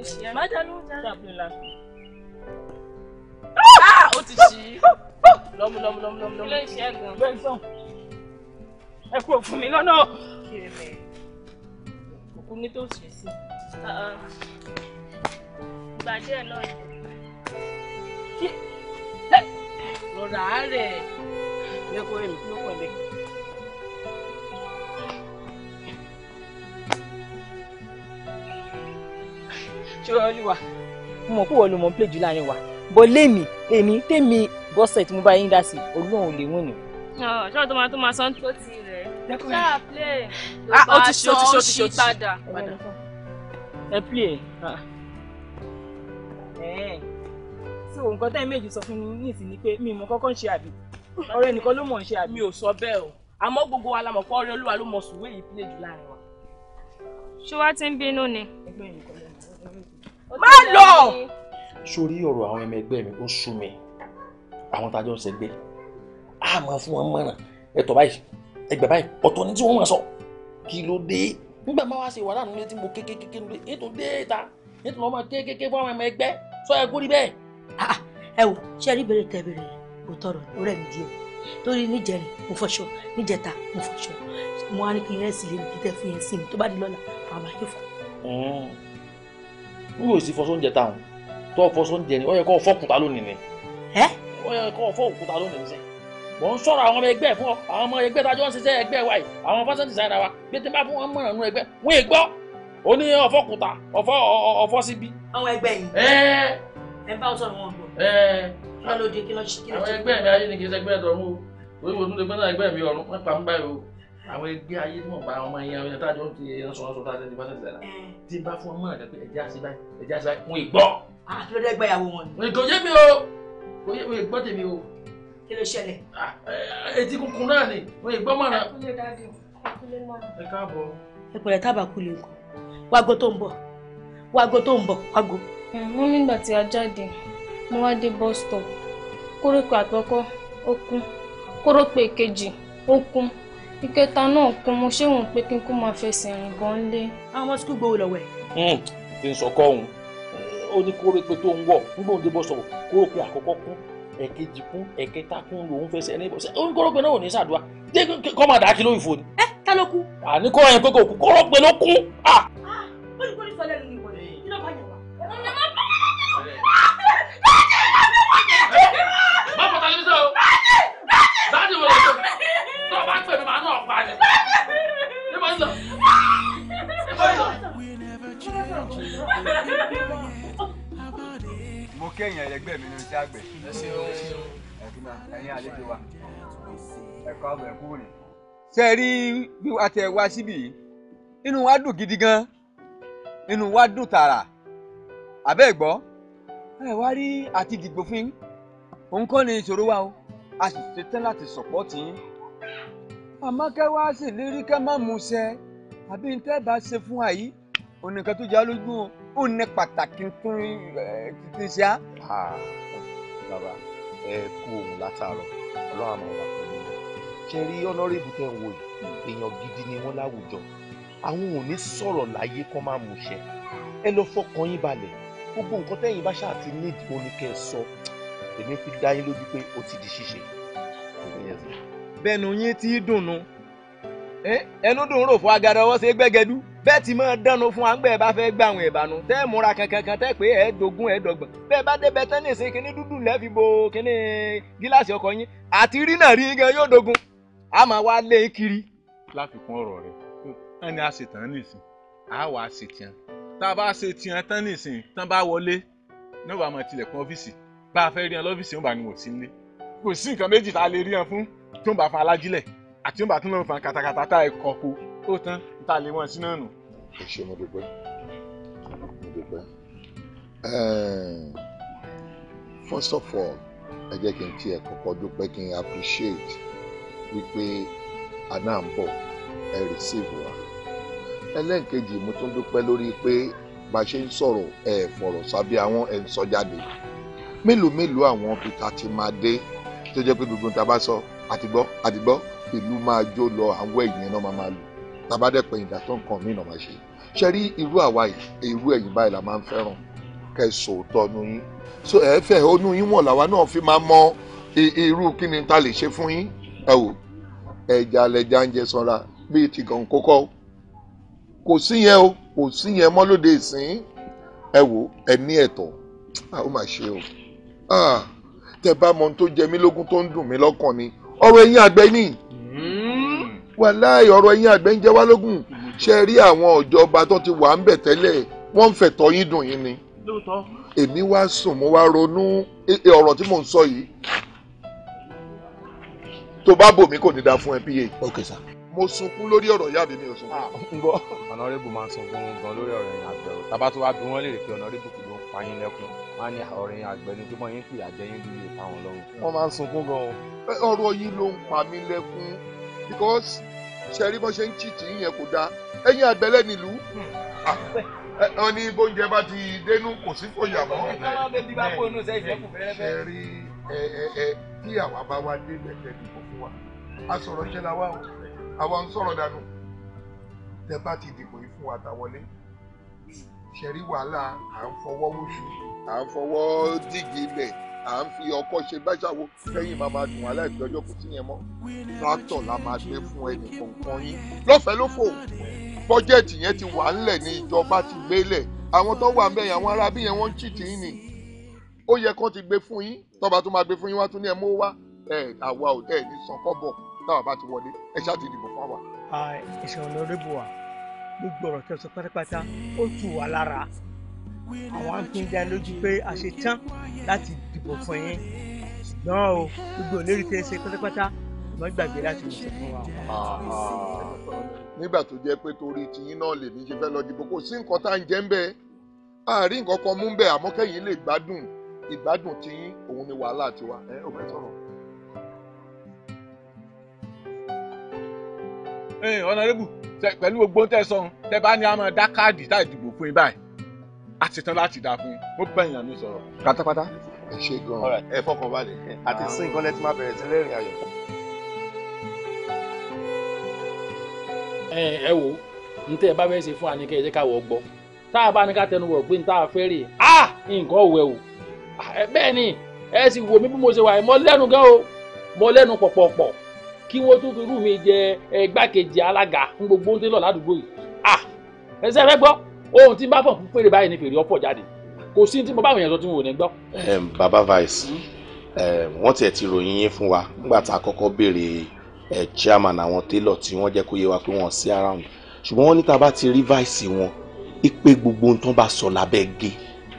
Ah, ó ti ṣí lọ́mú lọ́mú lọ́mú lọ́mú lọ́mú. ló pọ̀ bẹ́ẹ̀. olúwa mo mọ̀ pé wọ́n ló mọ̀ ń play jù láàrin wa bọ́ lémi èmi tèmi bọ́sẹ̀ tí mo bá yín dá sí olóhùn ò lè wọ́n ni. ṣọ́ọ̀ tó máa tó máa san tó ti rẹ̀ ṣáà play ah, ló bá aṣọ ṣí padà. ẹ play ah. ẹ so nǹkan tẹ́ méjì sọ fún mi nísìn ni pé mi mọ kọ́kọ́ ń ṣe àbí ọ̀rẹ́ nìkan ló mọ̀ ń ṣe àbí. mi ò sọ bẹ́ẹ̀ o àmọ́ gbogbo wa la olúwa ló mọ sùwé yìí play láàrin wa. ṣé wàá ti ń bínú ni. ẹgbẹ́ mi kọ́ má lọ. sórí ọ̀rọ̀ àwọn ọmọ ẹgbẹ́ mi ó sú mi àwọn tájọ́ ṣẹgbẹ́ a máa fún wọn mọ̀ràn ẹ̀tọ́ báyìí ẹgbẹ́ báyìí ọ̀tọ̀ ni tí wọ́n máa sọ kí ló dé nígbà máa wá ṣe wàhálà nílé tí mo kékeré nílé ètò déta ètò ọmọ kékeré fún àwọn ọmọ ẹgbẹ́ sọ ẹ kúrí bẹ́ẹ̀. ẹ wò ṣe rí bèrè tẹ bèrè kò tọrọ ọ̀rẹ́ mi díẹ̀ torí níjẹrin mo fọṣọ níjẹta mo fọṣọ mo wá ní kí n rẹ sílé mi kí tẹ fi yẹn sí mi tó bá di lọ́la àwọn àbáyé fún wíwò sí fọṣọ oúnjẹ táwọn tó fọṣọ oúnjẹ ni ó yẹ kó fọ òkúta lónìí ni ó yẹ kó fọ òkúta lónìí sẹ mò ń sọ̀rọ̀ àwọn ọmọ ẹgbẹ́ fún ọ àwọn ọmọ ẹgbẹ́ tájọ́ ń ṣiṣẹ́ ẹgbẹ́ wa yìí àwọn fashion designer wa bí tí n bá fún wọn mọ̀ràn nínú ẹgbẹ́ wọn è gbọ́ ó ní ọ̀fọ́kùtà ọ̀fọ́ ọ̀fọ́ síbi. àwọn ẹgbẹ́ yìí ẹ bá sọ̀rọ̀ wọn bọ̀ kí ló dé kí ló ṣe. àwọn ẹgbẹ́ mi ayé ni kì í ṣẹgbẹ́ ẹ̀dọ̀rún o oríwo tún lè gbẹ́ náà ẹgbẹ́ mi ọ̀run mẹ́ta ń báyìí o àwọn ẹgbẹ́ ayé tí wọ́n bá ọmọ yẹn ọyàn tájọ́ ti ẹran sọ̀rọ̀ sọ̀rọ̀ tájọ́ ti bá sẹ̀sẹ̀ náà tí bá fún ọmọ rẹ̀ pé ẹ̀jẹ̀ àṣẹ báyìí ẹ̀jẹ̀ àṣẹ báyìí wọn ìgbọ́. àtúndẹ̀ gbẹ̀yàwó wọn. kò yé mi o kò yé mi ìgbọ́ tèmi o. kí ló ṣẹlẹ̀. etí kunkun náà ni wọn ìgbọ́ mọ̀ra. ẹ káàbọ̀. ẹ pẹ̀lẹ́ tábà kú lè kọ́ wágó tó ń bọ̀ wágó tó ń bọ̀ wágó. wọ́n nígbà tí a jáde mo wá dé bus stop kórópè àkọ́kọ́ ó kún kórópè kejì ó kún ìkẹta náà kan mo ṣé wọn pé kí n kó máa fẹsẹ̀ rìn gan lé. àwọn ọmọ sukùl gbowó lọ́wọ́ ẹ̀. kí n sọkọ òun ó ní kórè pé tó ń wọ nígbà òun dé bọ́ sọ̀rọ̀ kóró pé àkọ́kọ́ kún ẹ̀kejì kún ẹ̀kẹta kún lòun fẹsẹ̀ ní ìbọ̀sẹ̀ ó ní kóró pé náà ò ní sàdúrà dé kọ́ máa dàá kí lóyún fòní. ẹ ta ló kú. àní kọ́ ẹ̀ pé kò kú kóró pé ló kún. ó ní kórè sọ lẹ́nu ìwọ̀n yìí ló bá tó bá pè mí màá náà pa ni. ní mo ń lọ. ní mo ń kéèyàn ẹlẹgbẹ́ mi ní iṣẹ́ àgbẹ̀. ẹ̀yin àlejò wa ẹ̀kọ́ àgbẹ̀ kúrò ní. ṣe rí bí wàá tẹ wá síbí yìí inú wa dùn gidi gan inú wa dùn tààrà àbẹ́ gbọ́ ẹ wá rí àti dìgbò fún yín òun kọ́ ni ìṣòro wa o a sì ṣetán láti sọ̀pọ̀ tì yín àmọ́ kẹ́ wá sì lérí kẹ́ má mú ṣẹ àbí ntẹ́ bá ṣe fún wa yìí onìkan tó já lójú ó ní pàtàkì tún eh, títí ṣá. bàbá ẹ kú ohun látàárọ̀ ọlọ́run àmọ́ wà pẹ̀lú mi ṣe rí ọ̀nọ́rẹ́bù tẹ̀ ń wò yìí èèyàn gidi ni wọ́n láwùjọ àwọn ò ní sọ̀rọ̀ láyé kó má mú ṣẹ ẹ lọ fọkàn yín balẹ̀ gbogbo nǹkan tẹ́yìn bá ṣáà ti ní ìdíwọ́ ni sọ èmi fi dá yín lójú pé ó ti di ṣíṣe bẹnu yín ti dùnnú ẹnu dùn rò fún agada ọwọ́ ṣe gbẹ́gẹ́dú bẹ́ẹ̀ ti máa dánu fún wa gbẹ́ ẹ bá fẹ́ gbà àwọn ìbànú tẹ́ ẹ múra kankankan tẹ́ pé ẹ dogun ẹ dọ̀gbọ̀n bẹ́ẹ̀ bá débẹ̀ tẹ́ ní ìsìn kíní dúdú lẹ́ẹ̀fi bo kíní gíláàsì ọkọ̀ yín àti rí náà rí gan yóò dogun a máa wá lé kiri. láfikún ọ̀rọ̀ rẹ̀ ẹni a sì tán nìsín a wàá sì tiẹn tá a bá ṣe tiẹn tán nìsín tán bá wọlé níwàá máa tilẹ̀kùn ọ́fíìsì bá a fẹ́ rí ẹ lọ́fíìsì ń bá ní wò tí wọ́n bá fún alájílẹ̀ àti tí bá tún lọ́n fún katakata tá ẹ̀kọ́ po ó tán tá a lè wọ́n sí náà ẹ ṣe mo dúpẹ́ mo dúpẹ́ first of all ẹ jẹ́ kí n tiẹ̀ kọ́kọ́ dúpẹ́ kí n appreciate wípé àná à ń bọ̀ ẹ receive wa ẹlẹ́ǹkejì mo tún dúpẹ́ lórí pé bá a ṣe ń sọ̀rọ̀ ẹ fọ̀rọ̀ sábẹ́ àwọn ẹ̀ ń sọ jáde mélòó mélòó àwọn ibi tá a ti máa dé tó jẹ́ pé gbogbo ta bá sọ àtìgbọ́ àtìgbọ́ ìlú máa jó lọ àwọn ẹ̀yìn náà máa máa lò tàbádẹ́pẹ̀ ìdá tó nǹkan míì náà máa ṣe ṣe rí irú àwa yìí irú ẹ̀yìn báyìí la máa ń fẹ́ràn kẹ́ ẹ sòótọ́ nu yín so ẹ fẹ́ onú yín wọ̀n làwa náà fi máa mọ irú kí ni ta lè ṣe fún yín ẹ wò ẹja lẹja ń jẹ sanra bíi ti gàn kókó kò sí yẹn o kò sí yẹn mọ́ lóde ìsín ẹ wò ẹ ní ẹ̀tọ́ ó mà ṣe o ah, tẹ bá mọ ohun tó jẹ mí lógún tó ń dùn mí lọ́kàn ni ọ̀rọ̀ ẹ̀yin àgbẹ̀ ni hmm. wàláì ọ̀rọ̀ ẹ̀yin àgbẹ̀ ń jẹ wá lógún ṣe rí àwọn ìjọba tó ti wà ń bẹ̀ tẹ́lẹ̀ wọ́n ń fẹ̀tọ́ yín dùn yín ni èmi wá sùn mo wá ronú ọ̀rọ̀ tí mò ń sọ yìí tó bá bò kò ní da fún ẹ píye. okay sir. mo sunkún lórí ọ̀rọ̀ ìyá mi mi ò sunkún. n ah, gbọ́ ọ̀nàrẹ́bù máa ń sunkún gan lórí ọ̀rọ̀ ìyá àgbẹ̀rù tábà tó bí wọ́n lè rí pé ọ̀nàrẹ́bù kò ló ń pa yín lẹ́kún wọn ní ọ̀rẹ́ àgbẹnudúmọ̀ yín fìyà jẹ lórí ìtàwọn lọ́rùn. wọ́n máa ń sunkún gan-an ọ̀rọ̀ yìí ló ń pa mí lẹ́kún because ṣe rí bọ́n ṣe ń chìtì yẹn kò dáa ẹ̀yin àgbẹ̀lẹ̀ nílùú wọn ní bóúnjẹ bá ti dénú kò sí fòyà mọ́ ṣe rí tí àwa bá wá dé lẹ́tẹ̀ẹ́ nìkan fún wa a sọ̀rọ̀ ṣẹlẹ̀ àwa àwa ń sọ̀rọ̀ dànù tẹ bá ti dìbò yìí fún wa tàwọlé ṣe rí wàhálà à ń fọwọ́ wóṣù à ń fọwọ́ dígí ilẹ̀ à ń fi ọkọ́ ṣe báṣàwó kẹ́yìn máa máa dùn wàhálà ìgbẹ́jọ́ kò sí yẹn mọ́ tractor la máa gbé fún ẹnì kọ̀ọ̀kan yín lọ́fẹ̀ẹ́ ló fò bọ́jẹ̀tì yẹn ti wà ńlẹ̀ ní ìjọba ti gbélẹ̀ àwọn tó wà ńbẹ̀ yẹn àwọn ará bí yẹn wọ́n ń chìtì yín ni ó yẹ kán ti gbé fún yín tọ́ba tó máa gbé fún yín wá tún ní ẹ mú wá ẹ àwa ò tẹ́ ẹ ní sàn táwa bá ti wọlé ẹ ṣáà ti dìbò fún wa. ẹ ṣeun lórí bùwà gbogbo ọ̀rọ̀ tẹ́ sọ pátápátá ó tù wá lára àwọn akíndá lójú pé a ṣe tán láti dìbò fún yín ṣùgbọ́n o gbogbo ìlérí tẹ́ ṣe pátápátá ìmọ̀ gbàgbé láti mú sọ fún wa. nígbà tó jẹ́ pé torí tiyín náà lèmi ṣe fẹ́ lọ dìbò kò sí nǹkan tá à ń jẹ ń bẹ àárín nǹkan kan mú ń bẹ àmọ́ kẹ́yìn lè gbádùn ìgbádùn tiyín òun ni wàhálà tiwa ẹ ò fẹ́ ọ̀nàrẹ́bù pẹ̀lú gbogbo tẹ́ sọ tẹ́ bá ní a máa dá káàdì tá ìdìbò fún yín báyìí a ti tán láti dà fún yín ó bẹ̀yìn àánú sọ̀rọ̀ pátápátá. ẹ ṣe gan-an ẹ fọkàn balẹ̀ àti sí nǹkan lẹ́tí máa bẹ̀rẹ̀ sí lẹ́rìn ayọ̀. ẹ wo n tẹ́ ẹ bá fẹ́ ṣe fún anike ẹ jẹ́ ká wọ̀ gbọ́ tá a bá ní ká tẹnu wọ̀ pé n tá a fẹ́ rè á nǹkan ò wẹ̀ o bẹ́ẹ̀ ni ẹ sì wò mí bí mo ṣe wà yìí lẹ́nu gan o mo lẹ́nu pọ̀pọ̀pọ̀ kí wọ́n tún fi rú mi jẹ igbákejì alága fún gbogbo ohun tó lọ ládùúgbò yìí ah ẹsẹ fẹ́ gbọ́ ohun tí n bá fọ̀ fún fèrè báyìí ni fèrè ọ̀pọ̀ jáde kò sí tí mo bá àwọn èèyàn sọ tí mo ò ní gbọ́. baba vice hmm? wọ́n tiẹ̀ ti ròyìn yín fún wa nígbà tá a kọ́kọ́ béèrè chairman àwọn tailor tí wọ́n jẹ́ kó yé wa pé wọ́n sí around ṣùgbọ́n wọ́n ní tá a bá ti rí vice wọn ipe gbogbo ohun tó ń bá sọ lábẹ́ gé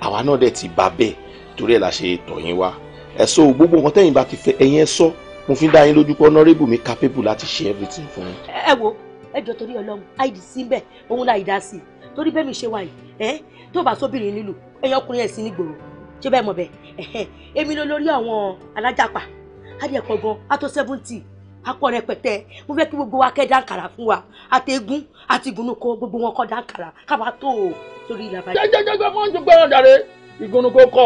àwa náà dẹ̀ ti bá bẹ́ẹ̀ torí ẹ̀ la ṣe tọ̀ yín wá ẹ̀ sọ gbogbo nǹkan tẹ́yìn bá ti fẹ́ ẹ̀yìn ẹ̀ sọ mo fi dá yín lójú pé honourable mi capable láti ṣe everything fún yín. ẹ wo ẹ jọ torí Ọlọ́run àìdí síbẹ̀ òun láì dá sí i torí bẹ́ẹ̀ mi ṣe wà yìí ẹ tó bá sóbìnrin nílùú ẹ̀yin ọkùnrin ẹ̀sìn nígboro ṣé bẹ́ẹ̀ mọ̀ bẹ́ẹ̀ èmi ló lórí àwọn alájàpá adìẹ̀kọ̀ gan á tó seventy akọ rẹpẹtẹ mo fẹ́ kí gbogbo wa kẹ́ dáǹkàrà fún wa àtẹ̀gùn àti ìgúnnukọ gbogbo wọn kọ́ dáǹkàrà kábà tó o torí ìlàbàjẹ́. jẹjẹjẹjẹ fún ọjọ́ gbẹrun dàrẹ ìgúnnukọ kọ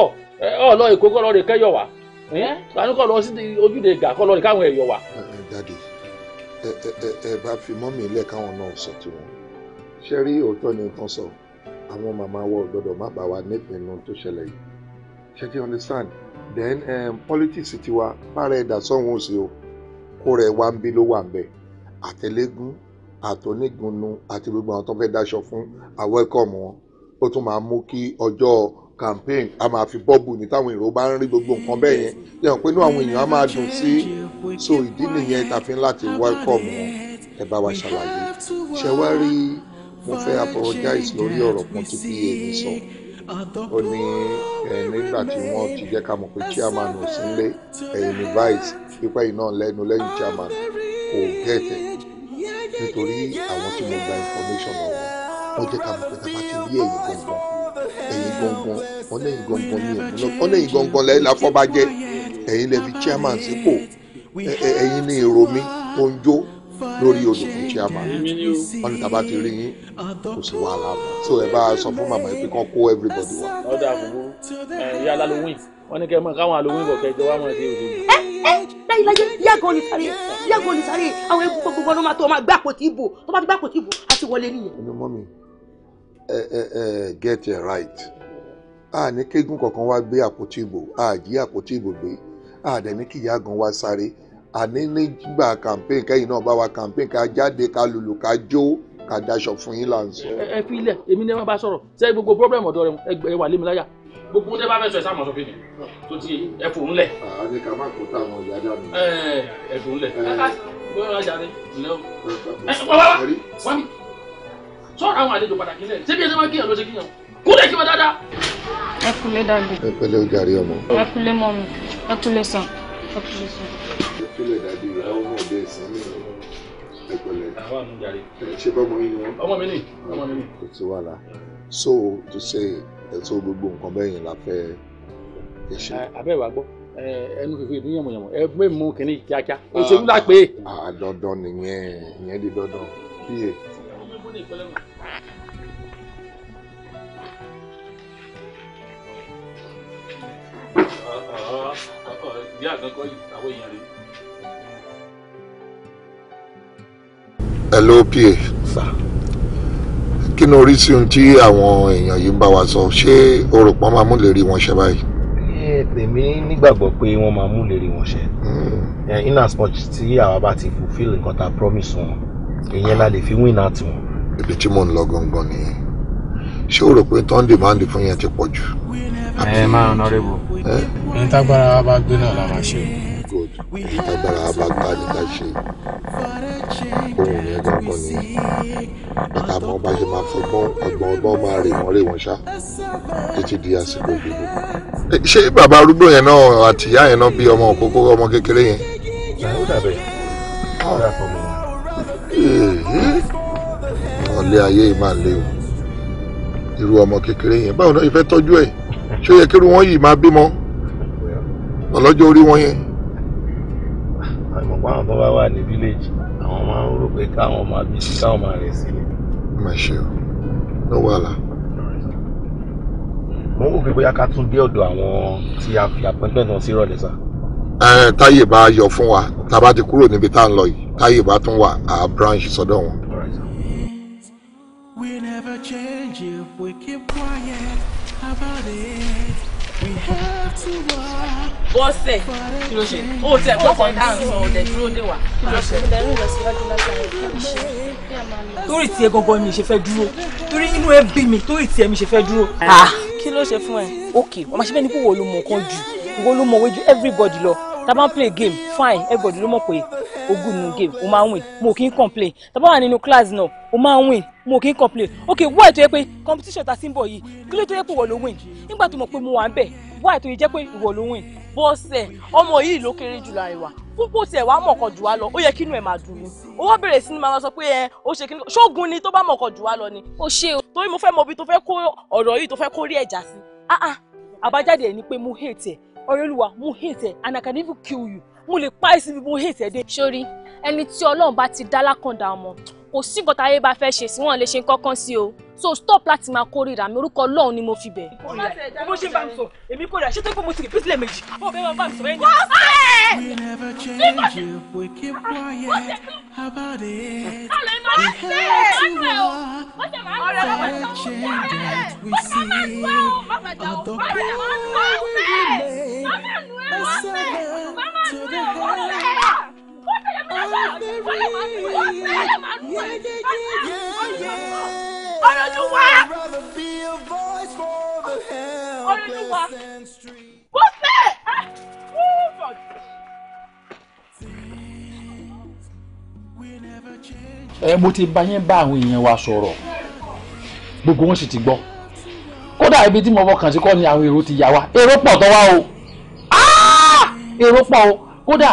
ọ lọ ìkókó lọ rè kẹyọ wá ẹ tani kọ lọ sí ojúde gà kọ lọ rí káwọn ẹyọ wà. dadi ẹ ẹ ẹ bá fi mọ́ mi káwọn náà sọ tiwọn ṣe rí òótọ́ ni nǹkan sọ àwọn màmá wa ò gbọ́dọ̀ má bá wa nípinnu tó ṣẹlẹ̀ yìí ṣe ti understand then um, politics tiwa bára ẹ̀dá sọ́hun òsì o kó rẹ̀ wá ń bí ló wà ń bẹ̀ àtẹlẹ́gùn àtọ́nígunnu àti gbogbo àwọn tó fẹ́ dáṣọ fún àwẹ́kọ̀mù wọn ó tún máa mú kí ọjọ́ campaign a máa fi bọ́ọ̀bù ní táwọn èrò bá ń rí gbogbo nǹkan bẹ́ẹ̀ yẹn ṣe hàn pé inú àwọn èèyàn á máa dùn sí so ìdí nìyẹn ta láti welcome wọn ẹ bá wa ṣàlàyé ṣe wá rí mo fẹ́ apologize lórí ọ̀rọ̀ kan tí pa mi sọ ó ní nígbà tí wọ́n ti jẹ́ ká mọ̀ pé chairman ò sí nílé ẹ̀yìn ní vice pípẹ́ iná lẹ́nu lẹ́yìn chairman kò gẹ̀ẹ́tẹ̀ nítorí àwọn tí mo gba information ọ̀hún wọ́n jẹ́ ká mọ̀ pé tá a bá ti rí ẹ̀yìn gbọ̀ngàn gangan wọ́n lẹ́yìn gangan ni òun wọ́n lẹ́yìn gangan lẹ́yìn láfọ́bàjẹ́ ẹ̀yin lẹ́bi chairman sípò ẹ̀yin ni èrò mi oúnjó lórí olùkún chairman wọ́n ní tàbá ti rí yín kò sí wàhálà so ẹ bá sọ fún màmá yìí pé kán kó everybody wá. ọ̀dà àbúrò ẹ̀yà halloween wọ́n ní kẹ́ mọ̀ káwọn halloween bọ̀ kẹjọ wá mọ̀ sí òdo. ẹ ẹ láyé láyé yàgò ní sáré yàgò ní sáré àwọn ewu gbogbo ọdún máa tó máa gbé àpótí ìbò tó bá ti gbé àpótí ìbò á ti wọlé nìyẹn. ẹ ẹ ẹ get it right a ní kéégún kankan wá gbé àpótí ìbò a jí àpótí ìbò gbé a dẹ̀ ní kíyà gan wá sáré a ní nígbà campaign kẹ́yìn náà bá wa campaign ká jáde ká lùlù ká jó ká daṣọ fún yín là ń sọ. ẹ fi ilẹ̀ èmi ni wọ́n bá sọ̀rọ̀ ṣé gbogbo problem ọ̀dọ́ rẹ ẹ wà lé mi láyà gbogbo tẹ bá fẹ́ sọ ẹ sáà mọ̀ sọ fún mi tó ti ẹ fòun lẹ̀. àní ká má kó táwọn ìyá dá mi. ẹ fòun lẹ̀ bóyá ọjà rẹ ìlẹ̀ o. ẹ wá wá wá mi sọ̀rọ̀ àwọn àlejò pàtàkì lẹ̀ ṣé bí ẹ ṣe máa kíyàn ló ṣe kíyàn kúlẹ̀ sí wọn dáadáa. ẹ kúlẹ̀ dàdí. ẹ pẹ̀lẹ́ o jàre ọmọ. ẹ kúlẹ̀ mọ mi ẹ kúlẹ̀ sàn ẹ kúlẹ̀ sàn. ẹ kúlẹ̀ dàdí rẹ ọmọ òde ìsàn mi ẹ pẹ̀lẹ́. àwọn àmì jàre. ṣé bọ́mọ yín ni wọ́n. ọmọ mi ni ọmọ mi ni. kò tí wà lá so to say ẹ tó gbogbo nǹkan bẹ́yìn la fẹ́ ẹ ṣe. abẹ́ wa gbọ́ ẹnu fífi ìdún yànmùyànmù ẹ gbé mú kínní kíákíá òṣèlú ah. la pé. Ah, dandan nìyẹn ìyẹn di dandan bíyẹn. hello pa sir kí ni orí sí ohun tí àwọn èèyàn yìí ń bá wa sọ ṣé o rò pọ́n máa mú lè rí wọn ṣe báyìí. tèmi nígbàgbọ́ pé wọ́n máa mú lè rí wọn ṣe hmm. eh, in as much tí àwa bá ti fulfil nǹkan tá a promise wọn ìyẹn la lè fi win out wọn. ibi tí mò ń lọ gangan nìyẹn ṣé o rò pé tó ń demand fún yẹn ti pọ̀ jù. ẹ eh, máa honorable. Eh? ní tágbára wa bá la máa ṣe. good ní tágbára wa bá gbá ṣe ohun yẹn gbọ́ngàn ni bàtà mọ́ bá ṣe máa fọgbọ́n ọgbọ́n ọgbọ́n máa rè wọ́n rè wọ́n ṣá títí di àsìkò ìdìbò. Eh, ṣé bàbá arúgbó yẹn náà àti ìyá yẹn náà bí ọmọ òkókó ọmọ kékeré yẹn. ọ̀lẹ́ ayé yìí máa lé o irú ọmọ kékeré yẹn báwo náà ìfẹ́ tọ́jú ẹ̀ ṣé ó yẹ kí irú wọn yìí máa bímọ lọ́jọ́ orí wọn yẹn. àmọ́ pàwọn tó bá wà ní village àwọn máa ń rò pé káwọn máa bí sí káwọn máa rẹ̀ sílẹ̀. mà ṣe o ló wà mo ń wò pé bóyá ká tún dé ọ̀dọ̀ àwọn tí a fi àpẹ́pẹ́ náà sí ìrọ̀lẹ́ sá. ẹ bá yọ fún wa tá a bá ti kúrò níbi tá à ń lọ yìí táyè bá tún wà á branch sọ́dọ̀ wọn. We never change if we keep quiet about it bọ́sẹ̀ kí ló ṣe ó tẹ kọ́kọ́ dáhùn sọ ọ̀dẹ̀ dúró dé wà kí ló ṣe. ọ̀dẹ̀ rìn lọ síwájú látàrí ìṣe torí tiẹ̀ gangan mi ṣe fẹ́ dúró torí inú ẹ bí mi torí tiẹ̀ mi ṣe fẹ́ dúró. Ah. Ah. kí ló ṣe fún ẹ. ok ọmọ ṣe bẹ́ẹ̀ ni kó wo ló mọ nǹkan jù wo ló mọ wéjú everybody lọ tá bá ń play game fine everybody ló mọ̀ pé ogún nínú game o máa ń win mo kì í complain tá a bá wà nínú class náà o máa ń win mo kì í complain ok why tó yẹ pé competition ta sí ń bọ̀ yìí kí ló tó pé ìwọ ló win nígbà tó mọ̀ pé mo wà ń bẹ̀ why tó yẹ jẹ́ pé ìwọ ló win. bọ́sẹ̀ ọmọ yìí ló kéré jù láàrin wa púpọ̀ tẹ̀ wá mọ̀kàn jù wá lọ ó yẹ kínú ẹ̀ máa dùn ní ó wá bẹ̀rẹ̀ sí ni máa sọ pé ẹ ó ṣe kíní ṣóògùn ni tó bá mọ̀kàn jù wá lọ ni. ó ṣe o. torí mo fẹ́ mọ ibi tó fẹ́ kó ọ̀rọ̀ yìí tó fẹ́ kó rí ẹ̀já sí. Ah, ah. àbájáde ẹ̀ ni pé mo hate ẹ̀ ọ̀rẹ́lúwa mo hate ẹ̀ and I can even kill you mo lè pa ẹ̀ síbi mo hate ẹ̀ dé. sori ẹni tí Ọlọ́run bá ti dá lákàndá ọmọ kò sí nǹkan táyé bá fẹ́ ṣe sí wọn lè ṣe kankan sí o so stop láti máa kórìíra mi orúkọ Ọlọ́run ni mo fi bẹ̀. bó ṣe bá mi sọ èmi kórìíra ṣé tó kó mo ti repeat lẹ́ẹ̀mejì. ó bẹ́ẹ̀ máa bá mi sọ ẹni. We never change if we keep quiet about it. We have to walk the change that we see. Although power we remain, a servant to the head. Olúwa Olúwa bọ́sẹ̀ ẹ mo ti bá yín bá àwọn èèyàn wa sọ̀rọ̀ gbogbo wọn sì ti gbọ́ kódà ibi tí mo fọkàn sí kọ́ ni àwọn èrò ti yà wá èrò pọ̀ tó wá o èrò pọ̀ o kódà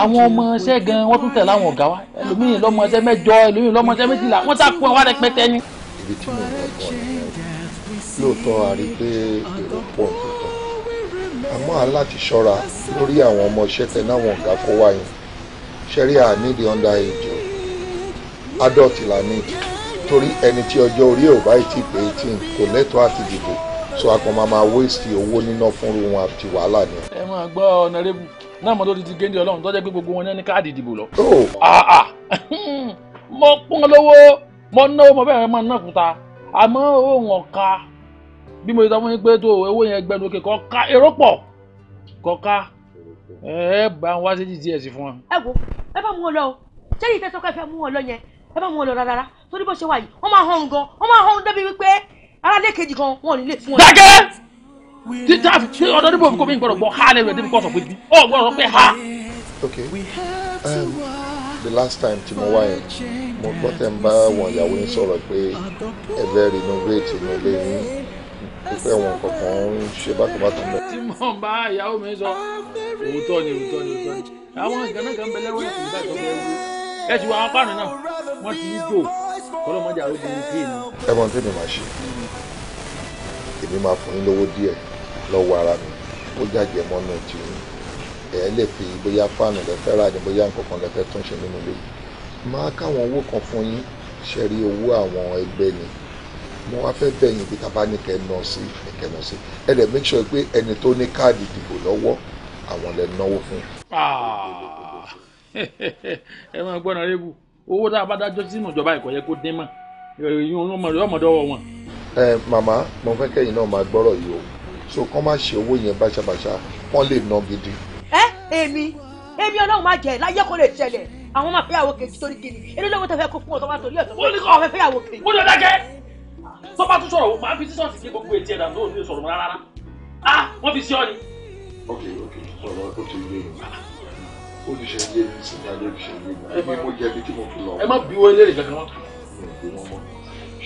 àwọn ọmọ iṣẹ́ gan wọ́n tún tẹ̀lé àwọn ọ̀gá wa ẹlòmíì lọ́mọ iṣẹ́ mẹ́jọ ẹlòmíì lọ́mọ iṣẹ́ méjìlá wọ́n sá fún ẹ wá rẹpẹtẹ ni. ibi tí mo ń lọ bọ̀ lóòótọ́ a rí pé èrò pọ̀ lóòótọ́ àmọ́ a láti ṣọ́ra lórí àwọn ọmọ iṣẹ́ tẹ náwọn ọ̀gá kó wá yẹn ṣẹ́rí à ní the under age o adult la ní torí ẹni tí ọjọ́ orí ò báyìí ti pé eighteen kò lẹ́tọ̀ọ́ àti dìbò so a máa máa waste owó níná fúnru wọn àti wàhálà ni. ẹ máa gbọ́ ọ̀nàrẹ́bù náà mo lórí ti géńdé ọlọ́run tó jẹ́ pé gbogbo wọn ní káàdì ìdìbò lọ. Ah, ah. mo pọ́n lówó mo náwó mo bẹ̀rẹ̀ mọ́ náà kúta àmọ́ owó wọn ká bí mo sọ fún yín pé tó owó yẹn gbẹnu òkè kọ́ ká èrò pọ̀ kọ́ ká ẹ bá ń wá sí gts fún wa. ẹ wo ẹ bá mú wọn lọ o ṣé ìtẹ́ sọ́kọ́ ẹ fẹ́ mú wọn lọ yẹn ẹ bá mú wọn lọ rárá torí bó ṣe wà yìí wọ́n máa hàn gan wọ́n máa hàn débi wípé aráàlú kejì gan wọn ò ní títí àfi ṣé ọdọ níbo kò mí gbọ́dọ̀ gbọ́ ha lẹ́nu ẹdínwó kọsọ pé bí ọ gbọ́dọ̀ pé ha. ok um, the last time tí mo wá yẹn mo gbọ́ tẹ́ ń bá wọn ìyàwó yín sọ̀rọ̀ pé ẹ fẹ́ renovate inú ilé yín pípẹ́ wọn kankan ń ṣe bákàbákan bẹ́ẹ̀. tí mo bá ìyàwó mi sọ òótọ́ ni òótọ́ ni òótọ́ ni àwọn ìgbàna kan bẹ lẹ́wọ̀n ìsìn bá ìtọ́jú ẹgbẹ́ ẹ ti wá apá rẹ náà wọ́n ti ń jò kọ́lọ́mọdé àrògbìn ní kéènì. ẹ mọ̀ ní tèmi máa ṣe èmi máa fún yín lówó díẹ̀ lọ́wọ́ ara mi ó jàjẹ́ mọ́nú ti mi ẹ̀ lè fi bóyá fáànù lẹ́fẹ́ rà ní bóyá nǹkan kan lẹ́fẹ́ tún ṣe nínú ilé máa káwọn owó kan fún yín ṣe rí owó àwọn ẹgbẹ́ ni mo wá fẹ́ bẹ̀ yín bí tá a bá ní kẹ́ ná sí kẹ́ ná sí ẹ lè make sure pé ẹni tó ní káàdì ìdìbò lọ́wọ́ àwọn lè náwó fún. Ah! ẹ máa gbọ́nà rébù owó tá a bá dájọ́ sínú ìjọba ìkọ̀yẹ́ kó dín mọ́ ìròyìn ọmọdé ọmọdé ọwọ́ wọn. ẹ màmá mo fẹ́ kẹ́yìn náà máa gbọ́rọ̀ yìí o so kán má ṣe owó yẹn báṣabàṣa kán lè ná gidi. ẹ èmi èmi ọlọ́run máa jẹ láyé kó lè ṣẹlẹ̀ àwọn máa fẹ́yàwó kejì torí kejì eré lọ́wọ́ tẹ fẹ́ kó fún ọ̀tọ́ máa torí ọ̀tọ́ wọ́n fẹ́ fẹ́yàwó kejì. mo dọ̀dá jẹ́ tó bá tún sọ̀rọ̀ o máa fi sísọ̀tì sí gbogbo etí ẹ̀dá lóòrùn ní sọ̀rọ̀ rárá ah wọ́n fi sí ọ ni. ok ok sọ̀rọ̀ ó ti lé mi ó ti ṣe ilé mi sí ní alẹ́ ti ṣe ilé mi ẹ̀mí mo jẹ̀bi tí mo fi lọ. ẹ má bí wọ́n ilé ìgbàgbọ́.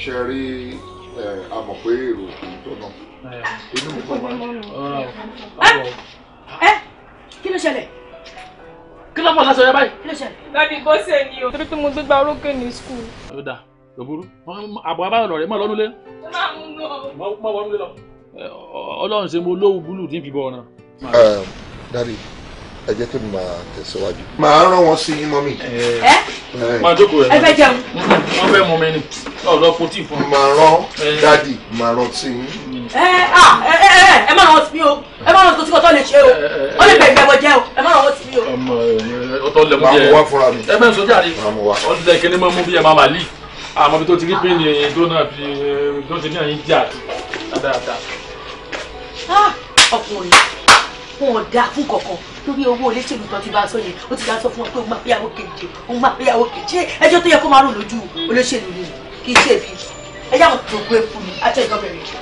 ṣe rí àmọ̀ èrò kì tó náà kí ló ṣẹlẹ̀. kí ló fọ lásán yá báyìí. kí ló ṣẹlẹ̀. dadi bó ṣe ni o. torí pé mo gbégbá orókè ní skul. ó dà kò burú àbọ̀ abáyọ̀ rẹ̀ mọ̀ lọ́nulé. mọ̀ wọ́nulé lọ. ọlọ́run ṣe mo lóhùn búlù ní ìbíbọ̀ ọ̀ràn. dadi ẹ jẹ́ kí n máa tẹ̀síwájú. màá rán wọn sí yín mọ́mì. ẹ máa jókòó rẹ. ẹ fẹ́ jẹun. wọ́n fẹ́ mú mi ni lọ́ọ̀dọ́ kò tí ì fún mi. màá rán dádì màá rán sí yín. ẹ ẹ ẹ ẹ má ràn wọ́n sí mi o ẹ má ràn wọ́n sí ọtọ́ lè ṣe o ó lè bẹ̀rẹ̀ ìgbàgbọ́ jẹ́ o ẹ má ràn wọ́n sí mi o. ọtọ lẹ mú jẹ ẹ ẹ fẹ́ sọ jáde ọtọ kí ni mo mú bí ẹ má má lì àmọ́ bí tó ti rí pé ní tó náà fi tó ti ní àyín jà dáadáa. Ah, ọkùnrin wọn ò dáa fún kankan lórí owó olóṣèlú tó ti bá sọ yẹn ó ti bá sọ fún wọn pé òun máa péyàwó keje òun máa péyàwó keje ẹjọ́ tó yẹ kó máa rò lójú olóṣèlú ni kì í ṣe èbí ẹjọ́ àwọn tó gbé fún mi àti ẹjọ́ bẹ̀rẹ̀.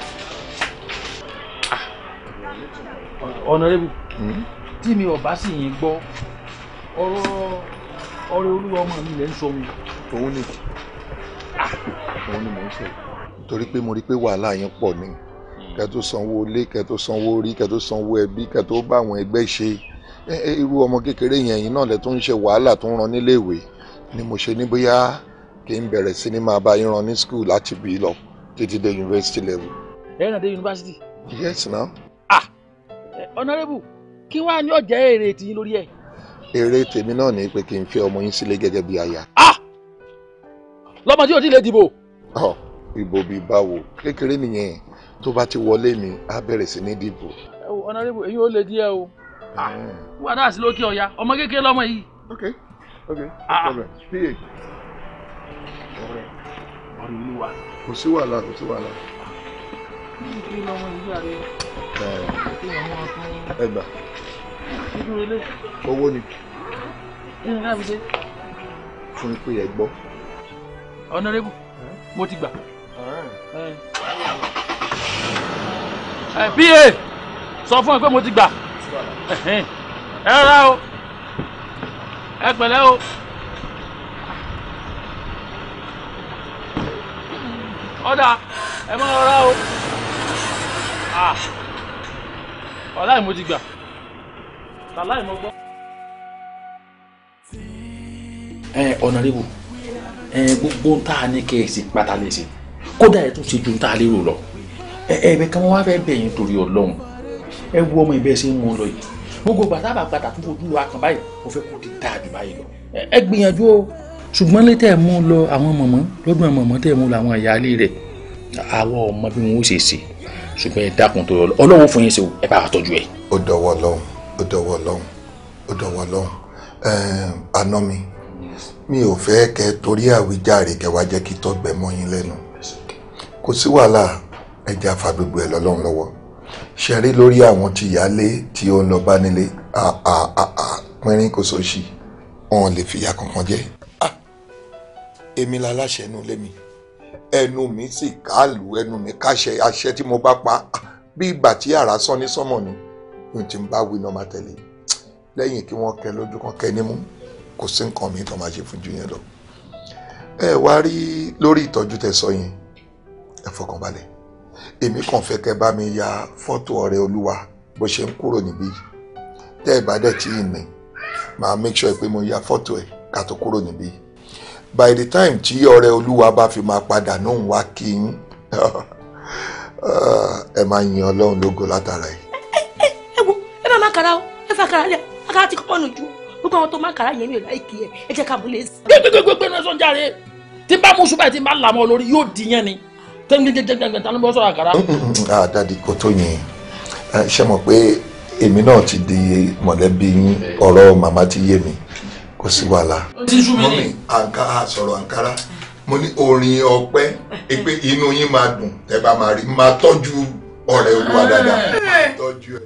ọ̀nàrẹ́bù tí mi ò bá sì yín gbọ́ ọ̀rọ̀ ọ̀rẹ́ olúwa ọmọ mi lẹ́ ń sọ mi. Ah, òun ni mò ń sọ torí pé mo rí pé wàhálà yẹn pọ̀ ni kẹ́ tó sanwó ilé kẹ́ tó sanwó orí kẹ́ tó sanwó ẹbí kẹ́ tó bá àwọn ẹgbẹ́ ṣe irú ọmọ kékeré yẹn yìí náà lẹ tó ń ṣe wàhálà tó ń ran níléèwé ni mo ṣe ní bóyá kí n bẹ̀rẹ̀ sí ni máa bá yín ran ní school láti bí lọ títí dé university level. ẹ̀rọ náà dé university. yes na. ah honourable kí wàá ní ọjà èrè tì yín lórí ẹ. èrè tèmi náà ni pé kí n fẹ́ ọmọ yín sílé gẹ́gẹ́ bí aya. ah lọ́mọ tí o ti lè dìbò. ọ oh, ìbò bíi báwo kékeré nìyẹn tó bá ti wọlé mi á bẹ̀rẹ̀ sí ní dìbò. ẹ wo ọ̀nàdébò èyí ò lè díẹ̀ o ah. wà dáa sí lókè ọ̀ya ọmọ kékeré lọ́mọ yìí. ok ok ah. no problem pa. ọ̀rẹ́ ọ̀rẹ́ ìlú wa. kò sí wàhálà kò sí wàhálà. kékeré lọ́mọ yìí yàrá ẹ. ẹ gbà. owó ni. kí ni káàbí dé. fún ipò yẹn gbọ́. ọ̀nàdébò eh? mo ti gbà pa sọ fún ẹ pé mo ti gbà ẹ rárá o ẹ pẹ̀lẹ́ o. ọ̀dà ẹ máa rọra o ah. ọ̀la ìmọ̀ ti gbà tàlá ìmọ̀ gbọ́. ẹ ọ̀nà ríbu ẹ gbogbo ń tà ní kẹ́ẹ̀sì pátá lè ṣe kódà ẹ tún ṣe ju ń tà lérò lọ ẹ̀ẹ̀mí kan wá fẹ́ bẹ̀yìn torí ọlọ́run ẹ wo ọmọ ìbẹ́ ṣe ń mú un lọ yìí gbogbo bàtàbà padà tó fojú wa báyìí mo fẹ́ kó di dáàbì báyìí lọ ẹ gbìyànjú o ṣùgbọ́n lé tẹ̀ mú un lọ àwọn mọ̀mọ́ lọ́dún mọ̀mọ́ tẹ̀ mú un lọ àwọn ìyáálé rẹ̀ àwọn ọmọ bí wọn ó ṣe ṣe ṣùgbọ́n ẹ dákun tó yọ ọlọ́run fún yín ṣe ẹ bá wa tọ́jú ẹ. ó dọwọ́ lọ́hùn ó dọwọ́ lọ́hùn ó dọwọ́ lọ́hùn àná mi mi ò fẹ́ kẹ́ torí àwíjàre kẹ́ jẹ́ kí tọ́gbẹ́ mọ́ lẹ́nu kò sí wàhálà ẹja fa gbogbo ẹ̀ lọ́lọ́run lọ́wọ́ ṣe rí lórí àwọn tí ìyáálé tí ó ń lọ bá nílé pínrín kò sóṣì wọn lè fìyà kankan jẹ. èmi la láṣẹ ẹnu lé mi ẹnu mi sì káàlù ẹnu mi káṣẹ àṣẹ tí mo bá pa bí ìgbà tí àrà sán ní sánmọ̀ ni mi ti ń bá wí náà máa tẹ̀lé lẹ́yìn kí wọ́n kẹ lójú kan kẹ nímú kò sí nǹkan mi tó máa ṣe fún jù yẹn lọ. ẹ wá rí lórí ìtọ́jú tẹ́ sọ yẹn ẹ fọkàn balẹ̀ èmi kàn fẹ́ kẹ́ bá mi ya fọ́tò ọ̀rẹ́ olúwa bó ṣe ń kúrò níbí tẹ́ ẹ̀ bá dẹ̀ tí ì ní màá make sure pé mo ya fọ́tò ẹ̀ ká tó kúrò níbí by the time tí ọ̀rẹ́ olúwa bá fi máa padà náà wá kí n ẹ máa yin ọlọ́run lógo látara ẹ̀. ẹ wo ẹ bá máa o ẹ fà kàrà lẹ akara ti kọ́kọ́ nù ju gbogbo àwọn tó máa kàrà mi ò láìkí ẹ ẹ jẹ́ ká bọ́ lé. gbẹgbẹgbẹgbẹ náà sọ̀njà rẹ tí bá mú ṣùgbọ́n ti máa làmọ́ lórí yóò di yẹn ni jẹ́ngbẹ́jẹ́ngbẹ́ ta ló bọ́ sọ̀rọ̀ àkàrà. àdàdì kò tó yẹn ṣe mọ̀ pé èmi náà ti di mọ̀lẹ́bí yín ọ̀rọ̀ màmá ti yé mi kò sí wàhálà. mọ́mí àǹkárá sọ̀rọ̀ àǹkárá mo ní orin ọpẹ́ pé inú yín máa dùn ẹ bá máa rí máa tọ́jú ọ̀rẹ́ olúwa dáadáa máa tọ́jú ẹ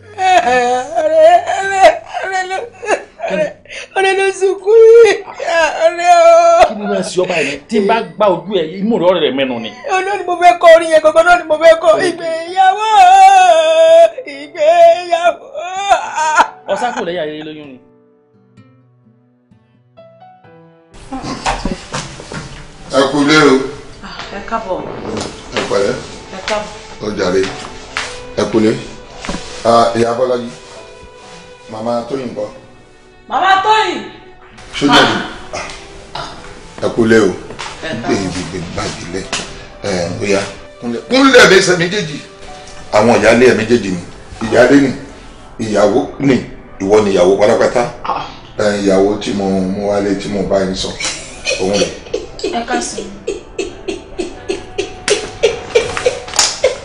ọ̀rẹ́ ló sunkún yìí ah. Ah, ọ̀rẹ́ o. kí ni máa ṣe ọba yẹn tí n bá gba ojú ẹ imú rẹ ọ̀rẹ́ rẹ mẹ́nu ni. olóò ni mo fẹ́ kọ orin yẹn gangan náà ni mo fẹ́ kọ ìgbéyàwó ìgbéyàwó. ọ̀sákò lẹ́yà eré lóyún ni. ẹ kú lé o. ẹ káàbọ̀. ẹ pẹ̀lẹ́. ẹ káàbọ̀. ó jàre ẹ kú lé. Ah, ìyá bọ́lájí màmá tóyìnbó bàbá tóyìn. ṣọlá ẹ kúlẹ̀ o gbé gbègbè bàjẹ́lẹ̀ ẹ bóyá kúnlẹ̀ kúnlẹ̀ mẹsẹ̀ méjèèjì àwọn ìyáálé ẹ̀ méjèèjì ni ìyáálé ni ìyàwó ni ìwọ ni ìyàwó pátápátá ìyàwó tí mo mú wálé tí mo bá yín sọ òun rẹ̀. ẹ ká sùn.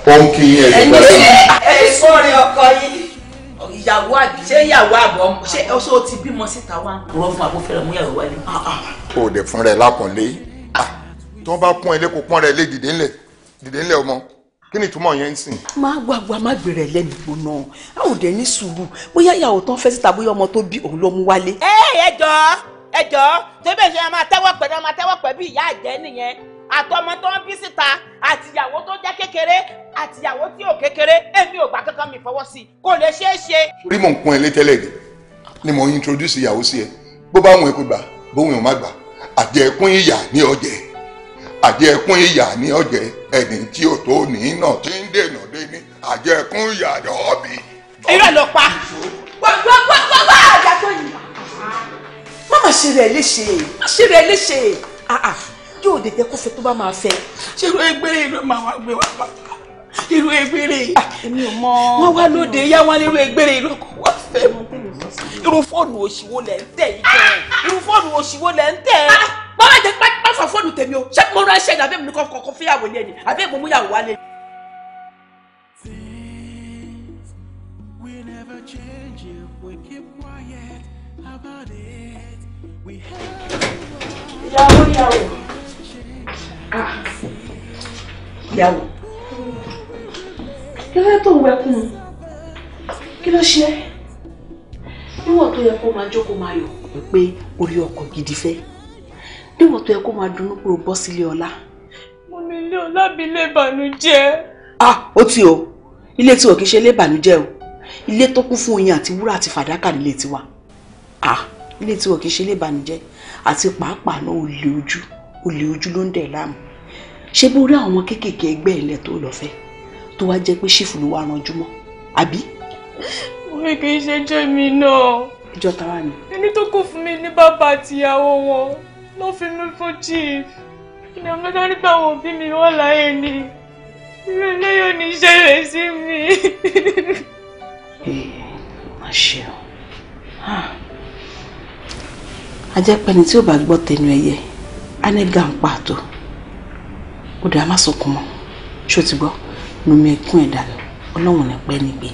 pọ́ńkì yẹn ló bá dé. ẹni sọ̀rọ̀ ọkọ yìí ìyàwó àbí ṣé ìyàwó àbọ̀ ṣé ọṣọ ti bímọ síta wá. rọ fún abófẹ́rẹ́ mú ìyàwó wálé. Ah, ah. o ò dẹ̀ fún rẹ̀ lápọ̀nlé ah, tí wọ́n bá pọ́n ẹ lẹ́kọ̀ọ́ pọ́n rẹ̀ lé dìde ńlẹ̀ dìde ńlẹ̀ ọmọ kí ni ìtumọ̀ yẹn ń sìn. máa gbàgbà má gbèrè lẹ́nu gbóná a ò dẹ̀ ní sùúrù bóyá ìyàwó tán fẹ́ síta bóyá ọmọ tó bí òun ló mú wálé. ẹ ẹ jọ ẹ jọ tẹbẹ ṣe máa tẹwọ pẹ máa tẹwọ pẹ bí ìyá àjẹ́ nìyẹn àtọmọ tó ń bí síta àtìyàwó tó jẹ́ kékeré àtìyàwó tí ò kékeré èmi ò gbà kankan mi fọwọ́ sí i kò lè ṣeé ṣe. rí mò ń pọn ẹ létẹ́lẹ̀ ni ni mò ń introduce ìyàwó sí ẹ bó bá wọn ẹ kó gbà bó wọn ò má gbà àjẹkún ìyà ní ọjẹ àjẹkún ìyà ní ọjẹ ẹni tí ò tó ní náà ti ń dènà dé ní àjẹkún ìyà ní ọbì. irọ́ ló pa gbọ́gbọ́gbọ́gbọ́ àjàgbọ́ yìí má má ṣe rẹ̀ léṣe má ṣe rẹ̀ léṣe ah, ah tí ò dẹ̀jẹ̀ tó bá máa fẹ́. ṣé irú egbére ìlú máa wá gbé wá bá irú egbére yìí. Ah, wọ́n wá lóde yá wọn nírú egbére ìlú kò wá fẹ́ irú fóònù òṣìwò lẹ̀ ń tẹ̀ yìí jẹ́ irú fóònù òṣìwò lẹ̀ ń tẹ̀. wọ́n ah, bá jẹ́ pàṣẹ fóònù tèmi o ṣé mo ránṣẹ́ ní abẹ́ mi kọ́ kọ́kọ́ fíyàwó lé ni abẹ́ mú yàwó wálé. We never change we keep quiet about it. We have. ìyàwó ìyàwó ìyàwó ah. kí ló tó ń wẹkùn kí ló ṣe níwọ̀n tó yẹ kó máa jókòó máa yọ̀ pé orí ọkọ gidi fẹ́ níwọ̀n tó yẹ kó máa dunnú pé o bọ́ sílé ọlá. mo ní ilé ọlá mi lè bànújẹ́. ah ó ti o ilé tí o kì í ṣe lè bànújẹ́ o ilé tó kún fún oyin àti wúrà àti fàdákà ah ilé tí o kì í ṣe lè bànújẹ́ àti pàápàá náà olè ojú olè ojú ló ń dẹ̀ láàmú ṣé bó rí àwọn kéékèèké ẹgbẹ́ ilẹ̀ tó lọ fẹ́ tó wá jẹ́ pé ṣífù ló wá ranjú mọ́ àbí. mo rí kí iṣẹ́ jẹ́ mi náà. ìjọ tara ni. ẹni tó kù fún mi ní bàbá àtìyàwó wọn ló fi mí fún chief ní ọmọdé nípa àwọn òbí mi wọ́n láyé ni irú eléyò ní iṣẹ́ rẹ̀ sí mi. má ṣe o a jẹ́ pẹ́ni tí ò bá gbọ́ tẹnu ẹyẹ á ní gàǹpà ó dáa má sọkún mọ́ ṣó ti gbọ́ nu mi kún ẹ̀ dànù ọlọ́run ní pẹ́ nígbè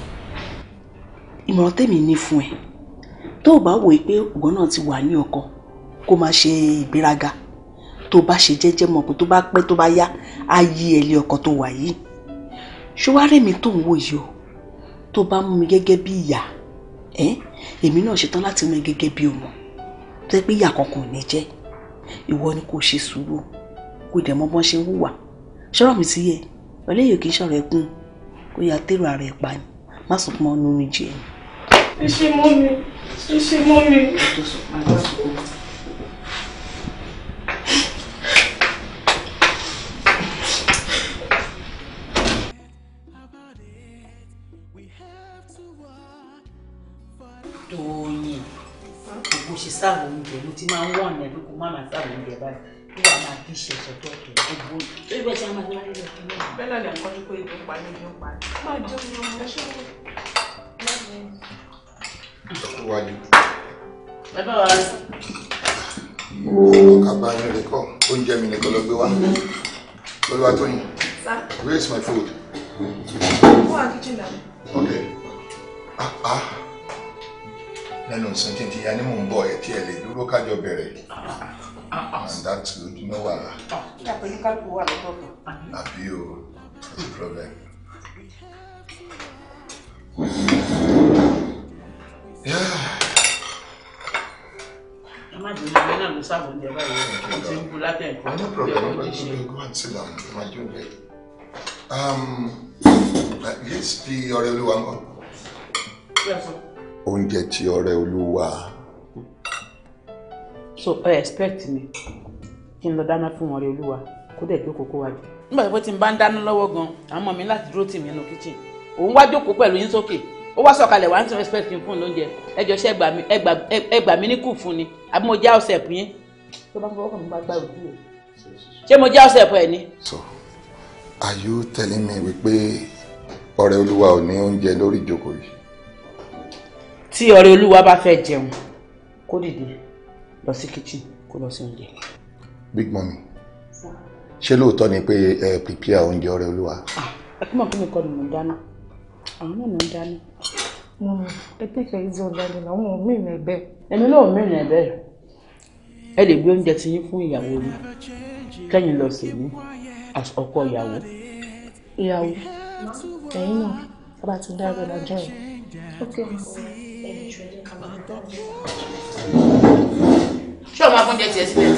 ìmọ̀ràn tèmi ní fún ẹ tó o bá wòye pé ìwọ náà ti wà ní ọkọ kó má ṣe ìgbéraga tó o bá ṣe jẹ́jẹ́ mọ̀ pé tó bá pẹ́ tó bá yá á yí ẹlẹ́ ọkọ tó wà yìí ṣọwárẹ́ mi tó ń wò yìí o tó bá mú mi gẹ́gẹ́ bí ìyá ẹ èmi náà ṣetán láti mú mi gẹ́gẹ́ bí ọmọ tó yẹ pé ìyá kankan ò ní jẹ́ ìwọ ni kò ṣe sùúrù kò dẹ̀ mọ bọ́n ṣe ń hùwà ṣọ́rọ̀ mi sí yẹ ọlẹ́yìn kì í ṣọ̀rọ̀ ẹkún kó ya tèrò ara ẹ̀ pa ni má sùn pọ́n nu orin jẹ. ẹ ṣe mọ́ mi ẹ ṣe mọ́ mi. Tóyìn, gbogbo ṣe sáà oúnjẹ ló ti máa ń wọ̀n ẹ̀ ló má máa sáà oúnjẹ báyìí tí wàá máa bí ṣe sọ́tọ̀ tó gbogbo ẹgbẹ́ tí a máa láyé lọ fún mi. bẹ́ẹ̀ náà lè kọ́ ní pé ìbò pa ní ìbò pa. máa jẹ́ omi ọmọ ẹ ṣe wọ́n lẹ́yìn. ìtọ́kùn wa ni. ẹ bá wa rí. ooo kaba ni rẹ kọ oúnjẹ mi nìkan ló gbé wá Olúwatóyìn where is my food. ó wà kíchìn náà. ok ah ah lẹ́nu ìsọ̀tẹ̀ tí a ní mò ń bọ̀ ẹ̀ tí ẹ lè dúró kájọ bẹ̀rẹ̀ and that's good no wahala. yàtọ̀ ní kálukú wà lọ́dọ̀ àbí o no problem. ẹ má dùn ní náà ló sábà oúnjẹ báyìí ó ti ń kú látẹ̀kọ́ ní problem ó ti ṣe. go and sit down my junior. Um, yes, the ọ̀rẹ́ olúwa ń bọ̀. oúnjẹ tí ọ̀rẹ́ olúwa so ẹ expect me. kí n lọ dáná fún wọn rẹ olúwa kó dẹ̀ jókòó kó wájú. nígbà tó ti ń bá ń dáná lọ́wọ́ gan àwọn ọmọ mi láti dúró tì mí nínú kíchìn òun wá jókòó pẹ̀lú yín sókè ó wá sọ̀kalẹ̀ wá ń tún expect mi fún lóúnjẹ ẹ jọ ṣe ẹ gbà mí ní kù fún ni àbí mo já ọ̀sẹ̀ pín. tó bá ń fọwọ́ kàn mí bá gbá òjú rẹ̀ ṣé mo já ọ̀sẹ̀ pọ̀ ẹ̀ ni. so are you telling me wípé ọ̀rẹ́ olúwa ò ní oúnjẹ lórí ìjókòó yìí. tí ọ̀rẹ́ olúwa bá fẹ́ jẹun kó dìde lọ sí kitchen kó lọ sí oúnjẹ. big mommy ṣé lóòótọ́ ni pé ẹ prepare oúnjẹ ọ̀rẹ́ olúwa. àkúmọ̀ ah, kí ni kọ́ ni mò ń dáná àwọn náà ló ń dáná. mo ẹ tẹ̀kẹ̀ ìzọ ọ̀dàlẹ̀ làwọn ò mí ìrìn ẹ̀bẹ̀. èmi náà ò mí ìrìn ẹ̀bẹ̀ ẹ lè gbé oúnjẹ tí yín fún ìyàwó mi kẹ́yìn lọ sí mi ọkọ ìyàwó. ìyàwó ẹ̀yin náà bá ti dá ẹgbẹ́ lọ́jọ́ yìí. ó kéwòn ìṣòro ká máa ṣé o máa fún jẹ́ sílẹ̀.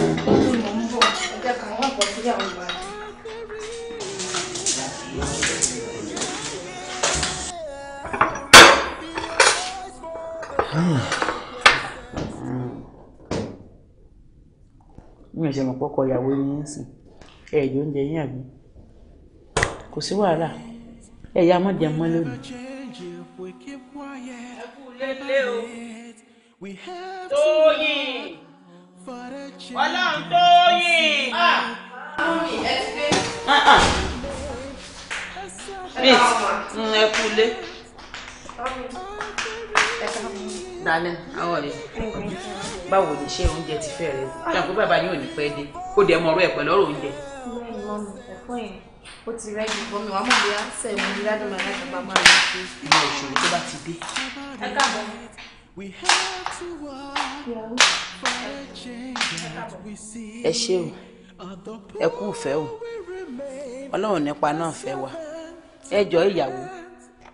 mi ò ṣe mọ̀ pọ́kọ ìyàwó ni yín sìn ẹ̀ẹ́dì oúnjẹ yín àbí kò sí wàhálà ẹ̀yà má jẹun mọ́ lónìí. Tóyìn ọlọ́run tó yìn. Ah. Ah, ah. miss mm, ẹ kúlé. dalẹ́ àwọn ọ̀rẹ́ báwo ni ṣé oúnjẹ ti fẹ́ rẹ ṣàkó bàbá yóò ní pẹ́ dé ó dẹ̀ mọ̀ ọ̀rọ̀ ẹ̀ pẹ̀lú ọ̀rọ̀ oúnjẹ. ẹ̀fọ́ ó ti rẹ́gí fún mi wàá mọ̀ bí a ṣe mú mi ládùn mọ́ aláìsàn bá máa lọ sí. mi ò tó bá ti dé. ẹ káàbọ̀ we have to work for change that we see. ẹ ṣé o ẹ kú ìfẹ́ o ọlọ́run nípa náà fẹ́ wa ẹ jọ ìyàwó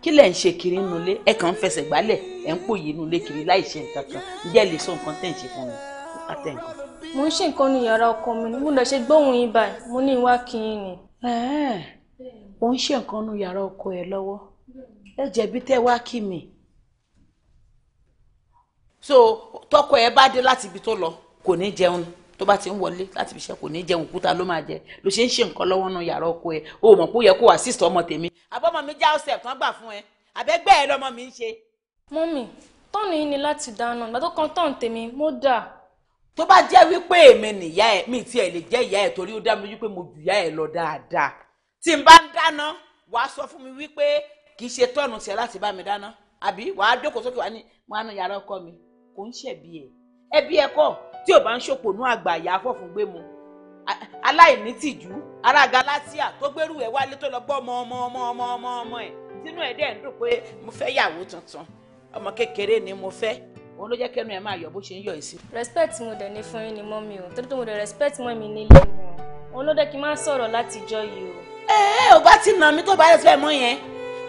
kí lẹ̀ ń ṣe kiri nínú ilé ẹ kàn ń fẹsẹ̀ gbálẹ̀ ẹ ń pòyì nínú ilé kiri láì ṣe nǹkan kan ǹjẹ́ lè sọ nǹkan tẹ̀ ń ṣe fún mi látẹ̀ nǹkan. mo ń ṣe nǹkan ní yàrá ọkọ mi mo lọ ṣe gbóhùn yín báyìí mo ní ìwà kìíní ni. ó ń ṣe nǹkan nu yàrá ọkọ ẹ lọ́wọ́ ẹ jẹ̀bi tẹ́ wá kí mi so tọkọ ẹ bá dé láti ibi tó lọ kò ní jẹun tó bá ti ń wọlé láti fi ṣe kò ní jẹun òkúta ló máa jẹ ló ṣe ń ṣe nǹkan lọ́wọ́ nù yàrá ọkọ ẹ o mọ̀ pé yẹ kó assist ọmọ tèmi àbọ̀mọ̀ mi já ọ̀sẹ̀ tán gbà fún ẹ àbẹ́gbẹ́ ẹ lọ́mọ mi ń ṣe. mọ́mì tọ́ọ̀nù yìí ni láti dáná ìgbà tó kan tọ́ọ̀nù tèmi mo dà. tó bá jẹ́ wípé èmi nìyá ẹ mi tiẹ̀ lè jẹ́ ìyá ẹ torí ó dá mi lójú pé mo jù ìyá ẹ lọ dáadáa tí n bá ń dáná wàá sọ fún mi wípé kì í ṣe tọ́ọ̀nù tiẹ̀ láti bá mi dáná àbí wàá kò ń ṣẹ̀bi ẹ̀ ẹbí ẹ tí ò bá ń ṣòpònú àgbà ìyá afọ́fun gbé mu aláìní tìjú ará galaxia tó gbérù ẹ̀ wálé tó lọ gbọ́ ọmọ ọmọ ọmọ ọmọ ọmọ ọmọ ẹ̀ tínú ẹ̀ dẹ̀ ń dùn pé mo fẹ́ yàwó tuntun ọmọ kékeré ni mo fẹ́ òun ló jẹ́ kẹ́nu ẹ̀ máa yọ bó ṣe ń yọ ìsìn. respect mo dẹ̀ ní fún yín ni mọ́ mi o torí pé mo dẹ̀ respect mọ́ mi nílé mi o òun ló dẹ́ kí n máa sọ̀rọ̀ látijọ́ yìí o. ẹ ẹ ò bá ti nà mí tó bá yẹ fẹ́ mọ́ yẹn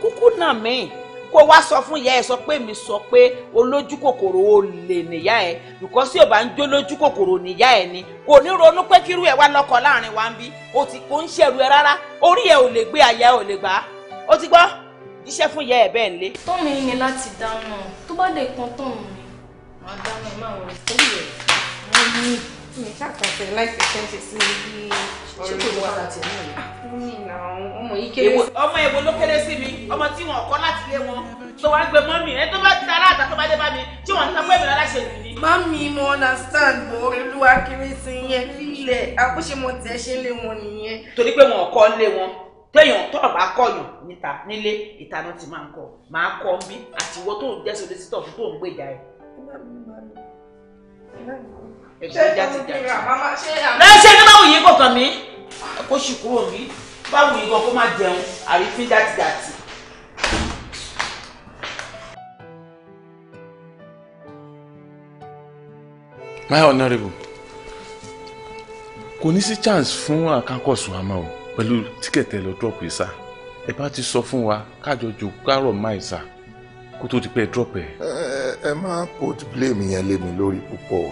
kúkú nà mí kó wá sọ fún ìyá ẹ sọ pé mi sọ pé olójú kòkòrò ò lè níyà ẹ because tí ò bá ń jó lójú kòkòrò níyà ẹ ni kò ní ronú pé kírú ẹ wá lọ́kọ láàrin wa ń bí o ti kò ń ṣẹ̀rù ẹ rárá orí ẹ ò lè gbé àyà ẹ ò lè gbà á o ti gbọ́ iṣẹ́ fún ìyá ẹ bẹ́ẹ̀ lé. tọ́mi ni láti dáná tó bá dé kan tán mi màá dáná máa wọ̀ sórí ẹ̀ wọ́n ní mi ṣàkàtẹ̀ láìpẹ́ ṣẹ́ńṣẹ́ sí ibi ṣé kò ah, ọmọ èwo ló kéré sí mi ọmọ tí wọn kọ láti lé wọn tó wá gbé mi ẹ tó bá ti aláàtà tó bá dé bá mi tí wọn ń sọ pé mi lọ́la ṣe mo understand mo olúwa kéré sí yẹn lílẹ̀ àkóṣe mo tẹ̀ ṣe lé wọn nìyẹn. torí pé wọn kọ́ lé wọn téèyàn tọ́rọ̀ bá kọ̀yàn níta nílé ìtaná ti máa ń kọ máa kọ́ bí àtiwọ́ tó ń jẹ́ solisitọ̀ tó ń gbèjà ẹ̀. ẹ ṣe ní báwo yìí kò kàn mí kó sì kúrò mí báwo yìí gan kó má jẹun àrífín dátidàti. my honourable kò ní sí chance fún àkàkọ̀sùn àmọ́ o pẹ̀lú tíkẹ̀tì ẹ̀ lọ drop yìí sá ẹ bá ti sọ fún wa kájọ jò kárọ̀ máì sá kó tó ti pẹ́ drop ẹ̀. ẹ má put blame yẹn lé mi lórí púpọ̀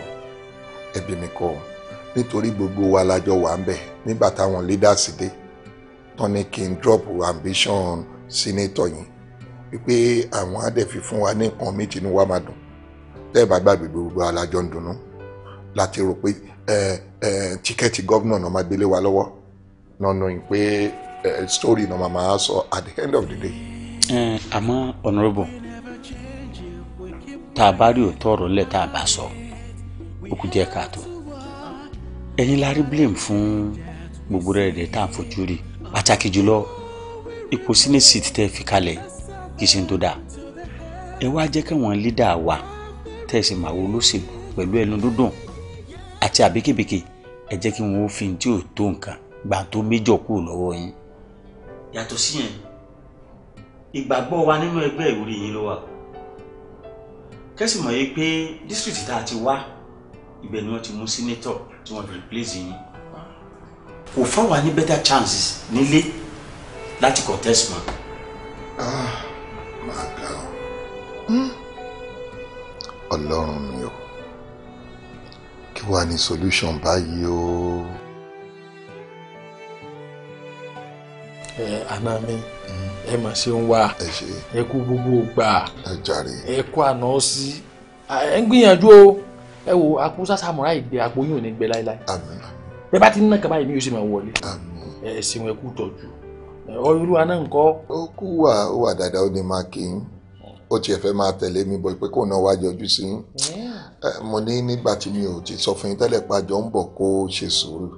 ẹbí mi kọ́ nítorí gbogbo wa lájọ wà ń bẹ nígbà táwọn leaders dé tán ni kí n drop ambition senator yìí wípé àwọn á dẹ̀ fi fún wa ní nǹkan méjì ní wa máa dùn tẹ́ ẹ̀ bá gbàgbé gbogbo alájọ ń dunnú láti rò pé tíkẹ́ẹ̀tì gómìnà náà máa gbélé wa lọ́wọ́ náà nù pé story náà máa máa sọ at the end of the day. àmọ́ honourable tá a bá rí òótọ́ ọ̀rọ̀ lẹ̀ tá sọ ó kù díẹ̀ káàtó ẹ̀yin la rí blame fún gbogbo rẹ̀ tá à ń fojú rí pàtàkì jùlọ ipò sínú seat tẹ́ fi kalẹ̀ kì í ṣe ń tó dáa ẹ wá jẹ́ káwọn lídà wa tẹ́ ẹ sì máa wo olóṣèlú pẹ̀lú ẹnu dúndùn àti àbíkèbíkè ẹ jẹ́ kí wọ́n fi tí ò tó nǹkan gbà tó méjọ kúrò lọ́wọ́ yín. yàtọ̀ síyẹn ìgbàgbọ́ wa nínú ẹgbẹ́ ìwúrí yín ló wà kẹ́sì yìí pé dísítìtì tá a ti wá ibẹ̀ ni wọ́n ti mú sínétọ̀ tí wọ́n fi replace yín kò fáwa ní better chances nílé láti contest mọ́. máa ga ọ ọlọ́run mi o kí wàá ní solution báyìí o. ẹ àná mi hmm? ẹ mà ṣe ń wá ẹ kú gbogbo gbà ẹ kú àná sí ẹ ń gbìyànjú o ẹ wo àpò sàmúrà ìgbé àpò yìí ò ní gbẹ láéláé bẹ́ẹ̀ bá ti ní nàkàbá yìí mi ò sì máa wọlé ẹ ṣeun ẹ kú tọ́jú olúwa náà ńkọ́. ó kú wà ó wà dáadáa ó ní máa kí n ó tiẹ̀ fẹ́ máa tẹ̀lé mi bọ̀ pé kò náà wá yọjú sí i mo ní nígbà tí mi ò ti sọ fún yín tẹ́lẹ̀ pàjọ ń bọ̀ kó ṣe sùúrù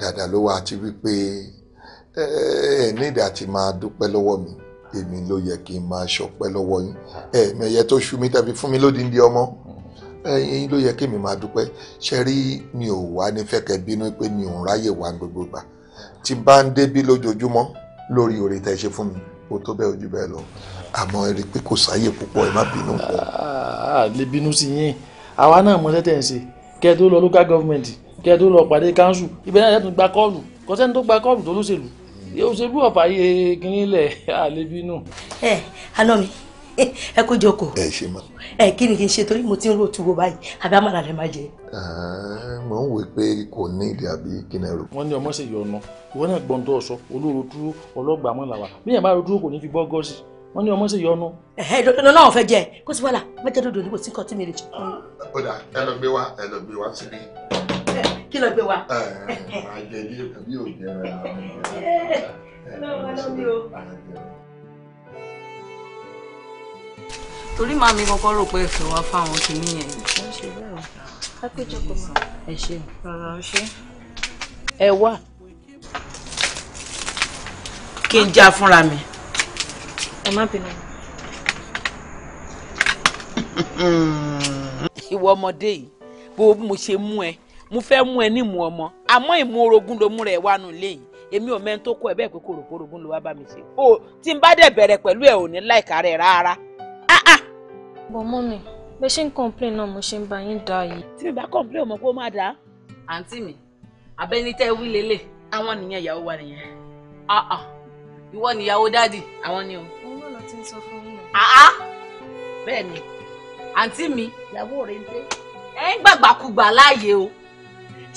dáadáa ló wà àti wípé ẹ nídìí àti máa dúpẹ́ lọ́wọ́ mi èmi ló yẹ kí n máa ṣọpẹ́ lọ́wọ́ yín ẹ̀ẹ̀mẹ̀yẹ tó ṣú mi tàbí fún mi lódìndí ọmọ ẹ̀yin ló yẹ kí mi máa dúpẹ́ ṣe rí mi ò wá ní fẹ́kẹ́ bínú pé mi ò ráyè wá gbogbo gbà tí bá ń débí lójoojúmọ́ lórí oore tẹ́ ṣe fún mi kò tó bẹ́ẹ̀ ojú bẹ́ẹ̀ lọ àmọ́ ẹ rí i pé kò sáyè púpọ̀ ẹ má bínú. Ah, ah, ah, lè bínú sí yín àwa náà mọ tẹ́tẹ̀ ń ṣe kẹ́ ẹ tó lọ local government kẹ́ ẹ tó lọ pàdé council ibẹ̀ náà tún gba kọ́ọ̀lù kọ́sẹ́ni tó gba kọ́ọ̀lù tó lóṣèlú òṣèlú ọ̀pá yẹ kínní lẹ̀ àlè bínú. ẹ alọ́ mi ẹ kó jókòó. ẹ ṣe mọ. ẹ kí ni kí n ṣe torí mo ti ń ro tuwo báyìí àbí àmàlà lè máa jẹ. mo ń wò pé kò ní ìdí àbí kí ni ẹrù. wọ́n ní ọmọ sì yọ ọ̀nà ìwọ náà gbọ́n tó ọ̀sọ́ olóró dúró ọlọ́gbà mọ́làwà bí ẹ̀ bá ro dúró kò ní fi bọ́ gọ́ọ̀sì wọ́n ní ọmọ sì yọ ọ̀nà. ẹ̀hẹ́ ìdọ́dọ́ náà fẹ́ jẹ kó sì wàhálà mẹ́jẹ dòdò ní kò sí nǹkan tí mi lè jẹ. ó dà ẹ lọ gbé wa ẹ lọ gbé wa síbí. kí lọ gbé wa. àjẹjẹ bí òjẹ rẹ. lọ́wọ́ lọ́wọ́ mi o. torí màmí kọ́kọ́ rò pé ẹ̀fẹ̀ wá fáwọn kìíní yẹn ni. ẹ ṣe bẹ́ẹ̀ o kápẹ́jọpọ̀ mọ́. ẹ ṣe o ṣe. ẹ wá kí n já fúnra mi. ẹ má bínú. ìwọ ọmọdé yìí bó mo ṣe mú ẹ mo fẹ́ mú ẹ nímú ọmọ àmọ́ ìmú orogún ló mú rẹ̀ wánu léyìí èmi ò mẹ́ni tó kọ́ ẹ bẹ́ẹ̀ pé kòròkòrògún ló wá bá mi ṣe o tí n bá dẹ̀ bẹ̀rẹ̀ pẹ̀lú ẹ̀ ò ní láìka rẹ̀ rárá. Ah, ah. bọ̀ mọ́mì bẹ́ẹ̀ ṣe ń complain náà mo ṣe ń bá yín dá yìí. tí mi bá complain ọmọ pé ó máa dá. àǹtí mi abẹ́ni tẹ́ wí lélẹ̀ àwọn nìyẹn ìyàwó wa nìyẹn ah, ìwọ nìyàwó dáàdì àwọn ni o. òun náà ló ti ń sọ fún ah, bẹ́ẹ̀ ni àǹtí mi ìyàwó rẹ̀ ń dé. ẹ ń gbàgbàkúgbà láàyè o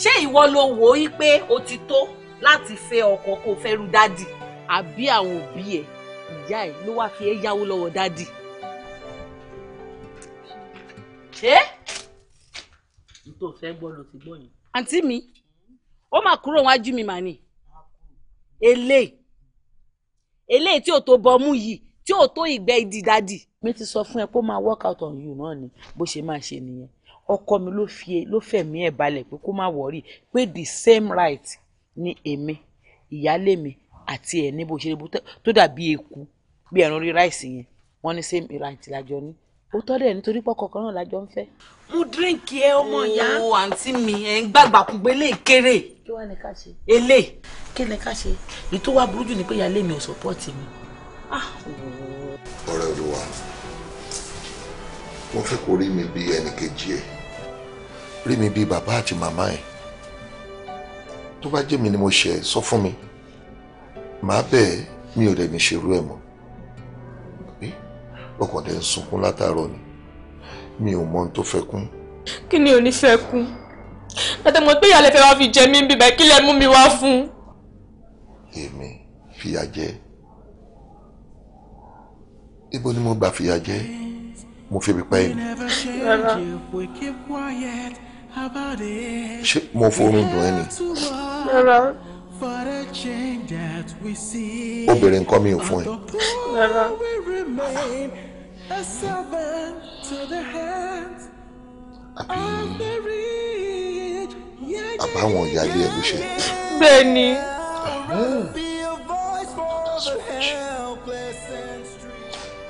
ṣé ìwọ ló wò ó yí pé o ti tó láti fẹ́ ọkọ kó fẹ́ ru dáàdì àbí àwọn òbí ẹ̀ ìyá ẹ̀ ló wáá fi ẹ́ yáwó lọ́wọ́ dáàdì ṣé n tó fẹ́ gbọ́ ló ti gbọ́ yẹn. àǹtí mi ó máa kúrò wájú mi màní eléyìí eléyìí tí ò tó bọmú yìí tí ò tó ìgbẹ́ ìdìdadì. mi ti sọ fún ẹ kó máa work out on you náà ni bó ṣe máa ṣe nìyẹn ọkọ mi ló fi ló fẹ̀mí ẹ̀ balẹ̀ pé kó má wọrí pé the same right ni èmi ìyálé mi àti ẹ̀ ní bó ṣe tó dàbí eku bí ẹran rí ráìsì yẹn wọ́n ní same right lájọ ní ó tọ́ dẹ̀ nítorí pọ̀ kọ̀ọ̀kan náà lájọ ń fẹ́. mo díríǹkì ẹ ọmọ ìyá. o àǹtí mi ẹ ń gbàgbà kúgbé lè kéré. kí wàá ní ká ṣe. ele. kí ni ká ṣe èyí tó wá burú jù ni pé ìyáálé mi ò sọpọ́ọ̀tì mi. Ah. ọ̀rẹ́ olúwa mo fẹ́ kó rí mi bí ẹnì kejì ẹ̀ rí mi bí bàbá àti màmá ẹ̀ tó bá jẹ́ mi ni mo ṣe sọ fún mi màá bẹ́ẹ̀ mi ò dẹ̀ ní ṣerú ẹ̀ mọ́ ọkọ̀dé ń sunkún látàárọ̀ ni mi ò mọ ohun tó fẹ́ kún. kí ni onífẹ́ kún àtẹ̀mọ̀ pé ìyá lè fẹ́ wá fi jẹ mí bíbẹ̀ kí lẹ mú mi wá fún. èmi fìyà jẹ ibo ni mo gbà fìyà jẹ mo fi pípa ẹni. ṣé mo fọrùn dùn ẹni obìnrin nǹkan mi ò fún ẹ. rárá. àbí àbáwọn ìyá ilé ẹ ló ṣe. bẹ́ẹ̀ ni.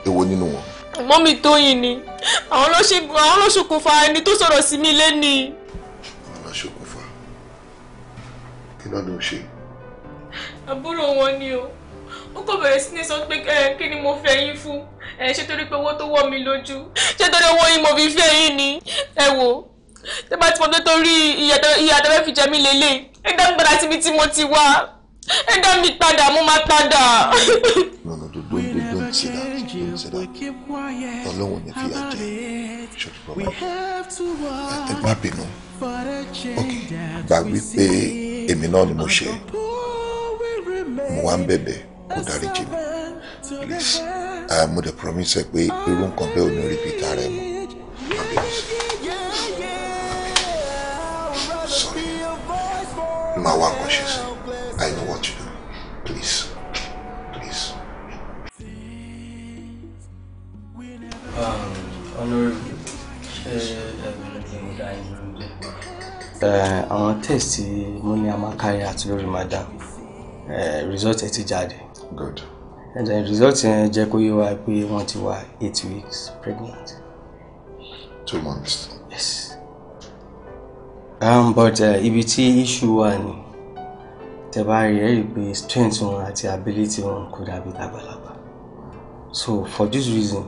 èwo nínú wọn. mọ́mí tóyìn ni àwọn ló ṣokùnfà ẹni tó sọ̀rọ̀ sí mi lẹ́nìí. àwọn ló kí ló ló ṣe àbúrò wọn ni o ó kò bẹ̀rẹ̀ sí ní sọ pé kí ni mo fẹ́ yín fún ṣé torí pé owó tó wọ̀ mí lójú ṣé torí owó yín mo fi fẹ́ yín ni ẹ wò tẹ bá ti mọ̀ pé torí iye fi jẹ mí lélẹ̀ ẹ dá mi padà síbi tí mo ti wá ẹ dá mi padà mo máa padà. lọ́nà tó dún dún dún sí bínú ok gbà wípé èmi náà ni mo ṣe mo ń bẹ̀bẹ̀ kó dáríjì mi please ah, mo dẹ̀ promise ẹ pé irú nǹkan bẹ́ẹ̀ ò ní rí bíi tààrà mọ́ sorry máa wá nǹkan ṣe sí I know what to do please please. Um, honorable ṣe eh, ẹ̀rọ ni mo dá yín lórí. Eh, àwọn test tí mo ní a máa kárí àti lórí madam. Eh, result ẹ ti jáde. good. and then result yẹn jẹ́ kó yé wa pé wọ́n ti wà eight weeks pregnant. two months. yes. Um, but uh, ibi tí issue wà ni tẹ́ bá rí ẹ rí pé strength wọn àti ability wọn kò dàbí tàgbàlagbà so for this reason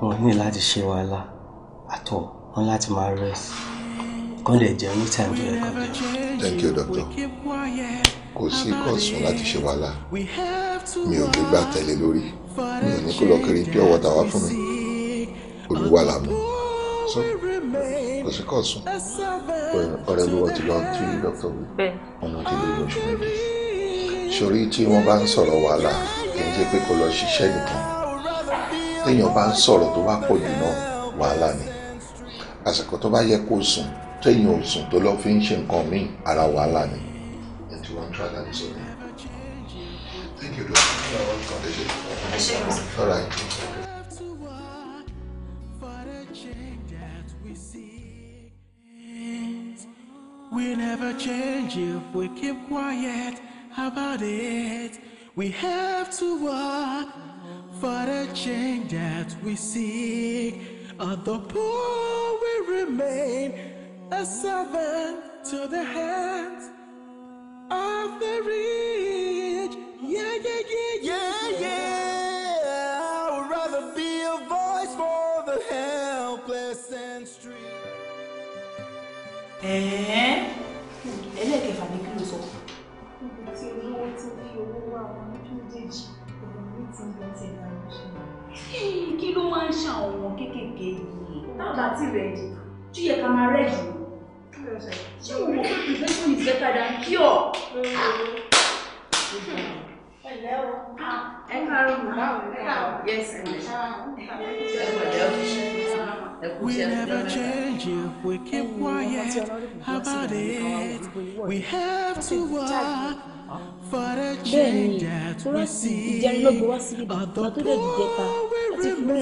wọn ní láti ṣe wàhálà àtọ wọn láti máa rest kán lè jẹun ní time tó yẹ kán jẹun. thank you doctor kò sí kọ̀sùn láti ṣe wàhálà mi ò lè gbà tẹ̀lé lórí mi ò ní kó lọ kiri pure water wá fún mi olúwa là mú so kò sí kọ̀sùn ọ̀rẹ́ ló wọ́n ti lọ tí dókítà wí ọmọ ti lóyún oṣù méjì sórí tí wọ́n bá ń sọ̀rọ̀ wàhálà kì í ṣe pé kó lọ ṣiṣẹ́ nìkan téèyàn bá ń sọ̀rọ̀ tó bá pọ̀ jù náà wàhálà ni àsìkò tó bá yẹ kó sùn téèyàn ò sùn tó lọ fi ń ṣe nǹkan míì ara wàhálà ni. try that Thank you, doctor. You're welcome. I should use it. All right. We never change if we keep quiet about it. We have to work for the change that we seek. Although poor, we remain a servant to the hands of the rich. Yeah, yeah, yeah, yeah, yeah. I would rather be a voice for the helpless and street. Eh? Ẹlẹ́kẹ̀fà ni kí ló sọ? Ibi tí olówó ti fi owó wá àwọn méjèèjì, òun ní ti ń bẹ ti ìlànà ìṣẹ̀lẹ̀. Kí ló máa ń ṣàwọn kéékèèké yìí? Táwọn bá ti rẹ̀ jù, jíyẹ ká máa rẹ̀ jù. We never change if we keep quiet about it. We have to work for the change that we see. Ọ̀dọ́ tó lè jẹta, ó ti fún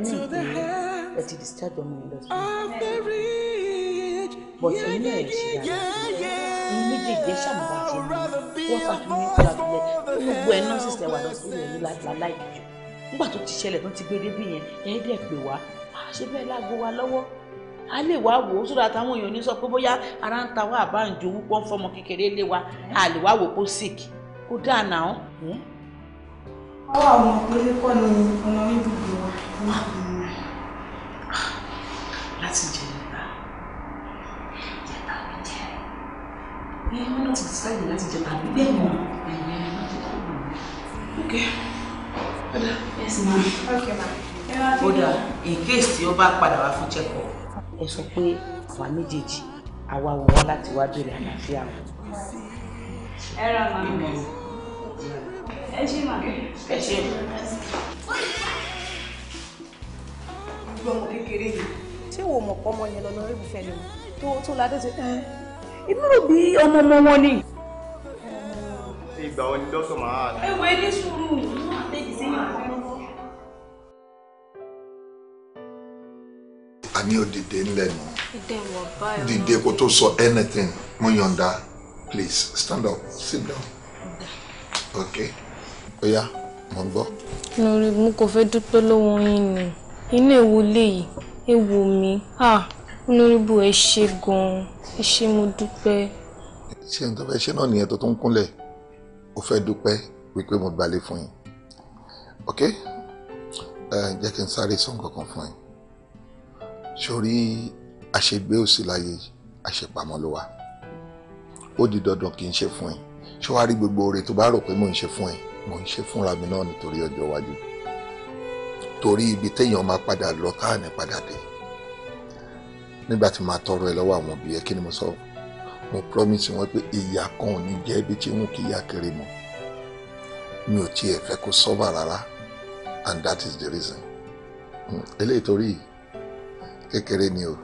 ìyàwó ẹ ti discharge ọmọ yẹn lọ sí i but ẹ̀yin ẹ ṣì yára ẹ̀yin méjèèjì ẹ ṣàmùbá wọn fà mi kúra sílẹ̀ gbogbo ẹ náà sísẹ wà lọ yìí láti láì jù nígbà tó ti ṣẹlẹ̀ tó ti gbé débí yẹn ẹ dẹ̀ pè wá ṣé bẹ́ẹ̀ láago wa lọ́wọ́ a lè wá wò ó sódà táwọn èèyàn ní sọ pé bóyá ara ń ta wá àbá ń fọmọ kékeré lé wa a lè wá wò ó sick kó dáa hmm? ọwọ́ àwọn ọmọ pélé kọ́ ni ọmọ mi dùn wa láti jẹ ìjẹta ìjẹta ló jẹ ẹ wọn náà ti sáyè láti jẹ tàbí bẹ́ẹ̀ mọ ẹyẹ náà ti kọ lù mí. ok ọ̀dà yes ma ok ma ọ̀dà in case tí ó bá padà wá fún check up ẹ sọ pé àwa méjèèjì àwa wò wá láti wá bèrè àlàáfíà wọn. ẹ ra màmí ẹ ṣe màmí ẹ ṣe. gbọ́mọ kékeré yìí ṣé wo mọ̀ pọ́ ọmọ yẹn lọ́nà ìbùfẹ́ ni tó tó ládé ṣe inú rò bí ọmọ ọmọ wọn ni. ìgbà wo ni dókítà máa. ẹ wo ẹni sùúrù nínú àtẹ̀jì sẹ́yìn ọ̀pọ̀. a ní o ńlẹ̀ nù. dìde kó tó sọ anything mo yọ̀ǹda please stand up sit down okay oya mo gbọ́. lórí mo kò fẹ́ dúpẹ́ lọ́wọ́ yín ni inú èwo léyìí Ah, ẹ wò mí onírúbù ẹ ṣe gan-an ẹ ṣe mo dúpẹ́. ṣé n tó fẹ́ ṣe náà nìyẹn tó tún kúnlẹ̀ ó fẹ́ dúpẹ́ wípé mo gbalẹ̀ fún yín ok jẹ́ kí n sáré sọ nǹkan kan fún yín sórí àṣegbé òsì láyé àṣepamọ́ ló wà ó di dandan kí n ṣe fún yín ṣé wàá rí gbogbo oore tó bá rò pé mò ń ṣe fún yín mò ń ṣe fúnra mi náà nítorí ọjọ́ iwájú torí ibi téèyàn máa padà lọ káàní padà dé nígbà tí màá tọrọ ẹ lọ́wọ́ àwọn òbí ẹ kí ni mo sọ mo promise wọn pé ìyá kan ò ní jẹ ibi tí wọn kì í yá kiri mọ mi ò tiẹ̀ fẹ́ kó sọ́bà rárá and that is the reason hmm, eléyìí torí kékeré ni o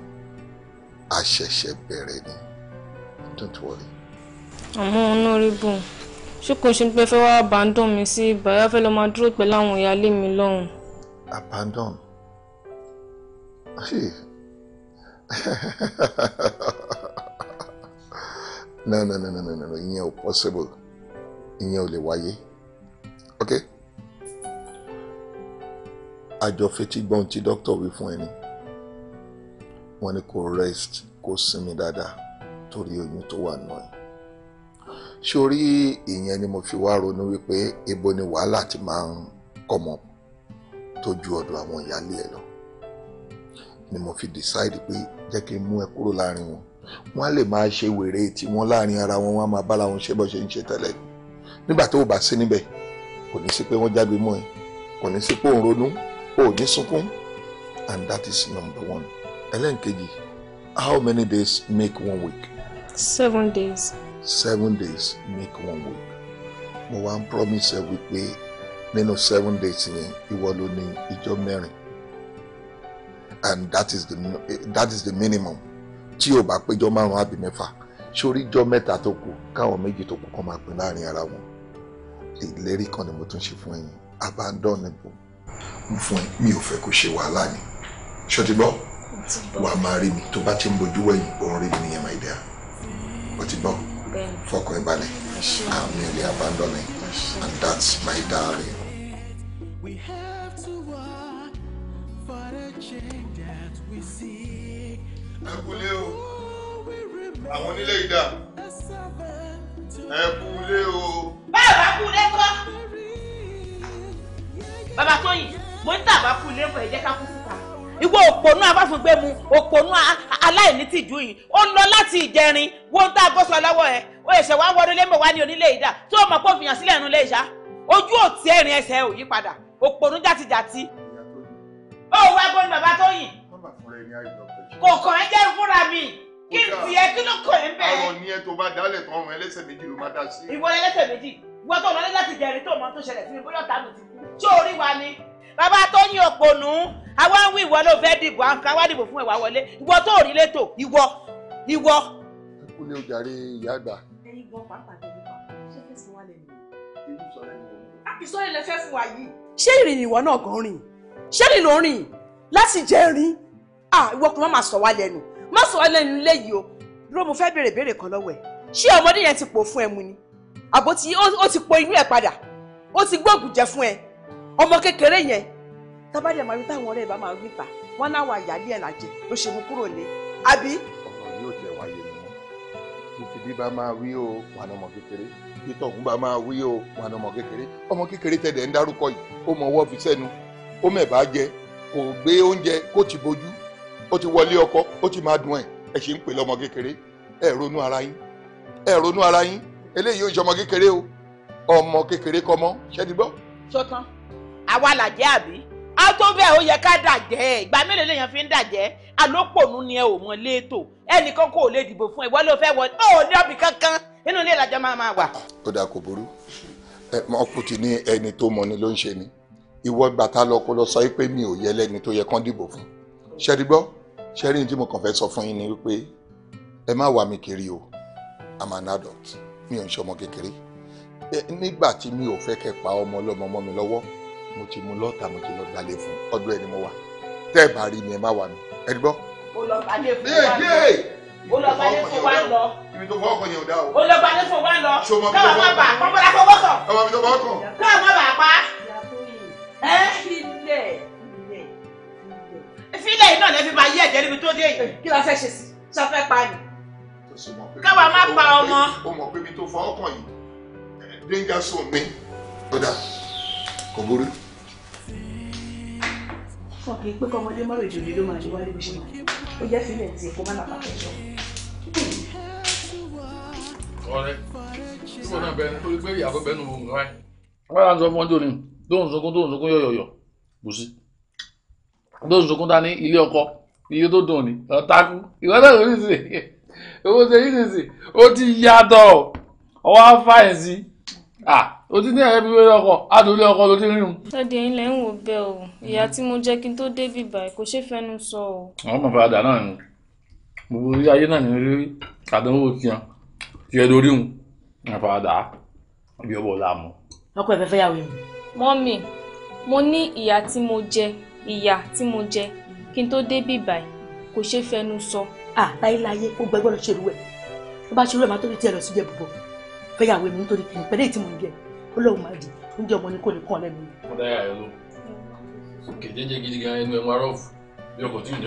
a ṣẹ̀ṣẹ̀ ni don't worry. àmọ́ honorable ṣé kò ṣe pé fẹ́ wá abandon mi sí ibà yá fẹ́ lọ́ọ́ máa dúró pẹ̀lú àwọn ìyáálé mi lọ́hùn-ún abandon. no no no no no no ìyẹn ò possible ìyẹn ò lè wáyé ok àjọ fetí gbọ́n tí dókítà wí fún ẹni wọ́n ní kó rest kó sinmi dáadáa torí oyún tó wà náà sórí ìyẹn ni mo fi wá ronú wípé ibo ni wàhálà ti máa ń kọ́mọ tó ọ̀dọ̀ àwọn ìyáálé ẹ lọ ni mo fi decide pé jẹ́ kí n mú ẹ kúrò láàrin wọn wọ́n á lè máa ṣe wèrè tí wọ́n láàrin ara wọn wọ́n á máa bára wọn ṣe bọ́ ṣe ń ṣe tẹ́lẹ̀ nígbà tó o bá sí níbẹ̀ kò ní sí pé wọ́n jágbe mọ́ ẹ kò ní sí pé òun ronú ò ní sunkún and that is number one ẹlẹ́nkejì how many days make one week. seven days. seven days make one week mo wá promise ẹ wípé nínú seven days yẹn ìwọ ló ní ìjọ mẹ́rin and that is the that is the minimum tí o bá péjọ márùn àbí mẹ́fà sórí ìjọ mẹ́ta tó kù káwọn méjì tó kù kàn máa pín láàrin ara wọn ìlérí kan ni mo tún ṣe fún ẹ̀yin abandon ni bò mo fún ẹ mi ò fẹ́ kó ṣe wàhálà ni ṣọtí bọ wà á máa rí mi tó bá ti ń bojú wẹ̀yìn òun rí mi nìyẹn máa dẹ ọtí bọ fọkàn ẹ àmì ilé abandon ẹ and that's my darling. ẹ kú lé o àwọn onílé ìdá ẹ kú lé o. báyọ̀ bá kú lé kọ́ bàbá Tóyìn mo ń tà bá kú lé kọ́ ẹ jẹ́ ká kú síta. ìwọ òpònú abáfúngbé mu òpònú aláìní tìjú yìí ó ń lọ láti ìjẹrin wo ń tá a gbọ́sọ lọ́wọ́ ẹ ó ẹ̀ṣẹ̀ wá wọlé lé mọ̀ wá ní onílé ìdá tó o mọ̀ pé òfìyàn sílẹ̀ nu lé ìṣá ojú òtí ẹ̀rin ẹsẹ̀ ò yí padà òpònú jàtijàti. ó wá gbóni bàbá Tóyìn kò kàn ẹ́ jẹ́ fúnra mi kí n tiẹ̀ kí ló kàn ẹ́ bẹ́ẹ̀. àwọn ní ẹ tó bá dálẹ̀ tán ọ̀run ẹlẹ́sẹ̀ méjì ló má dá sí. ìwọ ẹlẹ́sẹ̀ méjì wọ́n tó lọlé láti jẹ̀rí tó mọ tó ṣẹlẹ̀ sí mi bóyá ọ̀tá mi ti kú tí orí wa ni. bàbá tó ní òpònú àwa ń wí ìwọ ló fẹ́ dìbò àǹkà wá dìbò fún ẹ̀wà wọlé ìwọ tó rí létò ìwọ ìwọ. kúlẹ̀ ojàre ìyá àgbà. ẹyin gan pàápàá tẹ̀lé pa ṣé fèsì wa lè nìyẹn. ìsọ̀rọ̀ ilẹ̀ fẹ́ fún wa yìí. ṣé ìrìn ìwọ náà gan rìn ṣé ah ìwọ kò má máa sọ wá lẹ́nu má sọ wá lẹ́nu léyìí o dúró mo fẹ́ béèrè béèrè kan lọ́wọ́ ẹ̀ ṣé ọmọdé yẹn ti pò fún ẹ mu ni àbó ti ó ti po inú ẹ padà ó ti gbóògùn jẹ fún ẹ ọmọ kékeré yẹn tábàdì àmọ́ ibi táwọn ọ̀rẹ́ ẹ bá máa wí ta wọn láwọn àyálé ẹ̀ làjẹ ló ṣe mú kúrò lé àbí. ọ̀rọ̀ yóò jẹ́ wáyé mi títí bí bá máa wí o wà ní ọmọ kékeré títọ̀ ń bá máa wí o wà ní ọmọ kékeré ọmọ kékeré tẹ̀dẹ̀ ń dárúkọ yìí ó mọ ọwọ́ fi sẹ́nu ó mẹ̀bàá jẹ kò gbé oúnjẹ kó ti bojú ó ti wọlé ọkọ ó ti máa dùn ẹ̀ ẹ̀ ṣe ń pè lọ́mọ kékeré ẹ̀ ronú ara yín ẹ̀ ronú ara yín eléyìí ò ń ṣọmọ kékeré o ọmọ kékeré kọmọ ṣẹ́ni gbọ́. sọtán àwa làjẹ́ àbí a tó bẹ́ẹ̀ ó yẹ ká dàjẹ́ ìgbà mélòó lèèyàn fi ń dàjẹ́ alópònú ni ẹ ò mọ léètò ẹnìkan kò lè dìbò fún ẹ wọ́n ló fẹ́ wọ ọ ní ọbì kankan nínú ilé ìlàjọ máa máa wà. ó dà kò burú ọkùnrin ti ní ẹni tó mọ ni ló ń ṣe ni ìwọ gbàtà lọ kó lọ sọ pé mi ò yẹ lẹ́ni tó yẹ kán dìbò fún ṣẹ́rí gbọ́ ṣẹ́rí ní tí mo kàn fẹ́ sọ fún yín ni wípé ẹ má wà mí kiri o i'm an adult mi ò ń ṣọmọ kékeré nígbà tí mi ò fẹ́ kẹ́ pa ọmọ ọlọ́mọ mọ́ mi lọ́wọ́ mo ti mú lọ́ta mo ti lọ gbalẹ̀ fún ọdún ẹni mo wà tẹ́ ẹ bá rí mi ẹ má wà mí ẹ gbọ́. ó lọ gbalẹ̀ fún wa ó lọ gbalẹ̀ fún wa lọ. ibi tó fọwọ́ kan yẹn ò dá o. ó lọ gbalẹ̀ fún wa lọ. sọmọ mi tó fọwọ́ kan kọ́mọ fọwọ́ kan. kọ́mọ mi tó fọwọ́ kan. kọ́mọ bàbá. ẹ kí lè ìfilẹ̀ iná lẹ́fi máa yí ẹ̀jẹ̀ níbi tó dé yìí kí la fẹ́ ṣe sí ṣàfẹ́ pa ni. káwa má pa ọmọ. ó mọ̀ pé ibi tó fa ọkàn yìí danger zone ni ọ̀dà kò burú. wọn kì í pé kọ́mọdé mọ́rọ̀ ìjòyè ló máa ṣe wálé bó ṣe máa ó jẹ́ fílẹ̀ tí èkó má nà pàtó ìjọ. ọ̀rẹ́ tí wọn náà bẹnu torí pé ìyàwó bẹnu òun rẹ. wọn yà ń sọ fún ọjọ́ ni tóun sunkún tóun sunkún yọ̀yọ̀yọ̀ bùsí tó ń dání ilé ọkọ iye tó dùn ni ọ̀takú ìwọ náà lórí ìsìn owó ṣe yí ìsìn ó ti yàtọ̀ ọwọ́ afáyín sí o ti ní ẹ̀rẹ́ bí wẹ́rẹ́ ọkọ̀ adùnlé ọkọ̀ ló ti rí un. ẹ̀dẹ̀ yín lẹ́ ń wò bẹ́ẹ̀ o ìyá tí mo jẹ́ kí n tó dé bíbá ẹ̀ kò ṣe fẹ́nu sọ o. àwọn ọmọ ìfaradà náà ni gbogbo orí ayé náà ní rí àdánwò tiẹ̀ tiẹ̀ lórí un ìfaradà ibi ọ̀bọ̀ làmú. ọkọ ẹ fẹ́ fẹ́ yàwó mi. mọ́mì mo ní ìyá tí mo jẹ ìyà tí mo jẹ kí n tó dé bí báyìí kò ṣeé fẹnu sọ. à láyéláyé ó gbẹ gbọ́dọ̀ ṣerú ẹ tó bá ṣerú ẹ máa tóbi tí ẹ lọ sí jẹ bùbọ fẹyàwó mi nítorí kì í pẹ̀lẹ́ tí mo ń jẹ ó lóun máa di oúnjẹ ọmọ ni kò ní kàn lẹ́nu. mo dáyà ẹ lọ òkè jẹjẹ gidi gan ẹnu ẹmu arọfù bí ọkọ tí ò ní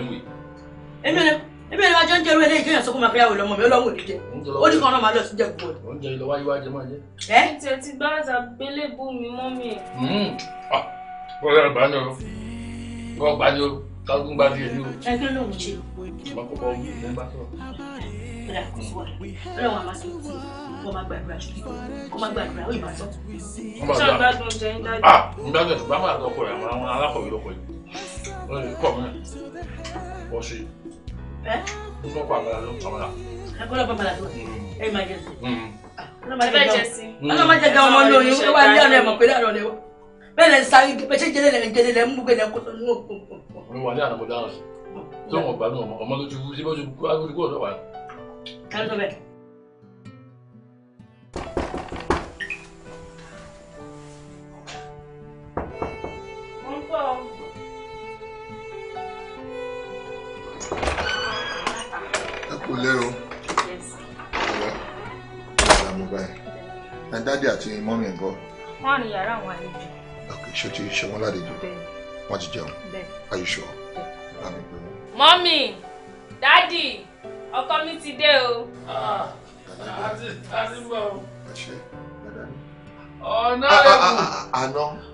èmi ò èmi ò ní wá jẹ́ oúnjẹ eléyìí kéèyàn sọ fún ma fẹ́yàwó lọ́mọ mi ó lọ́wọ́ òdìjẹ ó ní kan máa lọ sí jẹ gbogbo. oúnjẹ ìlọ wáyé wájẹ ìwọ gba ni o kálukú gba ni èyí o. ẹ kí ló ń ṣe. ọba kọkọ wù mí bá sọ̀rọ̀. kò sí wàhálà ọlọ́run àmà sí ti kó má gbàdúrà kó gbàdúrà ó ìbá tọ́. ṣé ìgbádùn jẹ́ ń dájú. ah ìgbádùn ẹ̀ ṣùgbọ́n àwọn àtọkọ rẹ̀ àwọn alákọ̀wé ló kọ yìí wọ́n lè kọ́ mìíràn wọ́n ṣe. ẹ ń kọ́ pàmìlà ló pàmìlà. ẹ kọ́ lọ pàmìlà tó mm. ẹ máa jẹ sí. Mm. Ah, ọlọ́mọ jẹ sí. ọlọ́mọ jẹ ẹ wá ní ọ̀nà ẹ̀mọ̀ pé láàárọ̀ lẹ́wọ̀ bẹ́ẹ̀ lẹ́ sáré bẹ́ẹ̀ jẹ́lẹ̀ jẹ́lẹ̀ lẹ́ mú bẹ́ẹ̀ lẹ́ kó sọ́nù. wà ní àná mo dáhùn sí tó gbádùn ọmọ ọmọ lójú sí bó ṣe kú kúrò lọ́wọ́ àná. ká ló sọ bẹ́ẹ̀. ẹ kò lé ẹ dáàdi àti mọ́mí ẹ̀ gbọ́. wọ́n á ní yàrá àwọn àlejò ṣé o ti ṣe wọn lálejò wọn ti jẹun are you sure bá mi gbé wọn. mọ́mì dádì ọkọ mi ti dé o. àná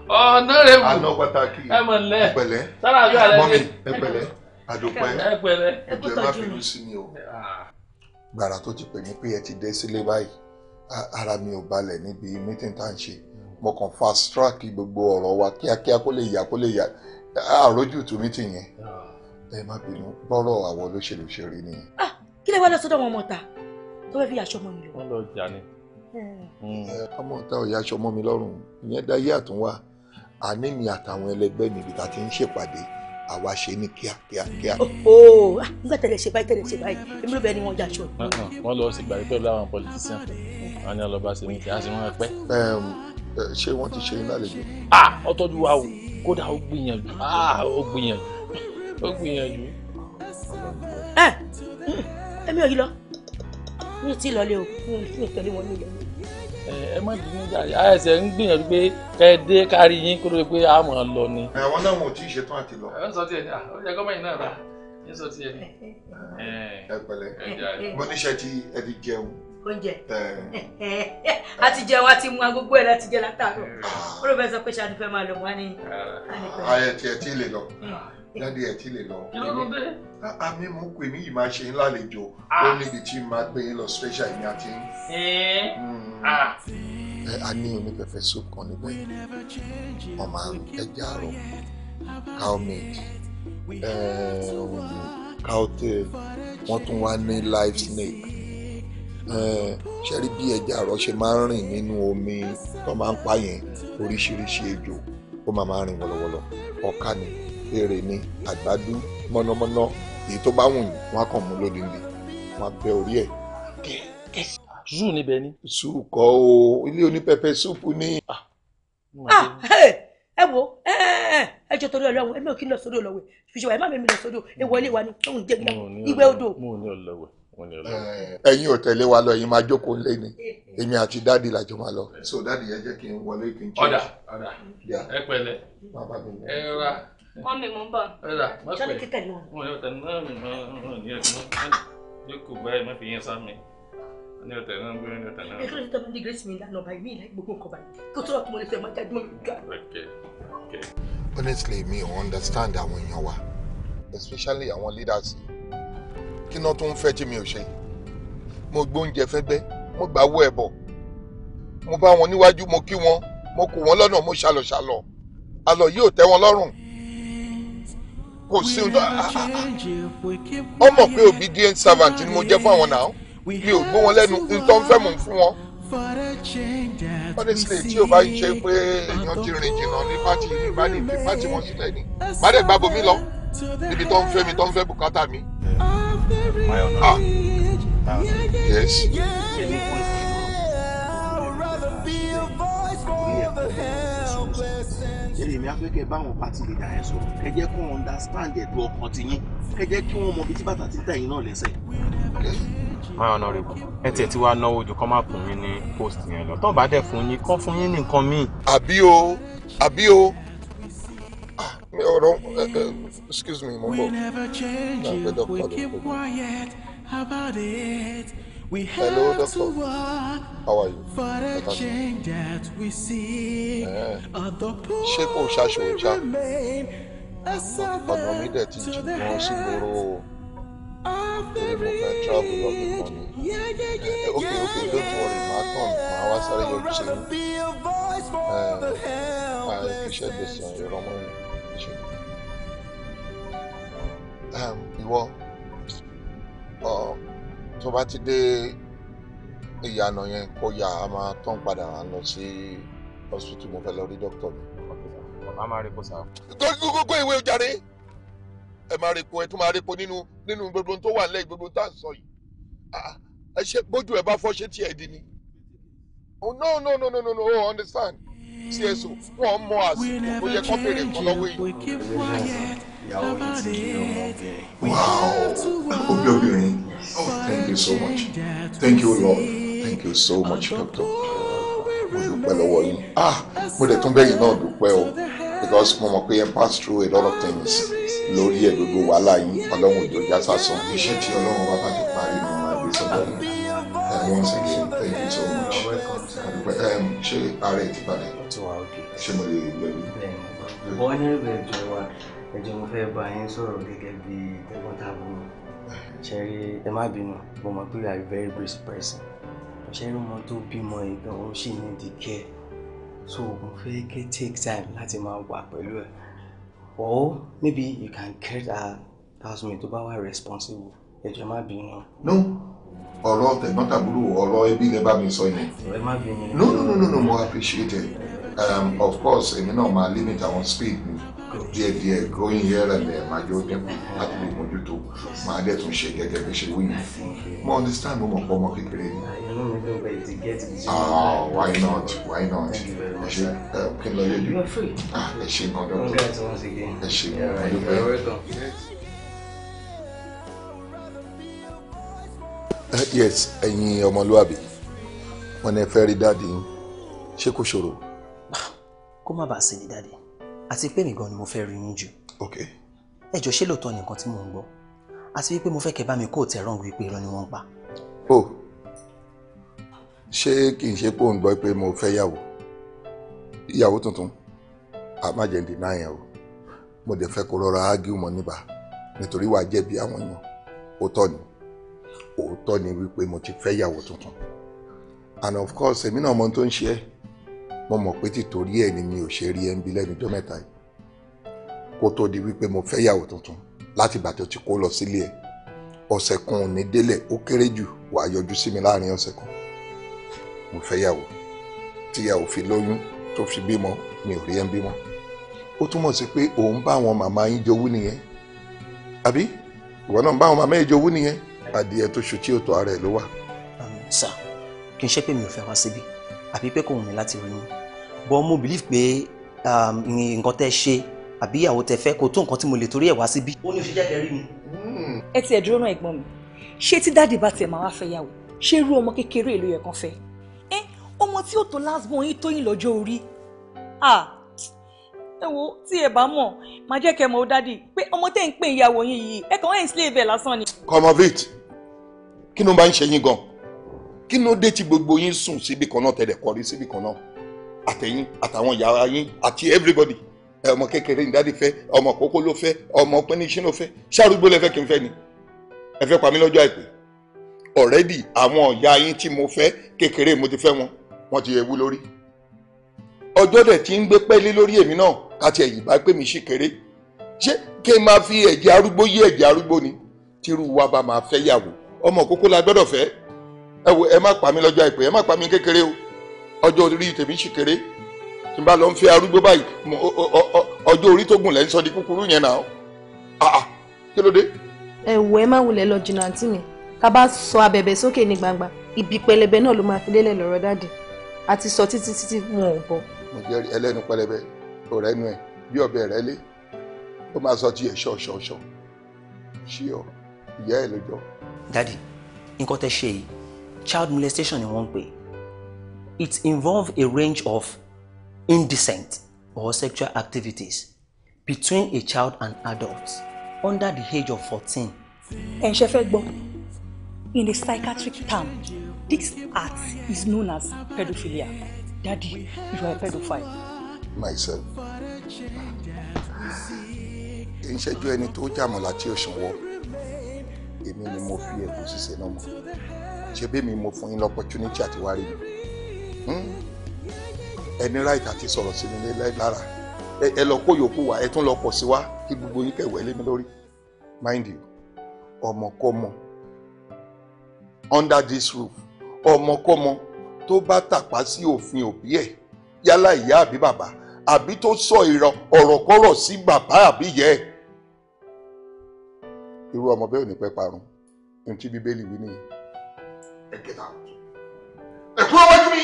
ọ̀nà rẹ̀ wù àná pàtàkì ẹ̀pẹ̀lẹ́ mọ́mì ẹ̀pẹ̀lẹ́ àdùpẹ́ ẹ̀jẹ̀ má fi sí mi o gbàrà tó ti pè mí pé ẹ ti dé sílé báyìí ara mi ò balẹ̀ níbi mítìn ń ṣe mo kàn fast track gbogbo ọ̀rọ̀ wa kíákíá kó lè yá kó lè yá àròjù tó mi tì yẹn ẹ má bínú bọ́rọ̀ àwọn olóṣèlú ṣe rí nìyẹn. Ah, kí lè wá lọ sọ́dọ̀ wọn ọmọ ta tó fẹ́ fi aṣọ mọ́ mi lọ. wọ́n lọ jà ni. Hmm. ọmọ ta ò yá aṣọ mọ́ mi lọ́rùn ìyẹn dá yé àtúnwá àní mi àtàwọn ẹlẹgbẹ́ mi ibi tá a ti ń ṣèpàdé àwa ṣe ní kíákíá kíá. ooo oh, oh, ah, nígbà tẹ̀lé ṣe báyìí tẹ̀lé ṣe báyìí èmi ló bẹ́ẹ̀ ni wọ́n jà aṣọ. wọ́n lọ sí gbàgbé pẹ̀lú àwọn politician àwọn ni ọlọ́ba ṣe ní kí á ṣe wọ́n pẹ́ ṣé wọ́n ti ṣe iná lẹ́jọ́. a ọtọ́jú wa o kódà ó gbìyànjú ó gbìyànjú ó gbìyànjú. ẹ ẹmi ò yí lọ mi ò tí ì lọlé o mi ò tẹ̀lé wọn nílẹ̀. ẹ má bínú jàre àìsẹ ń gbìyànjú pé kẹ dé kárí yín kó ló dé pé a máa lọ ni. àwọn náà wọn ò tí ì ṣetán àti lọ. ẹ sọ tiẹ̀ ní à ó yẹ kọ́mọ yìí náà rà ẹ sọ tiẹ̀ ní. ẹ pẹ̀lẹ́ mo níṣẹ́ tí ẹ ti jẹun oúnjẹ a ti jẹun a ti mu agogo ẹ láti jẹ látàárọ̀ olóòfẹ sọ pé ṣáà ti fẹ́ máa lọ wọn ni. ayé tí ẹ ti lè lọ jáde ẹ ti lè lọ àmì mú pé mi yìí máa ṣe ń lálejò ah. ó níbi tí n gbé yín lọ special ìyá tí ń. a ní onífẹ̀fẹ̀ soup kan níbẹ̀ ọmọ àrùn ẹja àrọ̀ cow milk eh, cow tail wọ́n tún wá ní live snake ṣẹ́rí bí ẹja àrọ́ ṣe máa ń rìn nínú omi tó máa ń pa yẹn oríṣiríṣi ejò ó máa máa rìn wọ̀lọ̀wọ̀lọ̀ ọ̀ká ni erè ni àgbàdo mọ́nàmọ́ná èyí tó bá wùn wọn á kàn mú lóde níbi wọn á bẹ orí ẹ̀ kẹ́kẹ́. zoo níbẹ̀ ni. zoo kọ́ o ilé onípẹpẹ súpù ni. Ah, ah, ẹ wo ẹ jọ torí ọlọ́wọ́ ẹ náà kí n lọ sódò lọ́wọ́ ìfìṣẹ́wà ẹ má mi lọ ẹ wọlé wa ni tóun jẹ́ ìgbẹ́ odò. Eh, ẹ̀yin ò tẹ̀lé wa lọ ẹ̀yin máa jókòó lé ni èmi àti dáàdi làjọ máa lọ. so dáàdi yẹn jẹ́ kí n wọlé kí n jẹ́. ọ̀dà ọ̀dà ẹ pẹ̀lẹ́ ẹ rà. wọ́n mi mú bọ̀ sọ́ni títẹ̀ lọ. wọ́n yóò tẹ̀ náà mi mọ́ ọ́n ní ẹ̀sìn yóò kó báyìí má fi yẹn sá mi ní ọ̀tẹ̀ náà gbé ní ọ̀tẹ̀ náà. ẹ kí ló ti ní grace mi lánàá báyìí mi ìlà gbogbo nǹkan báyìí kó tó ọ̀tún mo lè fẹ́ jáde mọ́ mi honestly me ò understand àwọn èèyàn wa especially àwọn leaders kí náà tó ń fẹ́ tí mi ò ṣe mo gbóúnjẹ fẹ́gbẹ́ mo gbà wọ ẹ̀bọ̀ mo bá wọn níwájú mo kí wọn mo kò wọn lọ́nà mo ṣàlọ̀ṣàlọ̀ àlọ́ yìí ò tẹ́ wọn lọ́rùn kò sí ah, ah, ah, ọmọ pé obedient servant ni mo jẹ́ fún àwọn náà mi ò gbọ́ wọn lẹ́nu n fẹ́ mò ń fún wọn. honestly tí o bá ń ṣe pé èèyàn ti rìn jìnnà ní pátì ní pátì wọn sílẹ̀ ni má dẹ̀ gbàgbọ́ mi lọ níbi tó ń fẹ́ mi tó ń fẹ́ bùkátà mi. Mayona. Ah. Mayona. Yes. èmi afẹ́kẹ́ báwọn pàtì lè dà ẹ́ sọ ẹ jẹ́ kó wọn understand ẹ̀dùn ọkàn ti yín ẹ jẹ́ kí wọ́n mọ ibi tí bàtà ti ń tà yín náà lẹ́sẹ̀. my honourable ẹ tiẹ̀ ti wá náwó ju kọ́ máa kùn yín ní post yẹn lọ tó bá dẹ̀ fún yín kọ́ fún yín ní míì. àbí o àbí o Oh, eh, don't. Uh, eh, uh, excuse me, Mumbo. We never change nah, it. We keep quiet about it. We have doctor. to work How are you? for the change that we see. Yeah. the poor Shape or shasho, we remain a servant to the hands of the rich. Yeah, yeah, yeah, eh, okay, yeah, okay, don't worry. My tongue, my wife, sorry, you're just saying. I appreciate this, you're wrong ìwọ ọ tó bá ti dé ìyànà yẹn kó yà á máa tán padà lọ sí hospital mo fẹ́ lọ rí dókítà mi. a máa rí kó sá. gbogbo ìwé ojàre ẹ máa rí kó ẹ tún máa rí kó nínú nínú gbogbo tó wà nílẹ̀ gbogbo tá à ń sọ yìí ẹ ṣe bójú ẹ bá fọ́ ṣé tiẹ̀ di ni. Oh, no no no no no no oh, understand cso wọn mọ àsìkò ó yẹ kó béèrè nǹkan lọ́wọ́ yìí. ìyàwó yìí ti di ọmọbìnrin. wow obi obìnrin oh thank you so much thank you lord thank you so much doctor mo dúpẹ́ lọ́wọ́ yín ah mo dẹ̀ tún bẹ́yìn náà dúpẹ́ o because mo mọ̀ pé ẹ pass through a lot of things lórí ẹ̀ gbogbo wàhálà yín ọlọ́run òjò já sásán. iṣẹ́ tí ọlọ́run bá bá ti parí ni wọ́n á gbé sọ́dọ̀ yín. once again thank you so much dúpẹ́ um, ṣé ààrẹ ti balẹ̀ ṣé mo lè gbẹ̀lú. bọ́ ní ìgbẹ́ ìjọ wa ẹjọ́ mo fẹ́ bá yín sọ̀rọ̀ gẹ́gẹ́ bí tẹ́gbọ́ntàbúrò ṣe rí ẹ má bínú mo mọ̀ pé you are a very brave person ṣe rí ọmọ tó bímọ ìgbọ̀n ó ṣì ní ìdíkẹ́ so mo fẹ́ kẹ́ take time láti máa wà pẹ̀lú ẹ̀ or maybe you can get a housemate tó bá wà responsible ẹjọ́ má bínú. no ọ̀rọ̀ tẹ̀gbọ́ntàbúrò ọ̀rọ̀ ẹbí lẹ bá mi sọ yẹn no no no no no More appreciated. um, of course èmi náà máa limit àwọn speed mi díẹ̀ díẹ̀ going here and there máa jẹ́ ojú láti lè mójútó máa dẹ̀ tún ṣe gẹ́gẹ́ bí ṣe wúyìn mo understand mo mọ̀ pọ̀ ọmọ kékeré ni. ah why not why not ẹ ṣe um, kí n lọ yẹjú ah, ẹ ṣe gan dọ́kítọ̀ ẹ ṣe gan dọ́kítọ̀. Eh, yes ẹ̀yin ọmọlúwàbí wọn ní ẹ fẹ́ rí dáàdi ṣé kò ṣòro. kó má bàa sí ni dáàdi àti pé mi gan ni mo fẹ́ rí yín jù. ok. ẹ jọ ṣé lóòótọ́ nìkan tí mò ń gbọ́ àti wípé mo fẹ́ kẹ́ bá mi kó tẹ̀ rán wípé irọ́ ni wọ́n pa. o oh. ṣé kì í ṣe pé òun gbọ́ pé mo fẹ́ yàwó ìyàwó tuntun àmàjẹ̀ǹdì náà yẹn o mo dẹ̀ fẹ́ kó rọra ágíùmọ̀ níbà nítorí wàá jẹ̀bi àwọn èèyàn ó tọ́ ni òótọ́ ni wípé mo ti fẹ́ yàwó tuntun and of course èmi náà mọ tó ń ṣe é mo mọ̀ pé títorí ẹ̀ ni mi ò ṣe rí ẹ̀ ń bi lẹ́nu ọjọ́ mẹ́ta yìí kó tó di wípé mo fẹ́ yàwó tuntun láti ìgbà tó ti kó lọ sílé ẹ̀ ọ̀sẹ̀ kan ò ní délẹ̀ ó kéré jù wàá yọjú sí mi láàrin ọ̀sẹ̀ kan mo fẹ́ yàwó tíyàwó fi lóyún tó fi bímọ mi ò rí ẹ̀ ń bímọ ó túmọ̀ sí pé òun bá àwọn màmá yín jowú nìyẹn àbí ìwọ náà bá àwọn màmá yín jowú nìyẹn adìẹ tó ṣu tí ò tó ara ẹ̀ ló wà. Um, sà kì í ṣe pé mi ò fẹ́ wá síbi àbí pé kò wù mí láti rí yín mo believe pé um, nǹkan tẹ́ ṣe àbí ìyàwó tẹ́ fẹ́ kò tó nǹkan tí mo lè torí ẹ̀ wá síbi. ó ní oṣù jáde rí mi. Hmm. ẹ tiẹ̀ dúró náà ẹ̀gbọ́n mi ṣé tí dáàdì bá tiẹ̀ máa wá fẹ́ yàwó ṣé irú ọmọ kékeré èlò yẹ kan fẹ́ ẹ ọmọ tí ó tó lásìbọn yín tó yín lọ́jọ́ orí ẹ wo tí ẹ bá mọ̀ máa jẹ́ kẹ́ mọ̀ ó pé ọmọ tẹ́ ń pè ìyàwó yín yìí ẹ kàn wá ń ibẹ̀ lásán ni. come of it kí ló máa ń ṣe yín gan kí ló dé tí gbogbo yín sùn síbi kan náà tẹ̀lé kọrí síbi kan náà àtẹ̀yìn àtàwọn ìyá yín àti everybody ọmọ kékeré ní dáàdi fẹ́ ọmọ kókó ló fẹ́ ọmọ pínísín ló fẹ́ ṣàrúgbó lẹ fẹ́ kí n fẹ́ ni ẹ fẹ́ pa mí lọ́jọ́ àìpẹ́ already àwọn ìyá yín tí mo fẹ́ kékeré mo ti fẹ́ wọn wọ́n ti ewu lórí ọjọ́ dẹ̀ tí ń gbé pẹ́ẹ́lí lórí èmi náà káti ẹ̀yìn bá pè mí sí kéré ṣé kí n máa fi ẹ̀jẹ̀ arúgbó yí ẹ̀jẹ̀ arúgbó ni tírú wa bá máa fẹ́ yàwó ọmọ òkókó la gbọ́dọ̀ fẹ́ ẹ wo ẹ má pa mí lọ́jọ́ àìpẹ́ ẹ má pa mí kékeré o ọjọ́ orí tèmi sì kéré tí n bá lọ ń fẹ́ arúgbó báyìí ọjọ́ orí tó gùn lẹ́ ń sọ di kúkúrú yẹn náà àà kí ló dé. ẹ wo ẹ má wulẹ̀ lọ jìnnà àǹtí mi ká bá sọ abẹ̀bẹ̀ sókè ní gbangba ibi pẹlẹbẹ náà ló máa fi lélẹ̀ lọ́rọ̀ dáàdì àti sọ títí títí wọn ò bọ̀. mo jẹ́ ẹlẹ́nu pẹlẹbẹ ọ̀rẹ́ nu ẹ bí ọ̀bẹ rẹ lé ó máa sọ tiẹ̀ ṣọ̀ṣọ̀ṣọ̀ ṣí ọ ìyá ẹ lójọ́ Daddy, nǹkan tẹ́ ṣe yìí child molestation ni wọ́n ń it involve a range of indecent or sexual activities between a child and adult under the age of fourteen. ẹ ṣe fẹ́ gbọ́ in the psychiatric term this act is known as pedophilia daddy you are a pedophile. myself kì í ṣẹ́jú ẹni tó jàmọ̀lá tí ò ṣànwọ́ èmi ni mo fi ẹ̀kú ṣíṣe náà mọ̀ ṣe bẹ́ẹ̀ mi mo fún yín lọ́pọ̀tunítì àti wárí mi hmm? ẹni ráìtì àti sọ̀rọ̀ sí mi lára ẹ lọ kó yòókù wá ẹ tún lọ pọ̀ sí wa kí gbogbo yín kẹ̀wẹ́ lé mi lórí mind you ọmọkọ́mọ under this roof ọmọkọ́mọ tó bá tàpá sí òfin òbí ẹ̀ yálà ìyá àbí bàbá àbí tó sọ ọ̀rọ̀kọ́rọ̀ sí bàbá àbí ìyá ẹ̀ irú ọmọ bẹ́ẹ̀ ò ní pẹ́ parun ní bíbélì wí nìyí. ẹ kẹta ẹ kúrò wájú mi.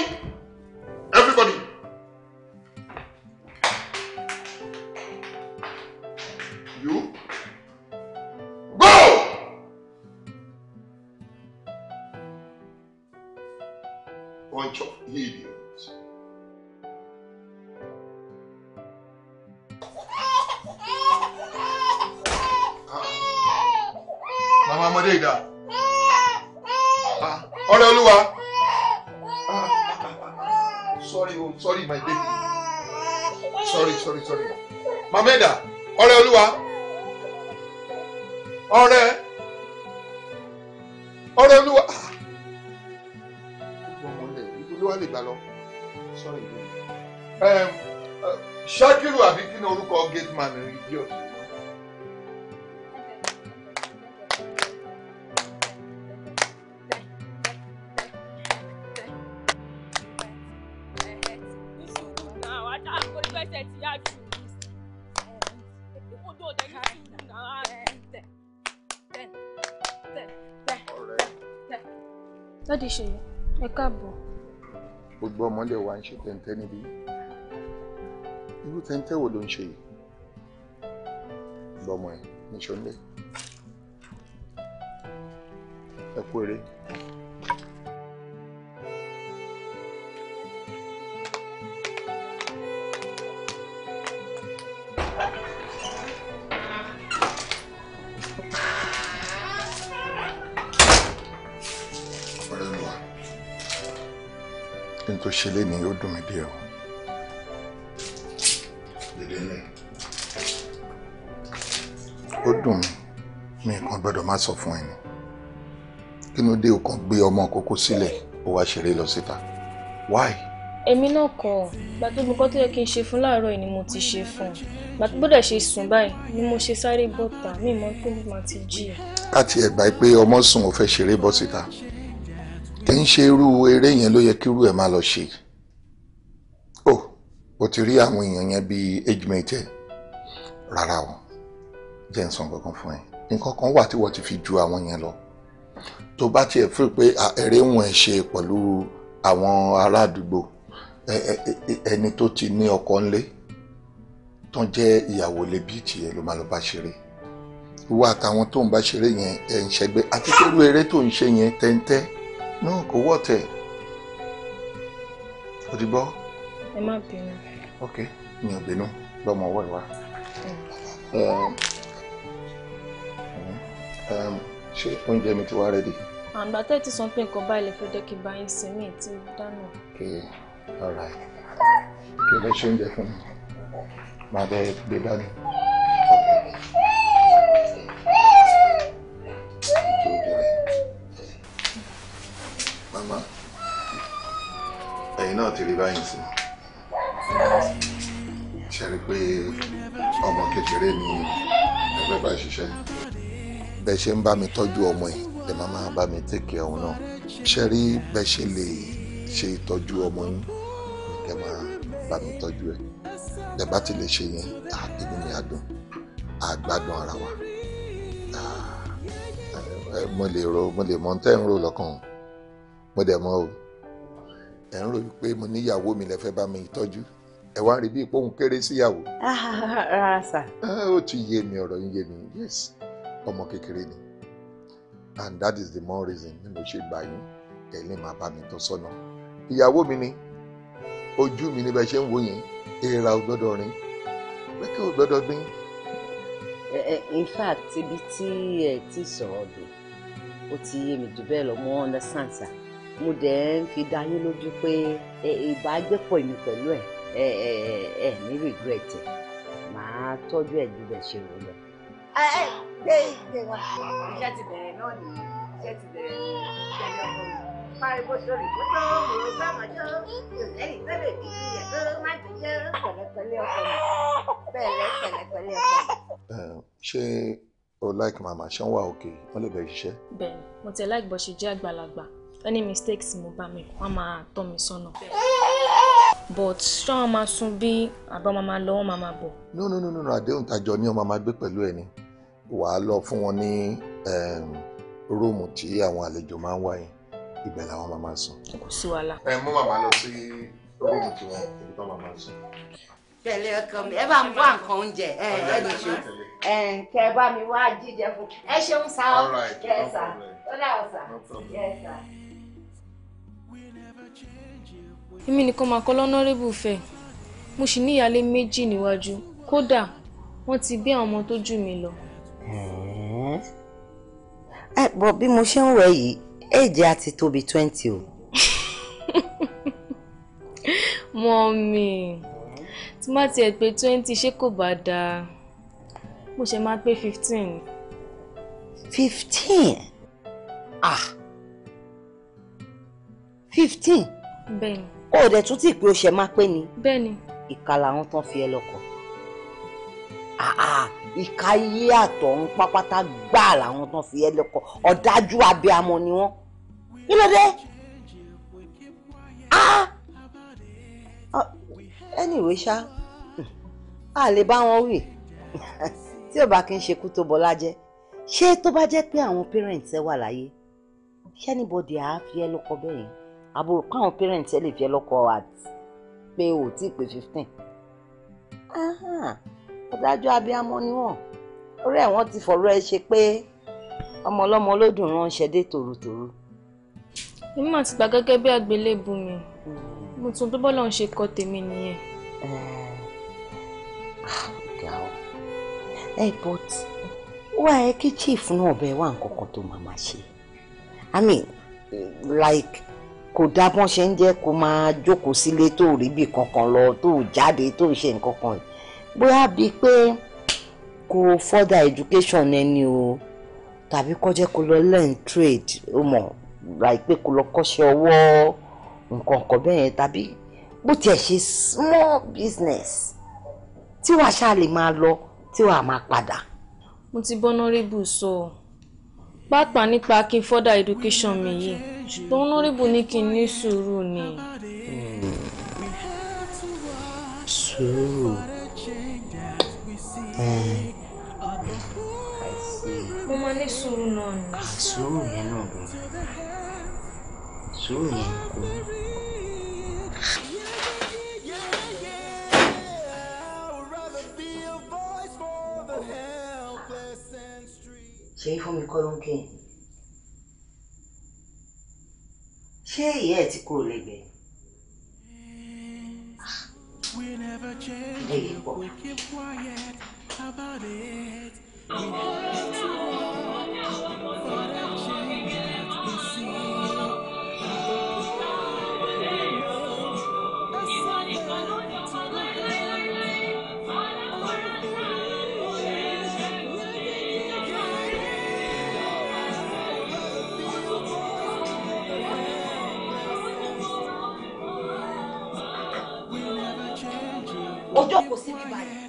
mọ́lẹ̀ wa ń ṣe tẹ̀ǹtẹ́ níbí irú tẹ̀ǹtẹ́ wo ló ń ṣe yìí lọ́mọ ẹ̀ níṣọ́ ńlẹ̀ ẹ kú eré. ṣe lé ní ó dùn mí díẹ̀ o. ó dùn mí mi nǹkan gbọ́dọ̀ má sọ fún ẹ ni kí ló dé o kàn gbé ọmọ kókó sílẹ̀ ó wá ṣeré lọ síta why. èmi náà kọ gbàdúgbò kan tó yẹ kí n ṣe fún láàárọ̀ yìí ni mo ti ṣe fún un gbàdúgbòdà ṣe sùn báyìí ni mo ṣe sáré bọ́ta mi mọ́ pé mo máa ti jí ẹ. ká tiẹ̀ gbà pé ọmọ sùn ò fẹ́ ṣeré bọ́ síta kì í ṣe irú eré yẹn ló yẹ kí irú ẹ̀ máa lọ ṣe o o ti rí àwọn èèyàn yẹn bíi age mate ẹ rárá o jẹ́ ń sọ kankan fún ẹ nǹkan kan wà tí wọ́n ti fi ju àwọn yẹn lọ tó bá tiẹ̀ fi pé eré wọn ẹ ṣe pẹ̀lú àwọn ará àdúgbò ẹni tó ti ní ọkọ ńlé tán jẹ́ ìyàwó lè bí tiẹ̀ ló máa lọ bá ṣeré ìwọ àtàwọn tó ń bá ṣeré yẹn ẹ̀ ń ṣẹgbẹ́ àti pé irú eré tó ń ṣe yẹn tẹ́ńtẹ́ No, go wọ́ tẹ̀ ò ti gbọ́. ẹ má bínú. ok mi ò bínú lọmọ ọwọ́ ìwà. Mm. Eh, eh, um, oúnjẹ mi ti wá rẹ́dì. already. I'm ti sọ pé something. báyìí lè fẹ́ jẹ́ kí bá yín sinmi tí dáná. ok all right kí ẹ bẹ ṣe oúnjẹ fún mi màá náà ti rí báyìí sí ṣe rí pé ọmọ kékeré ni ẹgbẹ́ bá ṣiṣẹ́ bẹ́ẹ̀ ṣe ń bá mi tọ́jú ọmọ yìí lè má máa bá mi tèkè ọ̀hún náà ṣe rí bẹ́ẹ̀ ṣe lè ṣe ìtọ́jú ọmọ yín ní kẹ́ máa bá mi tọ́jú ẹ̀ lè bá ti lè ṣe yẹn àbínú mi àdùn àgbádùn ara wa mo lè ro mo tẹ́ ń rò lọ́kàn mo dẹ̀ mọ́ o ẹ̀ ń rò pé mo níyàwó mi lẹ fẹ́ bá mi tọ́jú ẹ wá rí bí ìpóhùn kéré síyàwó. rárá sà. ó ti yé mi ọ̀rọ̀ yín yé mi yes ọmọ kékeré ni and that is the more reason ni mo ṣe gbà yín kẹ́lẹ́ máa bá mi tọ́ sọ́nà ìyàwó mi ni ojú mi ni bẹ́ẹ̀ ṣe ń wò yín èèrà ò gbọ́dọ̀ rìn pẹ́kẹ́ ò gbọ́dọ̀ gbìn. in fact ibi tí ẹ ti sọ̀rọ̀ dé ó ti yé mi jù bẹ́ẹ̀ lọ mo understand sir mo dẹ̀ ń fi dá yín lójú pé ìbágbépọ̀ mi pẹ̀lú ẹ̀ ẹ̀ ẹ̀ ẹ̀ ní regret màá tọ́jú ẹ̀ ju bẹ̀ ṣe rò lọ. ẹ ẹ gbé ìgbé wa. iṣẹ́ ti bẹ̀rẹ̀ náà nìyí iṣẹ́ ti bẹ̀rẹ̀ nìyí pariwo sórí kótó òwò gbàmọjọ yòlẹ́rì bẹ̀rẹ̀ bí ẹ̀rọ má ti jẹ́ pẹ̀lẹ́pẹ̀lẹ́ ọkọ bẹ̀rẹ̀ pẹ̀lẹ́pẹ̀lẹ́ ọkọ. ṣé o like mama ṣé wọn wà òkè wọn lè bẹ ṣiṣẹ́. bẹ́ẹ̀ni mo tẹ láì gbọ́ ṣe jẹ́ àgbàlagbà any mistakes mo bá mi wọ́n máa tọ́ mi sọ́nà but ṣé wọn máa sun bí àbá máa lọ wọn máa bọ̀. no no no no àdéhùn tàjọ ni wọn máa gbé pẹ̀lú ẹni wàá lọ fún wọn ní ehm, rúùmù tí àwọn àlejò máa ń wá yẹn ibẹ̀ làwọn máa máa sùn. kò sí wàhálà. ẹ mú màmá lọ sí rúùmù tí wọn ibi tó máa máa sùn. tẹ̀lé ọkọ mi ẹ bá ń wá nǹkan oúnjẹ ẹ ẹ lè ṣe ẹ kẹ bá mi wá jíjẹ fún ẹ ṣeun sá ọ kẹ sá ó dà sá kẹ sá. èmi nìkan máa kọ́ lọ́nàrẹ́bù fẹ́ mo sì ní ìyáálé méjì níwájú kódà wọ́n ti bí àwọn ọmọ tó jù mí lọ. Hmm. ẹ bọ bí mo ṣe ń wẹ yìí èjì á ti tóbi twenty o. mọ́mì tí má tiẹ̀ pé twenty ṣé kò bá dáa mo ṣe máa pé fifteen. fifteen ah fifteen. bẹ́ẹ̀ni ó dẹ̀ tún tí pé o ṣẹ̀ máa pé ni. bẹ́ẹ̀ni. ìka làwọn tán fi ẹ lọkọ ìka ayé àtọ̀run pápátá gbáà làwọn tán fi ẹ lọkọ ọ̀dájú abiyamọ ni wọ́n kí ló Ah. anyway ṣá a lè bá wọn wí tí ò bá kí n ṣekú tó bọlá jẹ ṣé tó bá jẹ́ pé parents ẹ wà láyé ṣé anybody àá fi ẹ lọkọ bẹ́ẹ̀ àbúrò káwọn parents ẹ lè fi ẹ lọ́kọ àti pé o ò tí ì pé fifteen ọ̀dájọ́ abiyamọ ni wọ́n ọ̀rẹ́ wọn ti fọ̀rọ̀ ẹ ṣe pé ọmọ ọlọ́mọ olódùn ránṣẹ́ dé tòrótòró. èmi máa ti gbà gẹ́gẹ́ bí àgbélébù mi hmm. mo tún tó bọ́lá ń ṣe kọ́ tèmi nìyẹn. ẹ but wá ẹ kí chief náà bẹ wá nǹkan kan tó máa máa ṣe i mean like kò dá bọ́n ṣe ń jẹ́ kó máa jókòó sílé tó ríbi kankan lọ tó jáde tó ṣe nǹkan kan yìí bóyá bíi pé kó further education ẹni o tàbí kó jẹ́ kó lọ learn trade ó mọ̀ like pé kó lọ kọ́ṣẹ́ ọwọ́ nǹkan kan bẹ́ẹ̀ yẹn tàbí bó tiẹ̀ ṣe small business tí wàá ṣáà lè máa lọ tí wàá máa padà. mo ti bọ́nà rébù So pàápàá nípa kí n further education mi yìí ṣùgbọ́n honorable ní kí n ní sùúrù ni. sùúrù eh, mo máa ní sùúrù náà ni. Ah, sùúrù yẹn náà sùúrù yẹn kò. ṣe fún mi kọ́ ló ń kí n ṣé ìyá ẹ̀ ti kúrò lẹ́gbẹ̀ẹ́ ah, lẹ́yìn pọ̀. About it, oh, oh, oh, oh, oh, oh, oh. ojú kò sí mi báyìí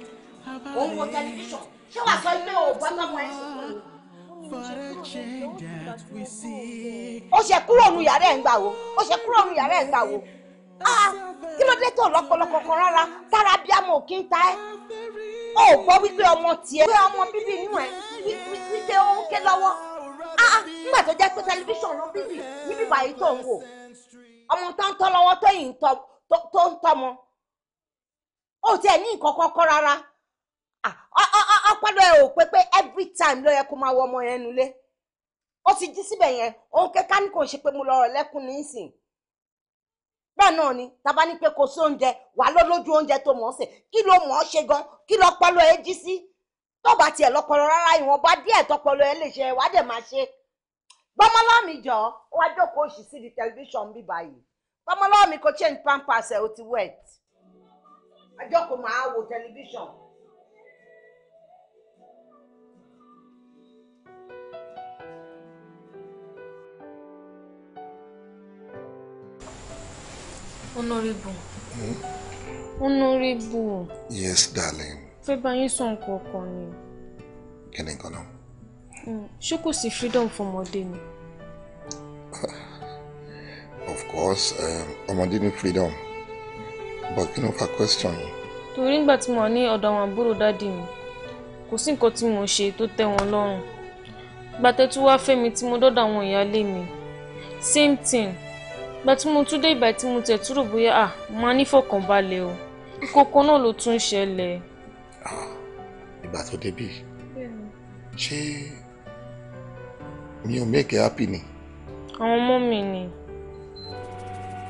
òun wo tẹlifíṣàn ṣé wàá sọ ilé o bá tọmọ ẹ sùn. ó ṣe kúrò nu yàrá ẹ̀ ń gbà wo ó ṣe kúrò nu yàrá ẹ̀ ń gbà wo ah, kí ló dé tó lọ́pọ̀lọpọ̀ kan rárá tára bí amọ̀ kí n ta ẹ́ ó gbọ́ wípé ọmọ tiẹ̀ wípé ọmọ bíbí inú ẹ̀ wípé ó ń ké lọ́wọ́ ah, nígbà tó jẹ́ pé tẹlifíṣàn lọ bíbí níbí báyìí tó ń wò ọmọ tó ń tọ́ lọ́wọ́ tó yìí ń tọ́ mọ́ ó tiẹ̀ ní nǹkan kọ́kọ́ rárá ọpọlọ ẹ ò pé pé every time ló yẹ kó máa wọ ọmọ yẹn nulẹ̀ ó ti jí síbẹ̀ yẹn òun kẹ́kẹ́ ní kò ṣe pé mo lọ́rọ̀ lẹ́kùn nísìn bẹ́ẹ̀ náà ni tàbá ní pé kò sí oúnjẹ wà lọ lójú oúnjẹ tó mọ̀ ọ́ sè kí ló mọ̀ ọ́ ṣe gan kí lọ́pọlọ ẹ jí sí tó bá tiẹ̀ lọ́pọlọ rárá ìwọ̀nba díẹ̀ tọpọlọ ẹ lè ṣe wàá dẹ̀ máa ṣe gbọmọlọ́mì jọ wá jókòó òṣì sí di tẹlifíṣàn bíbá yìí gbọmọlọ́mì kò change pampers ẹ̀ ó ti wet àjọkò máa wo tẹlifíṣàn. honorable. Hmm? honorable. yes darling. fẹ́ bá yín sọ nǹkan kan ni. kí ni nǹkan náà. Hmm, ṣé kò sí freedom fọmọdé ni. of course um, ọmọdé um, ní freedom but kí ló fa question yìí. torí nígbà tí mo ní ọ̀dọ̀ àwọn àbúrò dáàdì mi kò sí nǹkan tí mo ṣe tó tẹ́ wọn lọ́rùn gbàtẹ́ tí wàá fẹ́ mi tí mo dọ́dọ̀ àwọn ìyáálé mi same thing gbà tí mo tún dé ìgbà tí mo tẹ̀ túrò bóyá à máa nífọ̀kànbalẹ̀ o kókó náà ló tún ṣẹlẹ̀. Ah, ìgbà tó débì ṣé mi ò make happy ni. àwọn mọ́mì ni.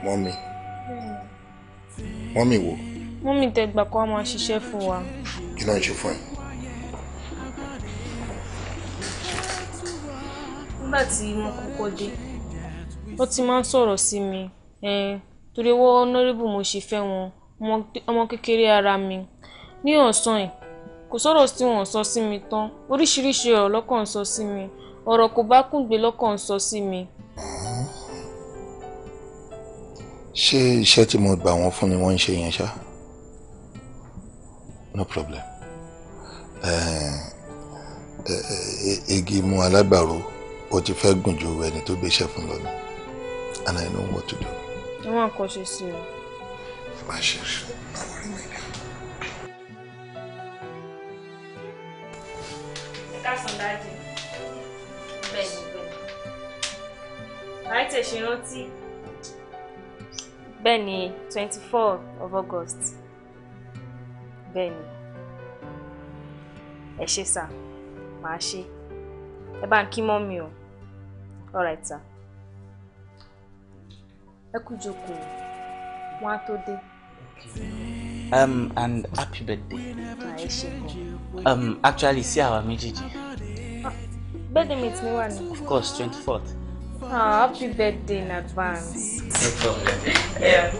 mọ́mì. Yeah wọ́n mi wò. wọ́n mi tẹ gbà kó a máa ṣiṣẹ́ fún wa. kí ló ń ṣe fún ẹ. nígbà tí mo kọ́kọ́ dé wọ́n ti máa ń sọ̀rọ̀ sí mi torí owó honorable mo ṣe fẹ́ wọn ọmọ kékeré ara mi ní ọ̀sán yìí kò sọ̀rọ̀ tí wọ́n sọ sí mi tán oríṣiríṣi ọ̀rọ̀ lọ́kàn ń sọ sí mi ọ̀rọ̀ kò bá kúndùn lọ́kàn sọ sí mi ṣé iṣẹ́ tí mo gbà wọ́n fún ni wọ́n ń ṣe yẹn ṣá no problem eh, eh, igi mu alágbàro o ti fẹ́ gùn ju ẹni tó gbé iṣẹ́ fún lọ ni and I know what to do. wọ́n kọ́ ṣe sí o. má ṣe ṣe àwọn orí mi ni. ká sàn dájú bẹ́ẹ̀ ni bẹ́ẹ̀ ni láì tẹ̀sí rántí bẹ́ẹ̀ ni twenty four of August bẹ́ẹ̀ ni ẹ ṣe sà màá ṣe ẹ bá ń kí mọ́ mi o all right sà ẹ kú jókòó wọn á tó dé. Um, and happy birthday. Ah, um, actually, see àwa méjèèjì. Ah, birthday mi ti wà Of course, twenty fourth. Ah, happy birthday in advance. No problem. yeah.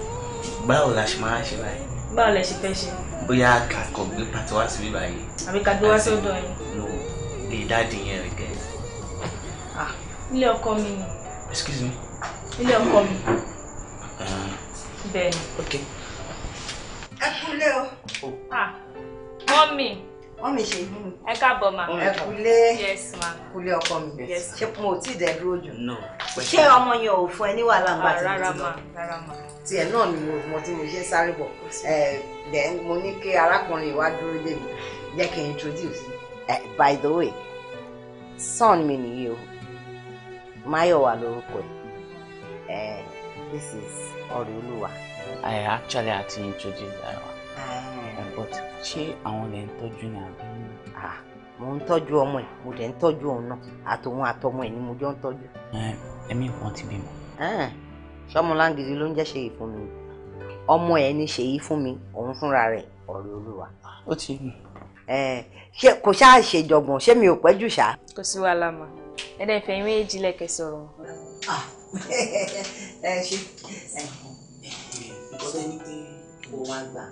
Báwo la ṣe máa ṣe báyìí? Báwo la ṣe fẹ́ ṣe? Bóyá kàkọ́ gbé pàtó wá síbí báyìí. Àbí ká gbé wá sọ́dọ̀ yín. No, lè dáàdì yẹn rẹ̀ gẹ̀. Ah, ilé ọkọ mi ni. Excuse me. Ilé ọkọ mi. Ah. Bẹ́ẹ̀ni. Ok. Ẹ kúlé o. Ah, mọ́mì wọ́n mi ṣe yí mi. ẹ káàbọ̀ ma. ẹ kúlé kúlé ọkọ mi ṣé mo ò tí ì dẹ̀ dúró jù. ṣé ọmọ yẹn ò fún ẹ ní wàhálà ńgbà tí mo ti lọ tiẹ̀ náà ni mo ti mo ṣe sáré bọ̀ ẹ̀ mo ní kí arákùnrin ìwà dúró dé mi jẹ́ kí n introduce by the way son mi nìyí o Máyọ̀wá lórúkọ ẹ̀ this is Ọ̀rẹ́olúwa. I actually had to introduce that one but ṣé àwọn lè ń tọ́jú ni àbí. mo ń tọ́jú ọmọ ẹ̀ mo dẹ̀ ń tọ́jú òun náà àtòun àtọmọ ẹ̀ ni mo jọ ń tọ́jú. ẹ̀mí ìwọ̀n ti bímọ. ṣọ́mọláńgìrì ló ń jẹ́ ṣèyí fún mi ọmọ ẹ̀ ní ṣèyí fún mi òun fúnra rẹ̀ ọ̀rẹ́ olúwa. ó ti rí. ṣé kò ṣáà ṣèjọ̀gbọ̀n ṣé mi ò pẹ́ jù ṣá. kò sí wàhálà mọ́ ẹ dẹ́ fẹ́ méjì lẹ́kẹ̀ sọ̀rọ̀. ẹ ṣe ẹ ẹ ọ̀sẹ̀ ní pé kó wá gbà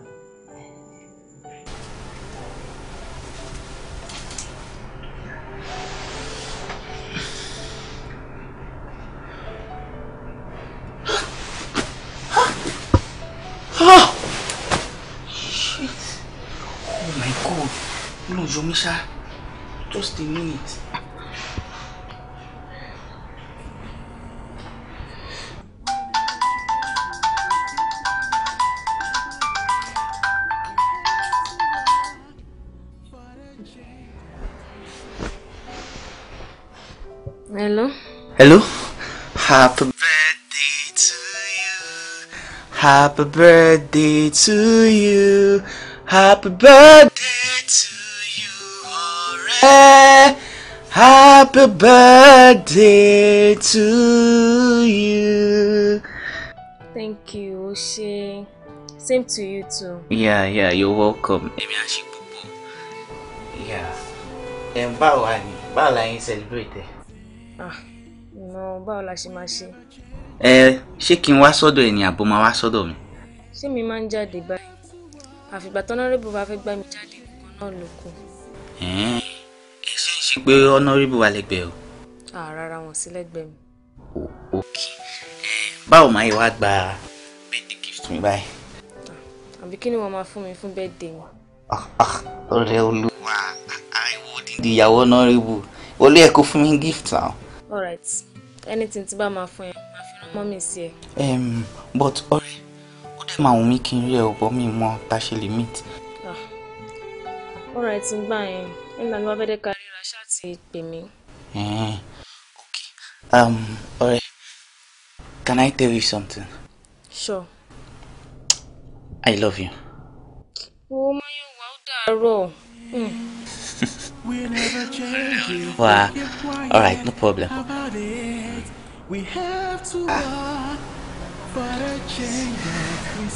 Shit. Oh my God. No, Jomisha. Just a minute. Hello? Hello? Happy birthday to you. Happy birthday to you. Happy birthday to you, alright. Happy birthday to you. Thank you, Oshie. Same to you too. Yeah, yeah, you're welcome. Yeah. And báwo ni, báwo la yín celebrate. Ah, ìmọ̀ báwo la ṣe máa ṣe. ẹ ṣé kí n wá sọ́dọ̀ ẹ̀ ni àbó máa wá sọ́dọ̀ mi. ṣé mi máa ń jáde báyìí àfìgbà tí ọ̀nàrẹ́bù bá fẹ́ gbá mi jáde nǹkan náà ló kù. ẹ ṣe ń ṣe pé ọ̀nàrẹ́bù wà lẹ́gbẹ̀ẹ́ o. Ah, rárá wọn sí lẹ́gbẹ̀ẹ́ mi. ok báwo máa yẹ wá gba birthday gift mi báyìí. Ah, àbí kí ni wọ́n máa fún mi fún birthday mi. ọ̀rẹ́ olúwa àìwò òdìdí ìyàwó ọ̀nàrẹ́bù olú ẹ̀ kó fún mi gift náà alright anything tí bá máa fún ẹ máa fi rán mọ́mì sí ẹ. but ọ̀rẹ́ ó dẹ̀ máa wù mí kí n rí ẹ ò bọ́ mi mọ ṣe lè meet. Ah. alright ń gbà yẹn nígbà tí wọ́n fẹ́ dé ka ríra ṣáà ti pè mí. ok um, ọ̀rẹ́ can I tell you something? sure. I love you. Wo máa yọ wá ó dàárọ̀. Mm wow. Uh, Alright, no problem. ah. for a change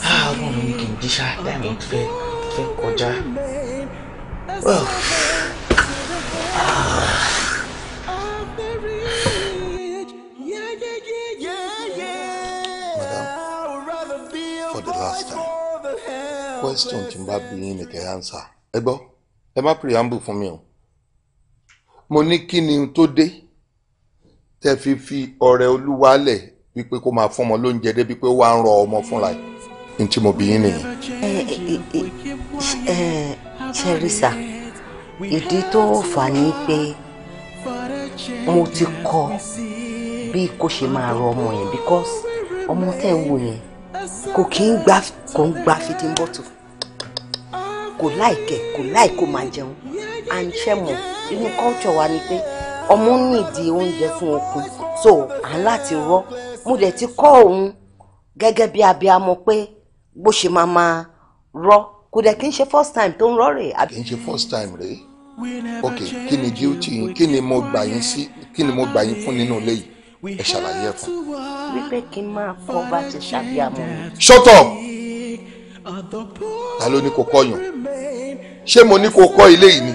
that we see. kì í díṣà dáìmì fẹ́ fẹ́ ah. for the last time, question tí n bá bí yín answer. Ebo, am I má preamble for mi mo ní kí ni tó dé tẹ fi fi ọ̀rẹ́ olúwa lẹ̀ wípé kó máa fún ọmọ lóúnjẹ débi pé ó wá ń rọ ọmọ fúnra ẹ̀ ní tí mo bí yín nìyẹn. ẹ ẹ ṣẹrísà ìdí tó fà ní pé mo ti kọ́ bí kò ṣe máa rọ ọmọ yẹn because ọmọ tẹ ń wò yẹn kò kí ń gbà kò ń gbà fitin bọ́tù kò láìkẹ̀ kò láì máa jẹun and ṣẹ́mọ̀ inú culture wa ni pé ọmọ nídìí oúnjẹ fún okun so à ń láti rọ́ mo dẹ̀ ti kọ́ òun gẹ́gẹ́ bí abiyamọ pé bó ṣe máa máa rọ́ kò dẹ̀ kí n ṣe first time tó ń rọ́ rè. kì í ṣe first time rè é ok kí ni duty yín kí ni mo gbà yín sí kí ni mo gbà yín fún nínú ilé yìí ẹ ṣàlàyé ẹ fún. wípé kí n máa kọ́ bá ti ṣàbíyamọ. shut up ta ló ní kó kọ́ yàn ṣé mo ní kó kọ́ ilé yìí ni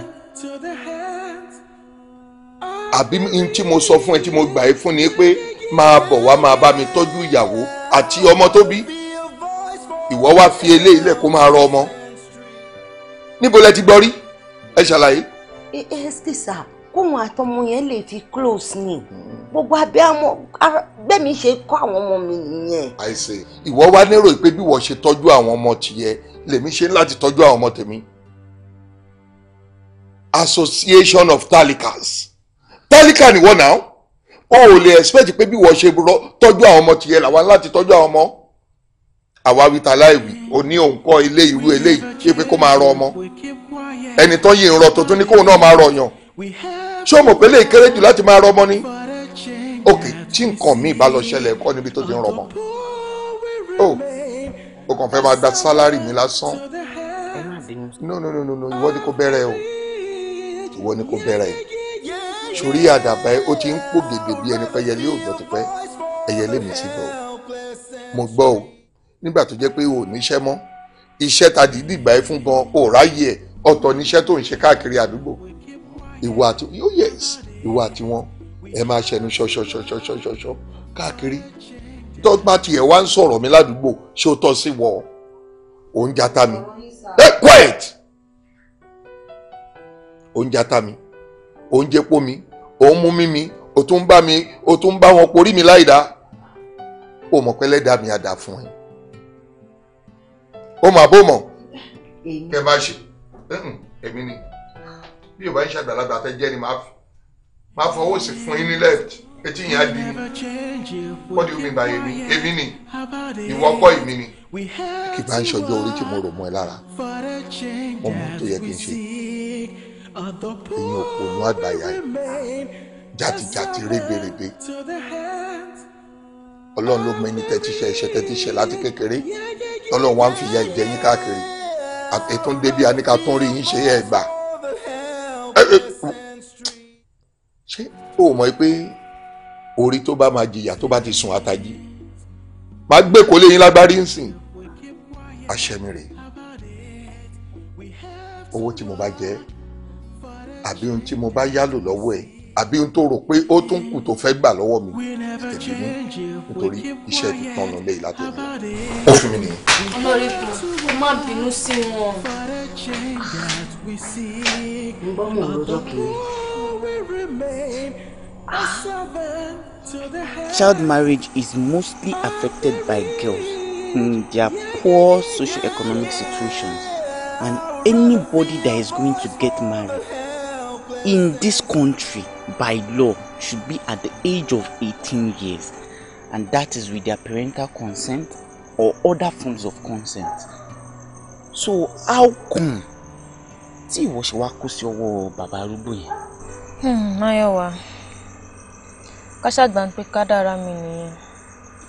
àbí tí mo sọ fún ẹ tí mo gbà ẹ fún ni pé máa bọ̀ wá máa bá mi tọ́jú ìyàwó àti ọmọ tó bí ìwọ wá fi eléyìí lẹ̀ kó máa rọ ọmọ níbo lẹ ti gbọ́ rí ẹ ṣàlàyé. ẹ ẹ ṣe sà kóun àtọmọ yẹn lè fi close ni gbogbo abẹ́ àmọ́ bẹ́mi ṣe kọ́ àwọn ọmọ mi nìyẹn. àìsè ìwọ wá nérò pé bí wọ́n ṣe tọ́jú àwọn ọmọ tìyẹ lèmi ṣe láti tọ́jú àwọn ọmọ tèmi association of talikas tálíkà nìwọ náà o ò lè expect pé bí wọ́n ṣe tọ́jú àwọn ọmọ tìyẹ làwọn láti tọ́jú àwọn ọmọ àwa wíta láìwí o ní òun kọ́ ilé ìlú eléyìí ṣé pé kó máa rọ ọmọ ẹni tó yìí ń rọ tuntun ní kóun náà máa rọ yàn ṣé o mọ̀ pé lè kéré jù láti máa rọ ọmọ ni ok tí nǹkan míì bá lọ ṣẹlẹ̀ kọ́ níbi tó ti ń rọ ọmọ o o kàn fẹ́ máa gba sálárì mi lásán no no no no ìwọ ni kò bẹ̀rẹ̀ o ìwọ ni kò bẹ̀rẹ̀ o sórí àdàbà ó ti ń pò gègé bí ẹni pẹ́ yẹlé òòjọ́ ti pẹ́ ẹ̀yẹ lèmi sí bọ̀ mo gbọ́ o nígbà tó jẹ́ pé o ò níṣẹ́ mọ́ ta dìídì gbà ẹ́ fún gan o ráyè ẹ̀ ọ̀tọ̀ níṣẹ́ tó ń ṣe káàkiri àdúgbò ìwọ àti yóò yẹs ìwọ àti wọn ẹ máa ṣẹnu ṣọṣọṣọṣọṣọṣọ káàkiri tó bá tiẹ̀ wá ń sọ̀rọ̀ mi ládùúgbò ṣé ó tọ́ sí wọ òun jata mi ẹ quiet òun jata mi òun pọ́ mi òun mú mi mi o tún bá mi o tún bá wọn porí mi láì dá o mọ̀ pé lẹ́dàá mi àdá fún ẹ o mà bó mọ̀ kẹ bá ṣe èmi ni bí o bá ń ṣàgbàlagbà fẹ́ jẹ́ ni máa fọwọ́ sí fún yín ní left etí yẹn á di ni what do you mean by èmi èmi ni ìwọ kọ́ èmi ni kì bá ń ṣọjọ́ orí tí mo rò mọ́ ẹ lára mo mọ̀ tó yẹ kí n ṣe ẹ̀yin òpònú àgbàyà yìí jàtìjàtì régbèrègbè ọlọ́run ló mọ ẹni tẹ́tí ṣe iṣẹ́ tẹ́tí ṣe láti kékeré ọlọ́run wá ń fìyà ìjẹ yín káàkiri ètò débi àníkà tó rí yín ṣe ẹ̀ gbà ṣé o mọ̀ pé orí tó bá máa jìyà tó bá ti sùn àtàjì máa gbé kólé yín lágbárí ń sìn àṣẹ mi rèé owó tí mo bá jẹ àbí ohun tí mo bá yálò lọ́wọ́ ẹ̀ àbí ohun tó rò pé ó tún kù tó fẹ́ gbà lọ́wọ́ mi tètè mú nítorí iṣẹ́ ìtọ́nà lé ìlàtọ̀ e mi ó fún mi nìyẹn. olórí kan mo má bínú sí wọn. ń bọ́ mọ̀ lọ́jọ́ kìíní. Child marriage is mostly affected by girls in their poor socio-economic situations and anybody that is going to get married in this country by law should be at the age of 18 years and that is with their parental consent or other forms of consent so how come tí ìwọ ṣe wá kó sí ọwọ́ bàbá arúgbó yẹn. Hmm, Máyọ̀wá ká ṣàgbà pé kádàrá mi nìyẹn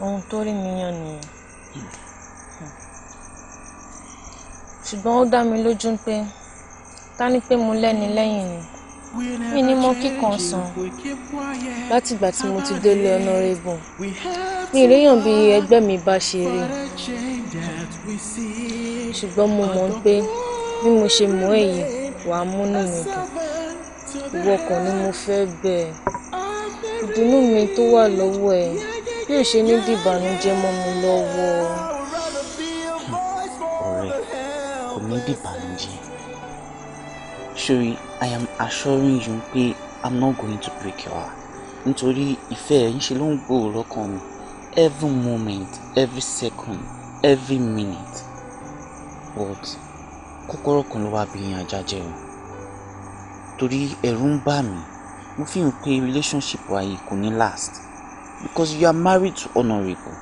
ohun tó rí mi nìyẹn ṣùgbọ́n ó dá mi lójú pé ká ní pé mo lẹ́ni lẹ́yìn ni. Hmm mi ni mo kíkan sàn látìgbà tí mo ti délé ọ̀nàrẹ́bù mi ìléyàn bí ẹgbẹ́ mi bá ṣe rí ṣùgbọ́n mo mọ̀ pé bí mo ṣe mọ̀ èyí wà á múnú mi dùn ìwọ kan ni mo fẹ́ bẹ́ẹ̀ ìdùnnú mi tó wà lọ́wọ́ ẹ̀ bí ò ṣe ní dìbànújẹ́ mọ́ mi lọ́wọ́. ọ̀rẹ́ kò ní dìbànújẹ́ sórí I am assuring you pé I'm not going to break your heart nítorí ìfẹ́ ẹ̀ ń ṣe ló ń gbòòrò lọ́kàn mi every moment every second every minute but kọ́kọ́rọ́ kan ló wá bí yan jájẹ́ o torí ẹ̀rù ń bà mí mo fi hàn pé relationship wa yìí kò ní last because you are married to honourable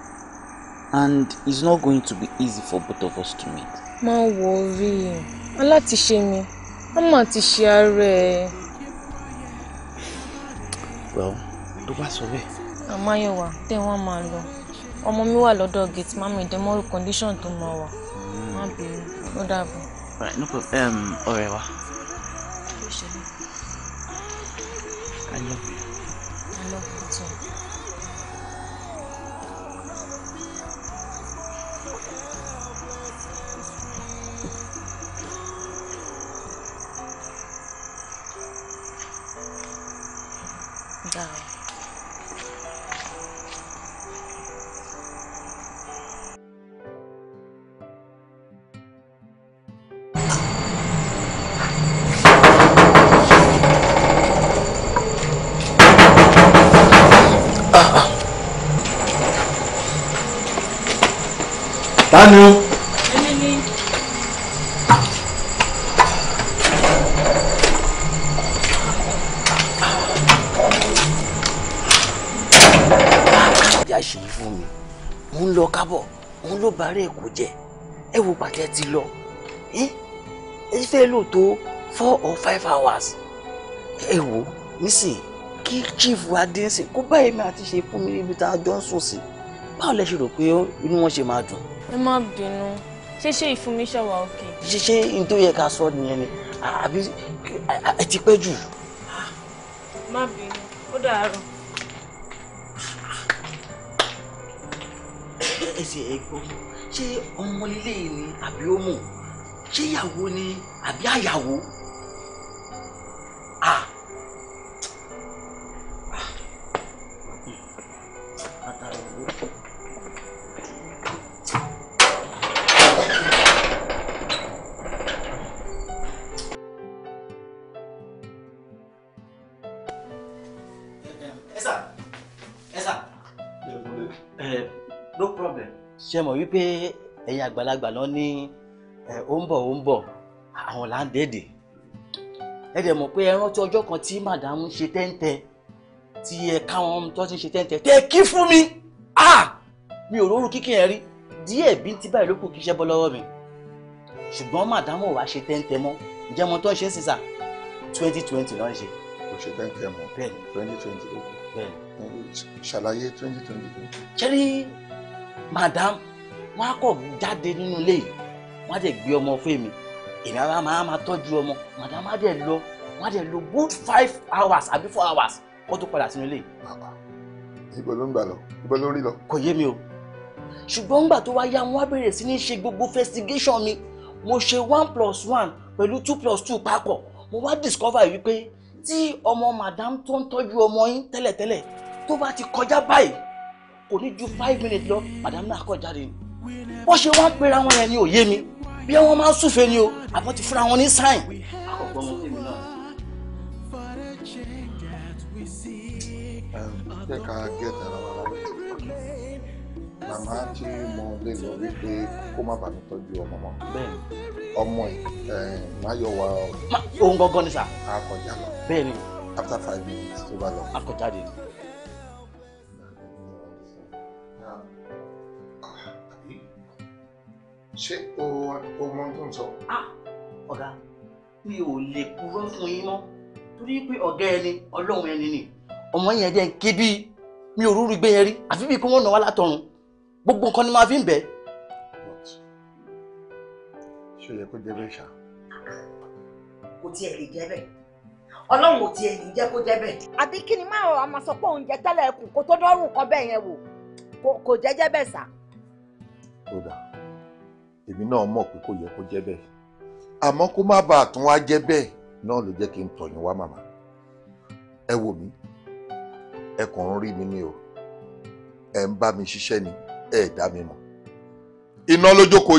and it's not going to be easy for both of us to meet. má worry aláti ṣe mi ó ti ṣe ara ẹ̀. well tó bá sọ bẹ́ẹ̀. wa, tẹ́ wọ́n máa lọ ọmọ mi wà lọ́dọ̀ gate mami ìdẹ́mọ́rù condition tó máa wà hmm. má bẹ̀rù ó dàbọ̀. Um, ọ̀rẹ́ wa. I love you. I love you too. tó four or five hours ẹ wò nísìnyí kí chief wa dé ń sìn kó báyìí mi àti ṣe fún mi níbi tá a jọ ń sùn sí báwo lẹ ṣe rò pé inú wọn ṣe máa dùn. ẹ má bínú ṣé ṣé ìfúnmi òkè. ṣé ṣé n tó yẹ ká sọ nìyẹn ni àbí ẹ ti pẹ́ jù. má bínú ó dàárọ̀. ẹsẹ̀ ẹ̀ gbọ́ ṣé ọmọ lílé yìí ni àbí ó mọ̀ ṣé ìyàwó ni àbí àyàwó à látara owó. ṣe mọ̀ wípé ẹ̀yin àgbàlagbà lọ ní ẹ ó ń bọ̀ ó ń bọ̀ àwọn là ń dédè ẹ dẹ̀ mọ̀ pé ẹ rántí ọjọ́ kan tí màdàmú ṣe tẹ́ńtẹ́ tí ẹ káwọn tó ti ṣe tẹ́ńtẹ́ tẹ́ kí fún mi mi ò rórun kíkì yẹn rí díẹ̀ bí ti báyìí ló kù kí iṣẹ́ bọ́ lọ́wọ́ mi ṣùgbọ́n màdàmú ò wá ṣe tẹ́ńtẹ́ mọ́ ǹjẹ́ mo tó ń ṣe é sísà twenty twenty náà ń ṣe. kò ṣe tẹ́ńtẹ́ mọ́ bẹ́ẹ̀ni twenty twenty ó kù bẹ́ẹ̀ni ṣàlàyé twenty twenty. ṣé rí màdàm wọn á kọ̀ jáde nínú ilé yìí wọ́n á dẹ̀ gbé ọmọ fún èmi èmi àwọn máa máa tọ́jú ọmọ madam á dẹ̀ lọ wọ́n á dẹ̀ lo good five hours àbí four hours kó tó padà sínú ilé. bàbá ibo ló ń gbà lọ ibo ló ń rí lọ. kò yé mi o ṣùgbọ́n ńgbà tó wá yá wọn á bẹ̀rẹ̀ sí ní ṣe gbogbo investigation mi mo ṣe one plus one pẹ̀lú two plus two papọ̀ mo wá discover wípé tí ọmọ madam tó ń tọ́jú ọmọ yín tẹ́lẹ̀tẹ́lẹ̀ tó bá ti kọjá báyìí kò ní ju five minutes lọ madam náà kọjá rẹ̀ bó ṣe wá ń pera wọn yẹn ni ò yé mi bí wọn máa ń súfèé ni o àbọ̀ ti fúnra wọn ní sáìn. àkọ́kọ́ mo tèmi náà. ṣé ká gẹ̀ẹ́tà ara wa lọ́wọ́ màmá tí mo lè lọ wípé kó má bàa tọ́jú ọmọ mọ́ ọmọ ẹ̀ má yọ wa. ohun gangan ni sà. a kọjá lọ. bẹ́ẹ̀ after five minutes tó bá lọ. a de ni. ṣé o o mọ tó ń sọ. ọ̀gá mi ò lè purọ́ fún yín mọ́ torí pé ọ̀gá ẹni ọlọ́run ẹni ni ọmọ yẹn dẹ́ ké bí mi ò rúru gbé yẹn rí àfi bíi kí wọ́n nà wá látọ̀run gbogbo nǹkan ni màá fi ń bẹ̀. ṣé o yẹ kó jẹ bẹ́ẹ̀ ṣá. kò tiẹ̀ lè jẹ́ bẹ́ẹ̀ ọlọ́run ò tiẹ̀ lè jẹ́ kó jẹ́ bẹ́ẹ̀. àbí kí ni máa ọ máa sọ pé oúnjẹ tẹ́lẹ̀ kù kó tó dọ́rùn kan bẹ́ẹ̀ yẹn wò kò jẹ́jẹ́ bẹ́ẹ̀ sà. ó dáa èmi náà mọ̀ pé kò yẹ kó jẹ́ bẹ́ẹ̀ àmọ́ kó má bàa tún wá jẹ́ bẹ́ẹ̀ náà ló jẹ́ kí n tọ̀yìn wá màmá ẹ wò mí ẹ kàn ń rí mi ni o ẹ ń bá mi ṣiṣẹ́ ni ẹ dá mi mọ̀ iná ló jókòó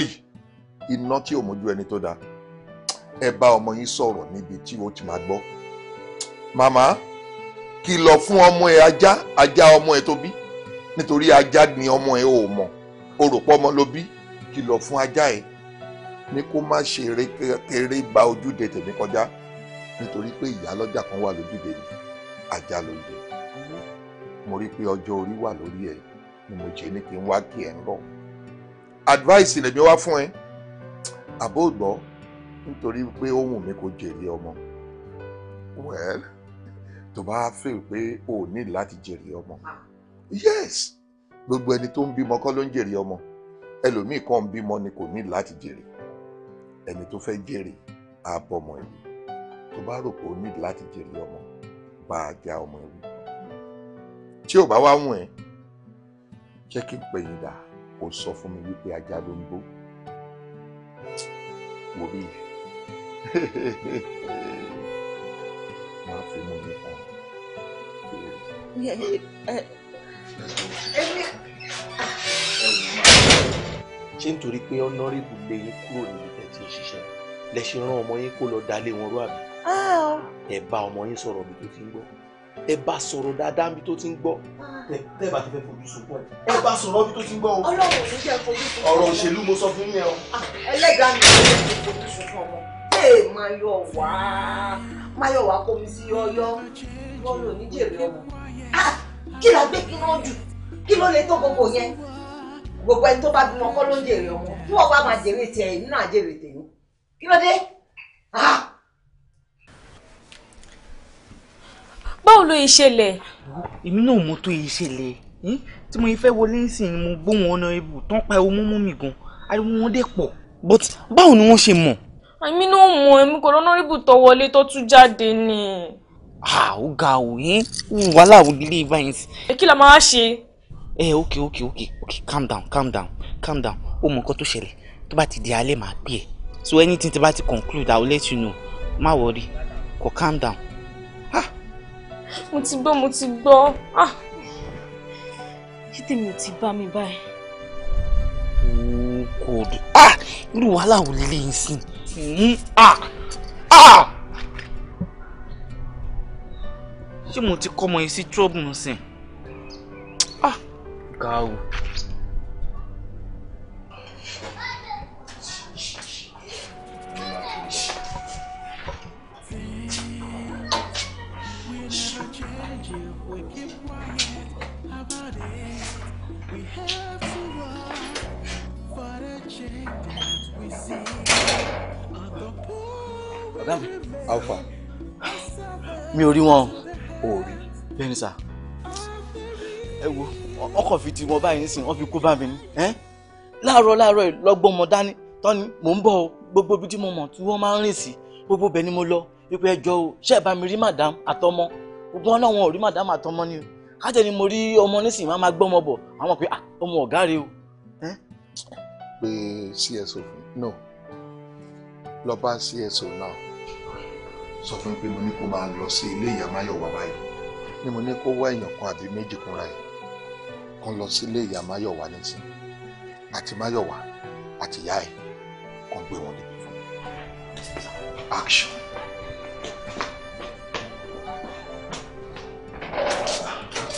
iná tí ò mójú ẹni tó dáa ẹ bá ọmọ yín sọ̀rọ̀ níbi tí ó ti máa gbọ́ màmá kìlọ̀ fún ọmọ ẹ ajá ajá ọmọ ẹ tó bí nítorí ajá ni ọmọ ẹ ò mọ̀ o rò pọ́ ọmọ ló bí kìlọ̀ fún ajá ẹ̀ ní kó má ṣe eré kéré gba ojúde tèmi kọjá nítorí pé ìyálọ́jà kan wà lójúde ni ajá ló ń jẹ mo rí i pé ọjọ́ orí wà lórí ẹ̀ ni mo jẹ́ ní kí n wá kí ẹ̀ ń bọ̀ advice lèmi wá fún ẹ àbó gbọ́ nítorí pé ó wù mí kó jèrè ọmọ well tó bá fẹ́ pé o ò ní láti jèrè ọmọ yes gbogbo ẹni tó ń bímọ kọ́ ló ń jèrè ọmọ ẹlòmíì kàn ń bímọ ni kò ní láti jèrè ẹni tó fẹ́ jèrè á bọ́mọ ẹ̀rí tó bá rò pé ó ní láti jèrè ọmọ bá a já ọmọ ẹ̀rí tí ò bá wá wùn ẹ́ jẹ́ kí n pè yín dà ó sọ fún mi wípé ajá ló ń gbó wò bí máa fi mú mi kàn. Èmi ṣé nítorí pé ọ̀nàrẹ́bù lé yín kúrò níbi tẹ̀ tí ń ṣiṣẹ́ lẹ ṣe rán ọmọ yín kó lọ dalé wọn rú àbí. Ah. ẹ bá ọmọ yín sọ̀rọ̀ bí tó ti ń gbọ́ ẹ bá sọ̀rọ̀ dáadáa bí tó ti ń gbọ́ tẹ́ bá ti fẹ́ fojú sunkún ẹ ẹ bá sọ̀rọ̀ bí tó ti ń gbọ́ o. ọlọ́run ò ní jẹ́ fojú sunkún. ọ̀rọ̀ òṣèlú mo sọ fún yín o. Ah, ẹlẹ́gàá mi ò ní fojú sunkún ọmọ ee mayọ̀ wá mayọ̀ wá kó mi sí yọ́yọ́ wọ́n lò ní jèrè ọmọ. Ah, kí la gbé kí wọ́n jù kí ló lè tó gbogbo yẹn gbogbo ẹni tó bá bímọ kọ́ ló ń jèrè ọmọ tí wọ́n bá máa jèrè tiẹ̀ èmi náà jèrè tèmi kí ló dé. Ah! báwo ló ìṣẹ̀lẹ̀. èmi náà mo tó ìṣẹ̀lẹ̀ hm? tí mo fẹ́ wọlé nísìnyí mo gbóhùn ọ̀nà ibù tán pa ewu mú mi gan ariwo wọn dẹ̀ pọ̀. but báwo ni wọ́n ṣe mọ̀. èmi náà mọ̀ èmi kò rọ́nà ibù tó wọlé tó tún jáde ni. Ah, ó ga òye wàhálà ògiri ibà yẹn. kí la máa ṣe ẹ eh, ẹ okay okay okay okay calm down calm down calm down ó mọ nǹkan tó ṣẹlẹ̀ tó bá ti di alẹ́ màá pè ẹ́ so anything tí bá ti conclude i will let you know má worry kò calm down. mo ti gbọ́ mo ti gbọ́ ṣé tèmi ò ti bá mi báyìí. good ah irú wàhálà wo lélẹ́yìn sí i ah ah ṣé mo ti kọ́ ọmọ yìí sí trouble nsìn ah ga o. ọ̀gá mi alfa mi ò rí wọn o ò rí bẹ́ẹ̀ ni ẹ wo ọkọ̀ fi ti wọn báyìí nísìnyí wọ́n fi kó bá mi ní láàárọ̀ láàárọ̀ lọ́gbọ́n mọ dání tọ́ni mò ń bọ̀ o gbogbo ibi tí mo mọ̀ tí wọ́n máa ń rìn sí gbogbo bẹ́ẹ̀ ni mo lọ wípé ẹjọ́ o ṣé ẹ̀ bá mi rí madam àtọmọ gbogbo náà wọn ò rí madam àtọmọ ni o kájẹ ni mo rí ọmọ nísìnyí máa máa gbọ́mọ bọ̀ àwọn pé ah, ọmọ ọ̀gá rẹ o. pé cso no lọ bá cso náà sọ fún mi pé mo ní kó máa lọ sí ilé ìyá máyọ̀wá báyìí ni mo ní kó wá èèyàn kan àbí méjì kúnra yìí kán lọ sílé ìyá Máyọ̀wá létí àti Máyọ̀wá àti ìyá ẹ̀ kán gbé wọn débi fún action.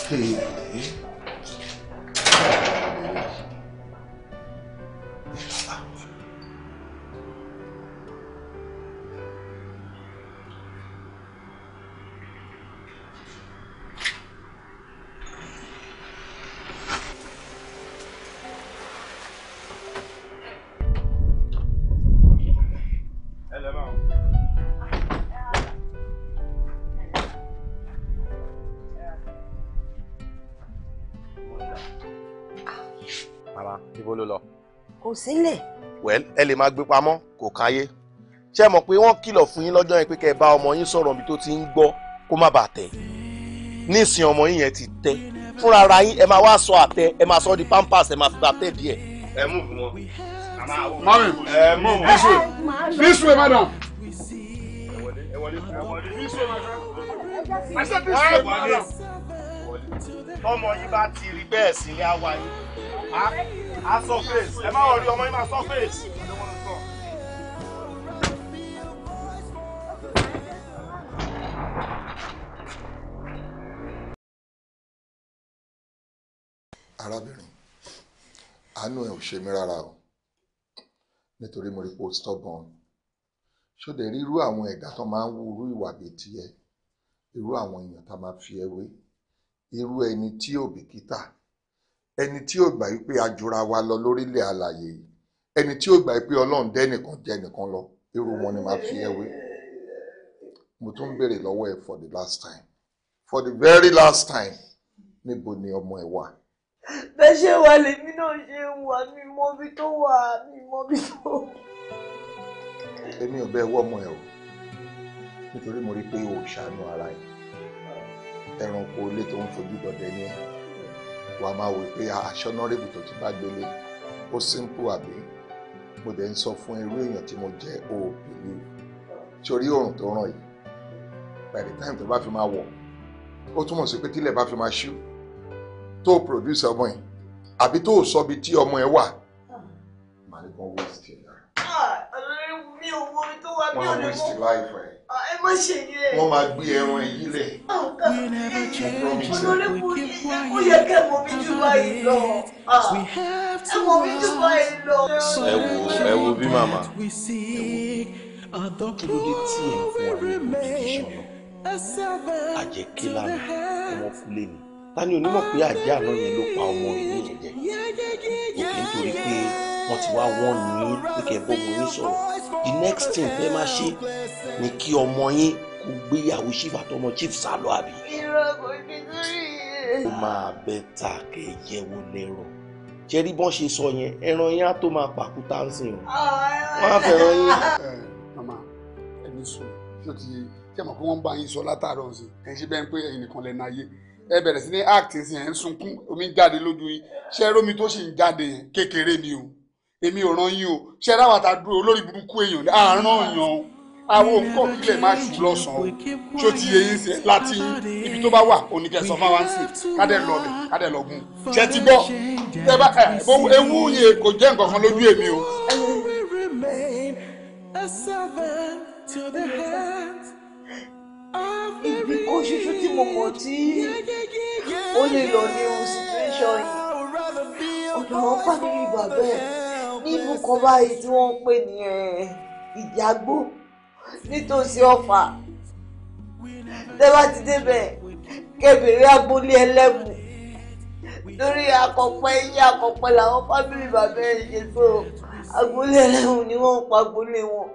Hey. kò sílẹ̀. well ẹ lè máa gbé pamọ́ kò káyé ṣé mọ̀ pé wọ́n kìlọ̀ fún yín lọ́jọ́ yẹn pé kẹ́ ẹ bá ọmọ yín sọ̀rọ̀ mi tó ti ń gbọ́ kó má bàa tẹ̀ nísìn ọmọ yín yẹn ti tẹ́ fúnra ara yín ẹ máa wá sọ àtẹ ẹ máa sọ di pampers ẹ máa fi àtẹ díẹ̀. ẹ mú fún wọn. mami ẹ mú fún wọn. this way ẹ wọlé ọmọ yín bá ti rí bẹ́ẹ̀ sí ilé àwa yín a surface. face ẹ má wọrí ọmọ yín máa sọ face. arábìnrin àánú ẹ ò ṣe mí rárá o nítorí mo rí pé ó stubborn ṣóde rírú àwọn ẹ̀dá tó máa ń wúrú ìwà bíi tiẹ̀ irú àwọn èèyàn tá máa fi ẹ wé irú ẹni tí ò ẹni tí ó gbà wípé a jura wa lọ lórílẹ̀ àlàyé yìí ẹni tí ó gbà wípé ọlọ́run dẹ́nìkan jẹ́nìkan lọ irú wọn ni màá fi ẹ wé mo tún béèrè lọ́wọ́ ẹ for the last time for the very last time níbo ni ọmọ ẹ wà. bẹ́ẹ̀ ṣe wà lèmi náà ṣe ń wà mí mọ́ bí tó wà mí mọ́ bí tó. èmi ò bẹ́ẹ̀ wọ́ ọmọ ẹ o nítorí mo rí i pé o ṣàánú ara ẹ ẹranko ilé tó ń fojú dọdẹ ní ẹ wà á máa wò pé ah, aṣọ nọ́rẹ́bù tó ti bá gbélé ó simple àbí mo dẹ̀ ń sọ fún irú èèyàn tí mo jẹ́ o believe torí oòrùn tó ràn yìí by the time tó bá fi máa wọ̀ ó túmọ̀ sí pé tílẹ̀ bá fi máa ṣú tó produce ọmọ yìí àbí tó sọ bí tí ọmọ ẹ wà màá ní kàn waste ẹ̀ náà. Ah! ò wo orin tó wà mí ò lè mọ ah, ẹ má ṣe yẹn. wọ́n máa gbé ẹran ẹ̀yìn lẹ̀. Ah, ah, eh, olóríkùn ó yẹ kẹ́ mọ̀ mi jù báyìí lọ. ẹ mọ̀ mi jù báyìí lọ. ẹ wo ẹ wo bí màmá. kí ló dé tí ẹ fún wa ní kọndíṣọ̀n náà àjẹkí lánàá ọmọ fúlẹ̀ ni ta ni onímọ̀ pé àjẹ́ àná yẹn ló pa ọmọ ìlú yẹn jẹ òkè nítorí pé wọ́n ti wá wọ́n ní pé kẹ́ bọ́ mo ní sọ̀rọ̀ the next thing ẹ máa ṣe ni kí ọmọ yín kó gbéyàwó chief àtọmọ chief sálọ àbí. ó máa bẹ ta kẹ yẹ̀wò lẹ́rọ̀ jẹ́rí bọ́n ṣe sọ yẹn ẹran yín á tó máa pàkúta ń sìn o wọ́n á fẹ́ràn yín. mama ẹni sùn ló ti ṣe mọ̀ pé wọ́n ń bá yín sọ látàárọ̀ ọ̀sìn ẹ̀ ń ṣe bẹ́ẹ̀ pé ẹ̀yin nìkan lẹ́nu ayé ẹ bẹ̀rẹ̀ sí ní act sí ẹ̀ ń sunkún omi jáde lójú yín ṣé rómi tó ṣì ń jáde yẹn kékeré ni o èmi ò ràn yín o ṣe ara wa ta dúró olórí burúkú èèyàn àárán èèyàn àwọn nǹkan kílẹ̀ máa ṣù lọ́sàn-án tí ó ti yẹ yín sí láti ibi tó bá wà oníkẹsàn máa wá ń sìn kádẹ lọlẹ kádẹ lọgùn ṣe ti gbọ́ ewu yẹn kò jẹ́ nǹkan kan lójú èmi o. ibi kò ṣoṣo tí mo mọ̀ tí ó lè lọ ní ohun situation yìí ọ̀dọ̀ ọ̀pá mi ìgbà bẹ́ẹ̀ nílùú kan báyìí tí wọ́n ń pè ní ìjàgbó nítòsí ọ̀fà tẹ́bá ti débẹ̀ kẹbìrẹ́ agboolé ẹlẹ́mù lórí akọ̀pẹ́ iye akọ̀pẹ́ làwọn fámìlì bàbá ẹ̀ ṣe tó agboolé ẹlẹ́mù ni wọ́n ń pa agboolé wọn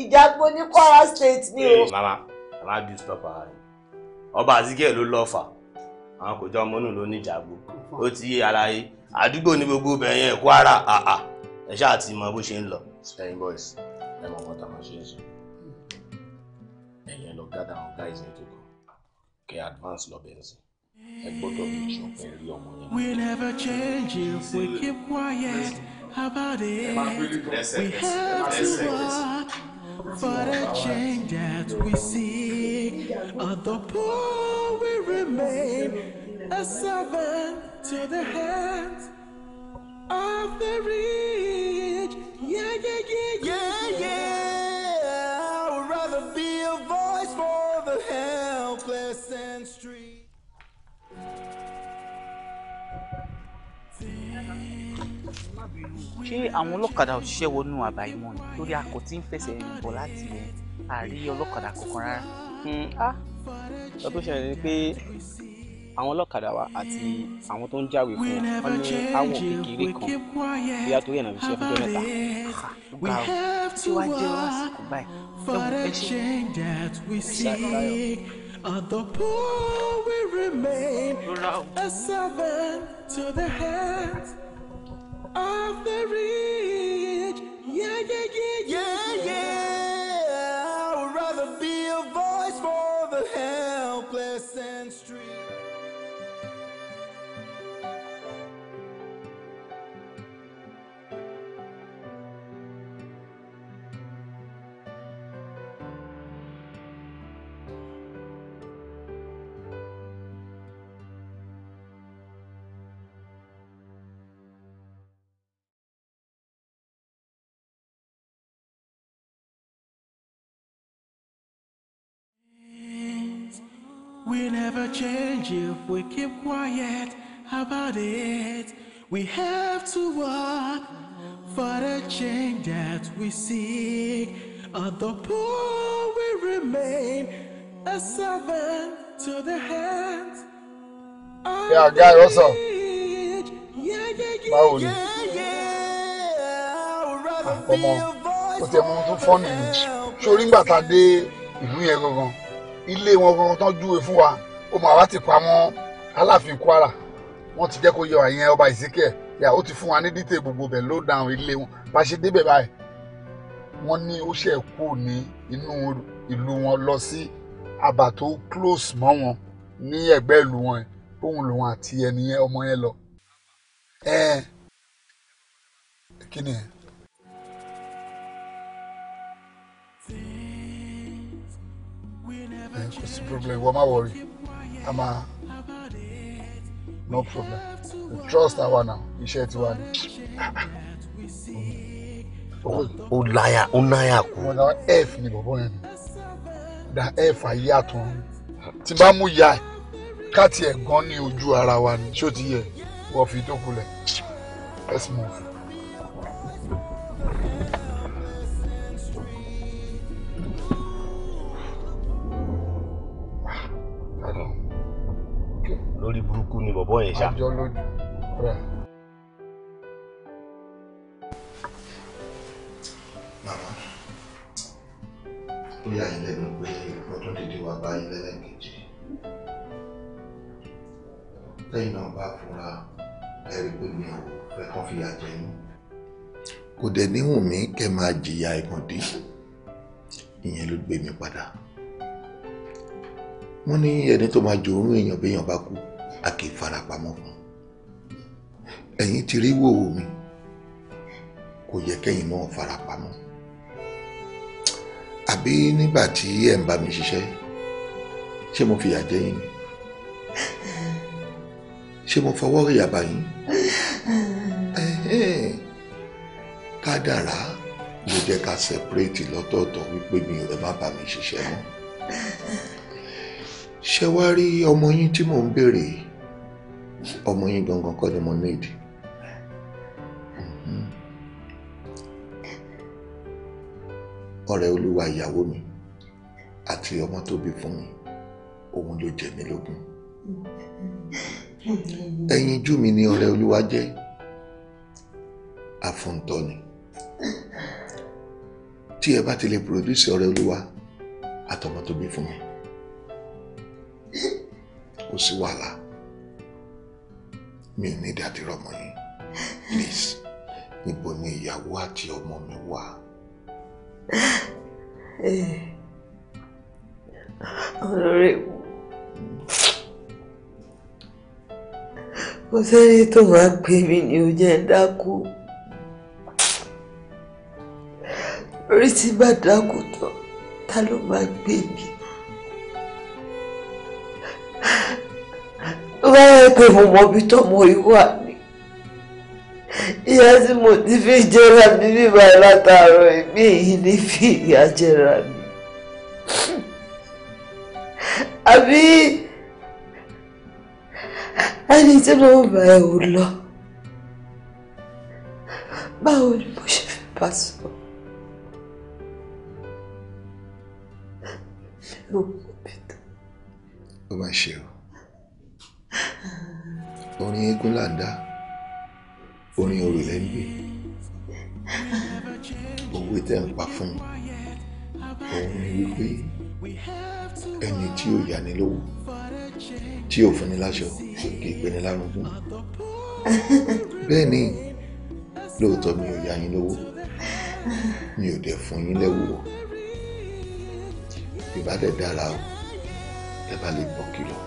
ìjàgbó ní Kwara state ni o. mama mama do stop ara rẹ ọba azikẹ ló lọ fà àwọn kò jọ ọmọ náà ló ní ìjàgbó ó ti yé ara yìí àdúgbò ní gbogbo ibẹ̀ yẹn Kwara àà ẹ ṣáà ti mọ bó ṣe ń lọ. ẹyin boys ẹ mọ nǹkan tá ṣe é ṣe ẹyin ẹ lọ gádà àwọn guys yẹn tó kọ kẹ advance lọ bẹ́ẹ̀ sí ẹ gbọ́dọ̀ bí ìṣàn rí ọmọ yẹn. we never change if we keep quiet about it we have to work for the change that we seek although poor we remain a servant to the hands of the rich. Yeah, yeah, yeah, yeah, yeah. yeah. I would rather be a voice for the helpless and street. ṣé àwọn ọlọ́kadà òṣìṣẹ́ wọnú àbáyé mọ́ ni lórí akọ tí ń fẹsẹ̀ rìn bọ̀ láti ẹ̀ àrí ọlọ́kadà kankan rárá. lọ́pọ̀ hmm, ìṣẹ̀lẹ̀ ah. ni pé àwọn ọlọ́kadà wa àti àwọn tó ń jáwèé fún wọn ní àwọn kékeré kan bóyá torí ẹ̀nà fi fún jọ́nẹ́ta gbà tí wàá jẹ́ lásìkò báyìí ẹ ṣe And the poor will remain a servant to the hands of the rich. Yeah, yeah, yeah, yeah, yeah. yeah. I would rather be a voice for the helpless and street. We never change if we keep quiet about it. We have to work for the change that we seek. And the poor will remain a servant to the hands. Yeah, guy, what's up? Yeah, yeah, yeah, yeah, yeah. Ọmọ, ah, ó ti ẹ̀mọ́ tó fọ́ nìyí. Ṣé orí ń gbà tá a dé ìlú yẹn gangan? ilé wọn kankan tán júwe fún wa ó mọ àwa ti pa àwọn aláàfin Kwara wọn ti jẹ́ kó yọ àyẹn ọba ìsíkẹ̀ yà ó ti fún wa ní dítè gbogbo bẹ̀ ló dáhùn ilé wọn bá ṣe débẹ̀ báyìí wọ́n ní ó ṣe kú ní inú ìlú wọn lọ sí àbà tó close mọ́ wọn ní ẹ̀gbẹ́ ìlú wọn òun lòun àti ẹni ọmọ yẹn lọ. ẹ kí ni ẹ. kò sí problem wọ́n worry. wọrí a no problem trust àwa náà iṣẹ́ tiwa ni. ó láyà ó náyà kú. wọn náà f ni bọ̀bọ̀ yẹn da f ayé àtún tí bá mú ya ká tiẹ̀ gan ní ojú ara wa ni ṣó ti yẹ wọ́n fi tó kulẹ̀ let's move. lórí burúkú ni bọ̀bọ̀ yẹn ṣá. àjọ lójú rẹ. màmá ó yà yín lẹ́nu pé ọdún dídí wà báyìí lẹ́lẹ́kejì lẹ́yìn náà bá fura ẹ̀rí pé mi ò fẹ́ kán fìyà jẹ yín kò dẹ̀ níwùn mí kẹ́ máa jìyà ìkàndí ìyẹn ló gbé mi padà wọ́n ní ẹni tó máa jòórùn èèyàn béèyàn bá kú a kì í farapamọ́ fún ẹ̀yin ti rí wòwò mi kò yẹ kẹ́yìn náà farapamọ́ àbí nígbà tí ẹ̀ ń bá mi ṣiṣẹ́ ṣé mo fìyà jẹ yín ṣé mo fọwọ́ rí yàbá yín kádàrá ló jẹ́ ká sẹpẹrẹtì lọ́tọ̀ọ̀tọ̀ wípé mi rẹ má bá mi ṣiṣẹ́ mọ́ ṣe wá rí ọmọ yín tí mò ń béèrè yìí ọmọ yín gangan kọ́ ni mo need. Mhm. ọ̀rẹ́ olúwa ìyàwó mi àti ọmọ tó bí fún mi òun ló jẹ mí lógún. ẹyin jú mi ni ọ̀rẹ́ olúwa jẹ́ àfọ̀ǹtọ́ ni tí ẹ bá ti lè pòdúsì ọ̀rẹ́ olúwa àtọmọ tó bí fún mi kò sí wàhálà mi ò ní dàtí rọmọ yín please níbo ni ìyàwó àti ọmọ mi wà. Eh, ọ̀rẹ́ wo kò sẹ́ni tó máa gbé mi ni ò jẹ́ dákú orí tí bá dákú tán ta ló máa gbé mi báyọ̀ pé mo mọ ibi tọmọ yìí wà ní ìyá tí mo ti fi jẹra mi bíbá látàárọ̀ èmi yìí ní fi ìyá jẹra mi àbí ẹni tí mo bá ẹ ò lọ báwo ni mo mi ò mọ bí tó. ó orin eégún là ń dá orin orò lẹ́ ń gbé òwe tẹ́ ń pa fún mi òun ni wípé ẹni tí ò yá ni lówó tí ò fún ni láṣọ kì í pè ní lárúgbó bẹ́ẹ̀ ni lóòótọ́ mi ò yá yín lówó mi ò dẹ̀ fún yín lẹ́wọ̀ o dára ẹ bá lè bọ́ kìlọ̀.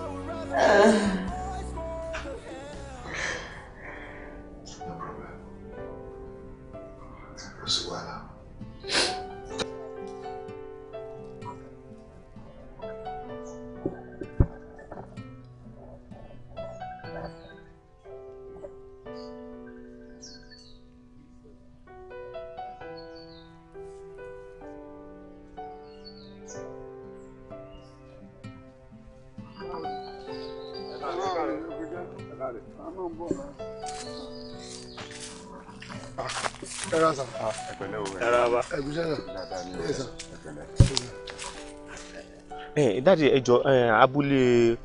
jáde ẹjọ abúlé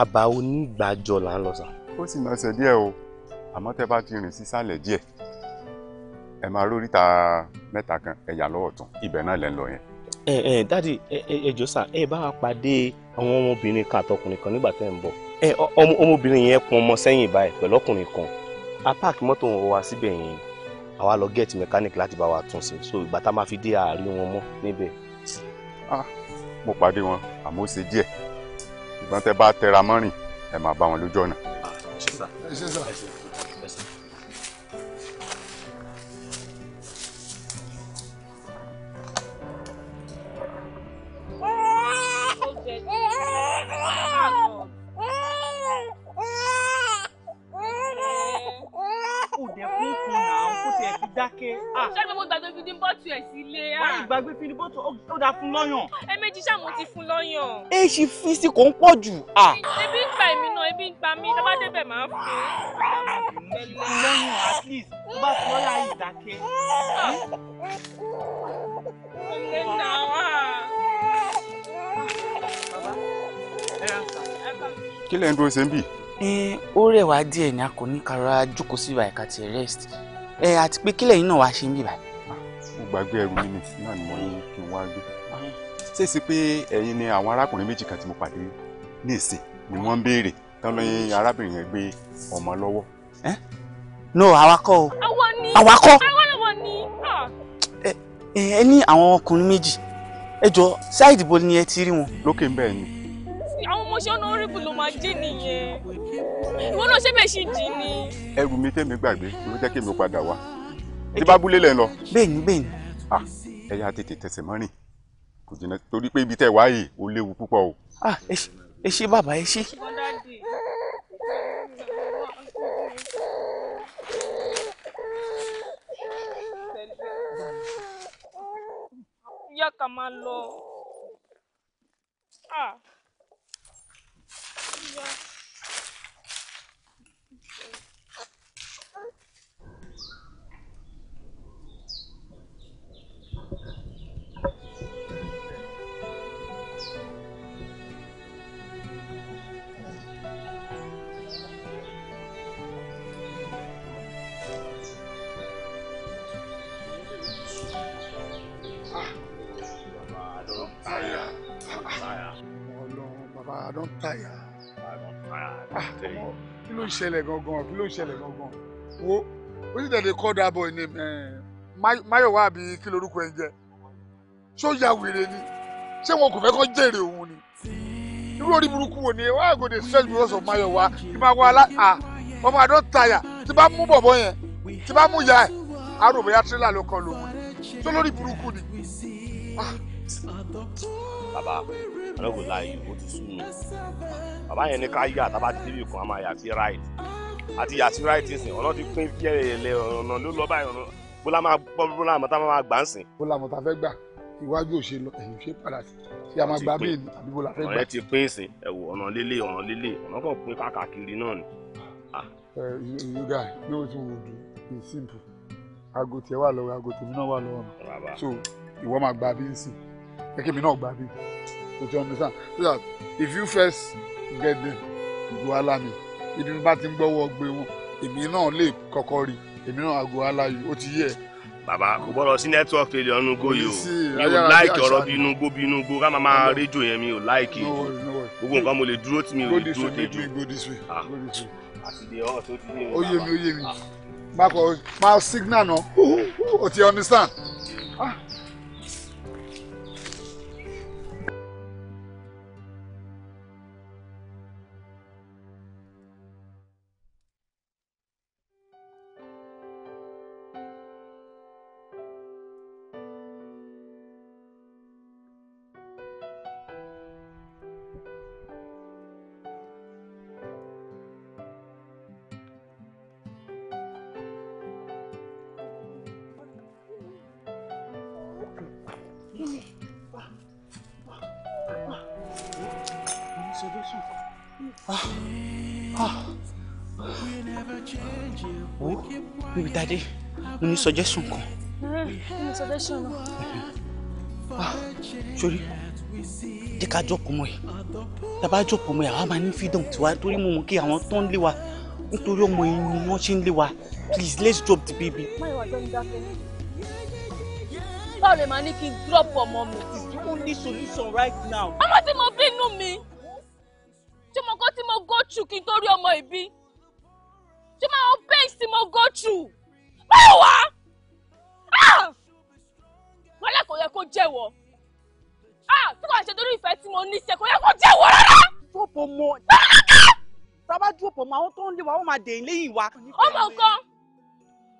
àbá onígbàjọ là ń lọ sà. ó sì máa ṣe díẹ̀ o àmọ́ tẹ́ bá ti rìn sísàlẹ̀ díẹ̀ ẹ máa róríta mẹ́ta kan ẹ̀yà lọ́wọ́ tán ibẹ̀ náà lẹ́ ń lọ yẹn. ẹ ẹ dáàdi ẹjọ sà ẹ bá wa pàdé àwọn ọmọbìnrin kan àtọkùnrin kan nígbà tẹ́ ń bọ̀ ẹ ọmọbìnrin yẹn pọn ọmọ sẹ́yìn báyìí pẹ̀lú ọkùnrin kan a páàkì mọ́tò wọn wá síbẹ̀ yẹn àwa lọ gẹ́ẹ̀tì mẹkáníìkì láti bá wa tún ṣe so ìgbà tá a máa fi dé àárín wọn mọ́ níbẹ̀. Ah, mo pàdé wọn àmọ́ ó ṣe díẹ̀ ìbọn tẹ bá tẹra mọ́rìn ẹ máa bá wọn lójú ọ̀nà. ẹ ṣe sà ẹ ṣe sà. fún lọ́yàn. ẹ̀mejì ṣáà mo ti fún lọ́yàn. ẹ ṣì fi sí kò ń pọ̀ jù. ebi ń pa èmi náà ebi ń pa mí tó bá débẹ̀ máa ń fún un. lọ́yàn at least tó bá fi lọ́yà ìdákẹ́. ọ̀lẹ náà wà. kí lẹ́yìn tó ṣe ń bì. ó rẹwà díẹ̀ ni a kò ní kára jókòó sí ìwà ìka ti rest àti pé kílẹ̀ yín náà wàá ṣe ń bì báyìí. mo gbàgbé ẹrù mi nìsí náà ni mo ní kí n wá gbé ṣé sí pé ẹ̀yin ni àwọn arákùnrin méjì kan tí mo pàdé ní ìsìn ni wọ́n ń béèrè tán lóyún arábìnrin yẹn gbé ọmọ lọ́wọ́. no àwa kọ́ o àwa kọ́ ẹ ní àwọn ọkùnrin méjì ẹ jọ ṣáìdì bo ni ẹ ti rí wọn. lókè ń bẹ́ẹ̀ ni. àwọn ọmọ ṣẹ́ ọ̀nàrẹ́bù ló máa jẹ́ nìyẹn ìwọ náà ṣé bẹ́ẹ̀ ṣì dì ní. ẹrù mi tẹ́mi gbàgbé ló jẹ́ kí mi padà wá. tí bá búlé lẹ́ lọ. bẹ́ẹ̀ni bẹ́ẹ̀ni. ẹ̀yà tètè tẹ̀sẹ̀ mọ́rin kò jìnnà torí pé ibi tẹ wá ó léwu púpọ̀ o. ẹ ṣé bàbá ẹ ṣé. ìyá kan máa lọ. Yeah. ló ń ṣẹlẹ̀ gangan kí ló ń ṣẹlẹ̀ gangan wo ó sì tẹ̀lé call that boy name eh, Máyọ̀wá àbí kí lorúkọ ẹ jẹ́ ṣó ya wèrè ni ṣé wọn kò fẹ́ kọ́ jèrè òun ni irú orí burúkú wo ni why I go dey search because of Máyọ̀wá kí máa wá alá à ah, ọmọ àdó tayà tí bá mú bọ̀bọ̀ yẹn tí bá mú ya ẹ̀ arò bóyá tírélà ló kọ lòun ni ṣó lórí burúkú ni. Ah, Baba ọlọ́gùn láàyè ó ti sú mi bàbá yẹn ní ká yà tá a bá ti débi kan a máa yà sí ráìtì àti yà sí ráìtì sìn ọ̀nà ti pín fẹ́ẹ̀lẹ̀ ọ̀nà ló lọ́ báyìí ọ̀nà bólá máa gbọ́ bólá àmọ́ máa gbà ń sìn. bólá àmọ́ fẹ́ gbà iwájú òṣè lọ ẹ̀yìn ṣe padà sí ṣé a máa gba bẹ́ẹ̀lì àbí bólá fẹ́ gbà. ọ̀rẹ́ ti pín ìsìn ẹ̀wọ̀ ọ̀nà lélẹ̀ ọ̀nà lélẹ̀ ọ̀nà kan pín káàkiri náà ni. you guy know what we do is simple aago tiẹ̀ wà lọ́wọ́ aago tèmi náà wà lọ́wọ́ so ìwọ máa gba bí ń sìn kẹ́kẹ́ mi náà gba bí. But you understand? So that if you first get them, you go allow me. Ibi bá ti ń gbọ́wọ́ gbé wọn, èmi náà lè kọ́kọ́ rí, èmi náà àgọ́ aláyò, ó ti yẹ. Bàbá kò gbọ́dọ̀ sí network failure ọ̀nù go yìí o. Mi ò láìkì ọ̀rọ̀ bí inú go bí inú go ká máa máa rédíò yẹn mi ò láìkì. Gbogbo nǹkan mo lè dúró tí mi ò lè dúró tẹ̀jú. Ah. Ó yé mi ó yé mi. Má kọ má signal náà, o ti understand. Ah. suggestion kan. mo suggestion ah sori jẹ́ ká jókòó mọ́ ẹ̀ tá a bá jókòó mọ́ ẹ̀ àwa máa ní freedom tiwa torí mo mọ̀ kí àwọn tó ń lé wa nítorí ọmọ yìí ni wọ́n ṣe ń lé wa please let's drop the baby. má ìwà jọ ń báwo lè máa ní kí n drop ọmọ mi. it's the only solution right now. ọmọ tí mo bínú mi. papọ̀ mọ́ àwọn tó ń lé wa ó máa dè lẹ́yìn wa. ó mọ̀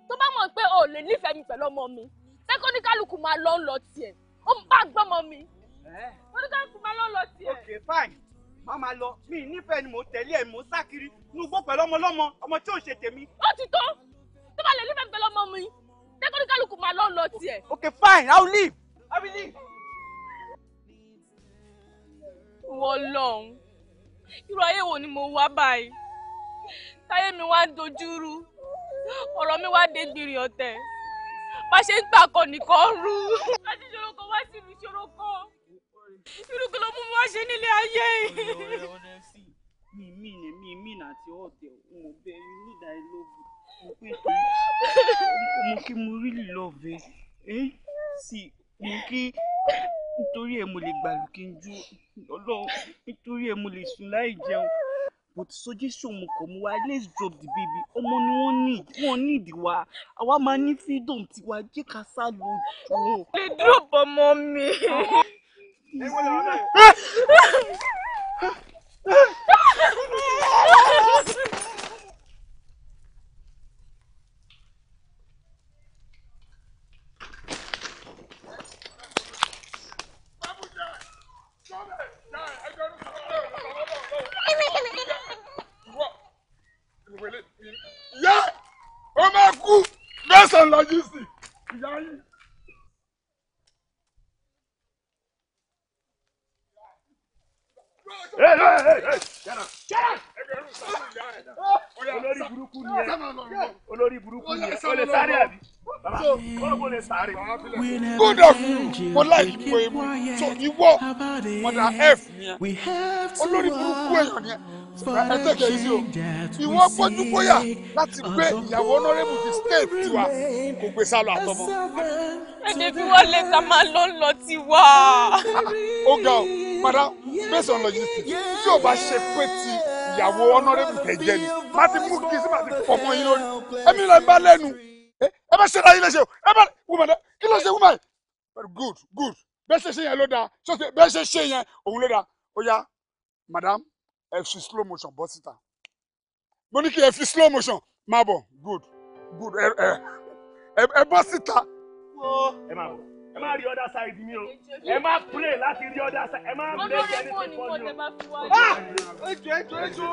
tó bá mọ̀ pé o lè nífẹ̀ẹ́ mi pẹ̀lú ọmọ mi ṣé kó ní kálukú máa lọ lọ tiẹ̀ ó bá gbọ́mọ mi ó ní kálukú máa lọ lọ tiẹ̀. ok fine má máa lọ mi nífẹ̀ẹ́ ni mò tẹ̀lé ẹ̀ mò ń sákiri inú gbọ́ pẹ̀lú ọmọ lọ́mọ ọmọ tí ò ṣe tèmi. ó ti tó tó bá lè nífẹ̀ẹ́ pẹ̀lú ọmọ mi ṣé kó ní kálukú máa lọ lọ tiẹ̀. ok fine i will leave i will leave. wọ́n lọ́hùn-ún irú ayé wo ni mo wá báyìí táyé mi wá ń dojúrú ọ̀rọ̀ mi wá dé gbìrì ọ̀tẹ̀ bá ṣe ń gbàkọ nìkan rú. láti ṣòro kan wá sí mi ṣòro kan irú kí ló mú mi wá ṣe nílé ayé yìí. mi mi ni mi mi na ti ọdẹ mo bẹ you know that I love you mo pé mo kí mo really love ẹ ẹ sì mo kí nítorí ẹ mo lè gbàlù kí n ju Ọlọ́run nítorí ẹ mo lè sùn láì jẹun but suggestion mo kàn mú wa let's drop the baby ọmọ ni wọ́n need wọ́n need wa àwa máa ní freedom tiwa jẹ́ ká sá lọ jù ú. lè drop ọmọ mi. Ah! máa kú lẹ́sẹ̀ lọ́jú sí ìyá yín. Hey, hey, hey, hey olórí burúkú ni ẹ olórí burúkú ni ẹ o lè sáré àbí èèyàn ni ẹ ẹ yìí o ìwọ gbójú bóyá láti gbé ìyàwó honourable ti state tiwa kò gbé sálọ àtọmọ. ẹni tí wọ́n lè ta máa lọ lọ tiwa. ó ga o padà based on logistics tí o bá ṣe pé ti ìyàwó honorable tẹ̀jẹ̀ ni má ti mú kí sí má ti pọ̀ mọ́ yín lórí ẹ̀mí là ń bá lẹ́nu ẹ bá ṣẹlẹ̀ ayé lẹ́sẹ̀ o ẹ bá woman dẹ kí ló ṣe woman good good bẹ́ẹ̀ ṣe ṣe yẹn ló dáa sọ́sẹ̀ bẹ́ẹ̀ ṣe ṣe yẹn òun ló dáa ó yá madam ẹ fi slow motion bọ́ síta mo ní kí ẹ fi slow motion má bọ̀ good good ẹ ẹ ẹ bọ́ síta. ẹ má bọ̀ ẹ má rí other side mi o ẹ má pray láti rí other side ẹ má pray kí ẹni tó pọ̀ ní o. ẹjọ ẹjọ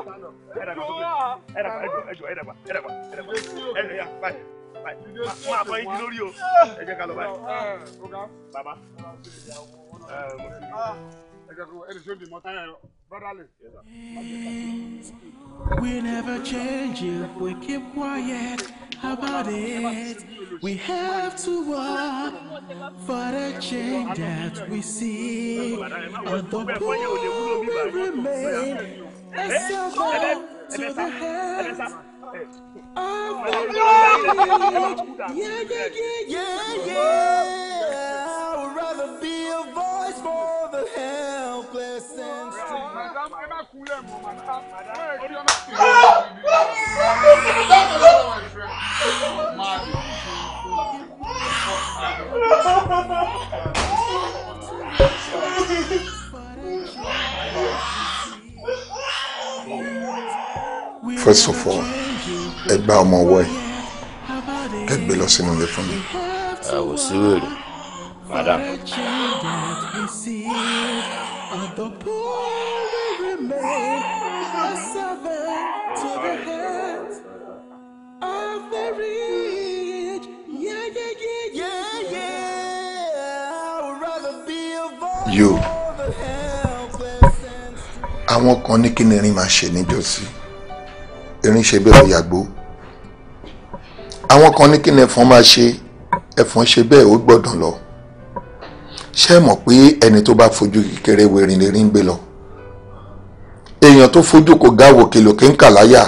ẹjọ ẹjọ ẹjọ ẹjọ ẹdàgbà ẹdàgbà ẹdàgbà ẹjọ ya báyìí báyìí máa bọ igi lórí o ah! ẹ jẹ́ ká lọ báyìí. Ah, ah, bàbá ẹni tó di mọ́ táyà yọ. We never change if we keep quiet about it. We have to work for the change that we see. But the poor will remain a silver to the hands of the Yeah, yeah, yeah, yeah, yeah rather be a voice for the helpless and First of all, ẹ gba ọmọ ọwọ́ ẹ, ẹ gbé lọ sínú ilé fún mi. Àwòsí madam. yo àwọn kan ní kí ni irin máa ṣe níjọ́sí irin ṣe bẹ́ẹ̀ ó yàgbó àwọn kan ní kí ni ẹ̀fọn máa ṣe ẹ̀fọn ṣe bẹ́ẹ̀ ó gbọ́dọ̀ lọ ṣé mọ̀ pé ẹni tó bá fojú kékeré werin lè rí ń gbé lọ èèyàn tó fojú kò gáwò kìlòkè ń kà láyà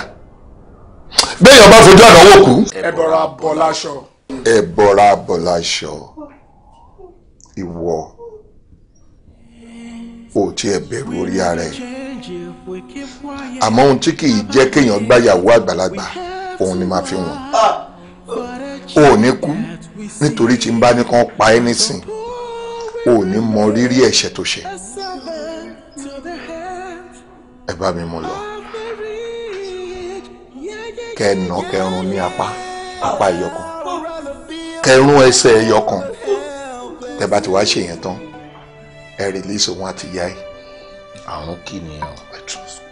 béèyàn bá fojú àná kú. ẹbọra bọláṣọ. ẹbọra bọláṣọ ìwọ ò tiẹ̀ bẹ̀rù orí ara ẹ̀ àmọ́ ohun tí kìí jẹ́ kéèyàn gbáyàwó àgbàlagbà òun ni màá fi wọ̀n o ò ní kú nítorí tí ń bá ní kàn pa ẹ́ nísìn o ò ní mọ rírì ẹ̀ṣẹ̀ tó ṣe ẹ bá mi mú lọ kẹnà kẹrun ní apá apá ẹyọkan kẹrun ẹsẹ̀ ẹyọkan tẹ bá ti wá ṣe yẹn tán ẹ rìlíìsì wọn àti yá ẹ àrùn kì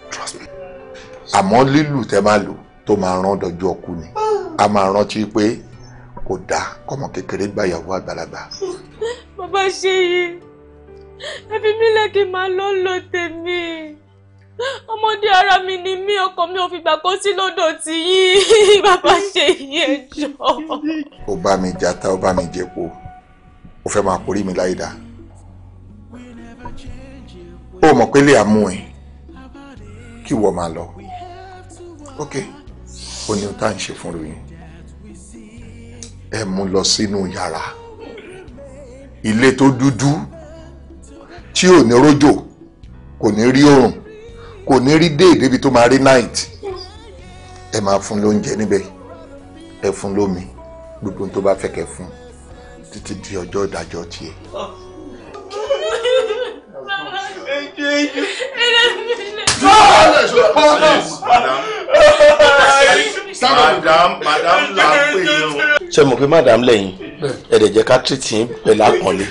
trust me àmọ́ lílù tẹ máa lò tó máa rán dọjọ́ ọkú ni a máa rántí pé kò dáa kọ́mọ kékeré gbàyàwó àgbàlagbà bàbá Ṣèyí ẹ fi mí lẹ̀ kí n máa lọ lọ tèmi ọmọdé ara mi ni mí ọkọ mi ò fìgbà kó sí lọ́dọ̀ tí yín bàbá Ṣèyí ẹ jọ̀ọ́. ó bá mi jata ó bá mi jẹpo ó fẹ́ máa porí mi láì dáa ó mọ̀ pé lè àmú ẹ̀ kí wọ́n máa lọ ok ó ní ó tá à ń ṣe fún ròyìn ẹ mú lọ sínú yàrá ilé tó dúdú tí ò ní rójò kò ní rí oòrùn kò ní rí day débi tó máa rí night ẹ máa fún lóúnjẹ níbẹ̀ ẹ fún lómi gbogbo tó bá fẹ́ kẹ́ fún títí di ọjọ́ ìdájọ́ tiẹ̀ madam madam la ń pè yín o. ṣé mo pe madam lẹ́yìn ẹ dẹ̀ jẹ́ ká tìrìtì yín pẹ̀lú àpọ́nlé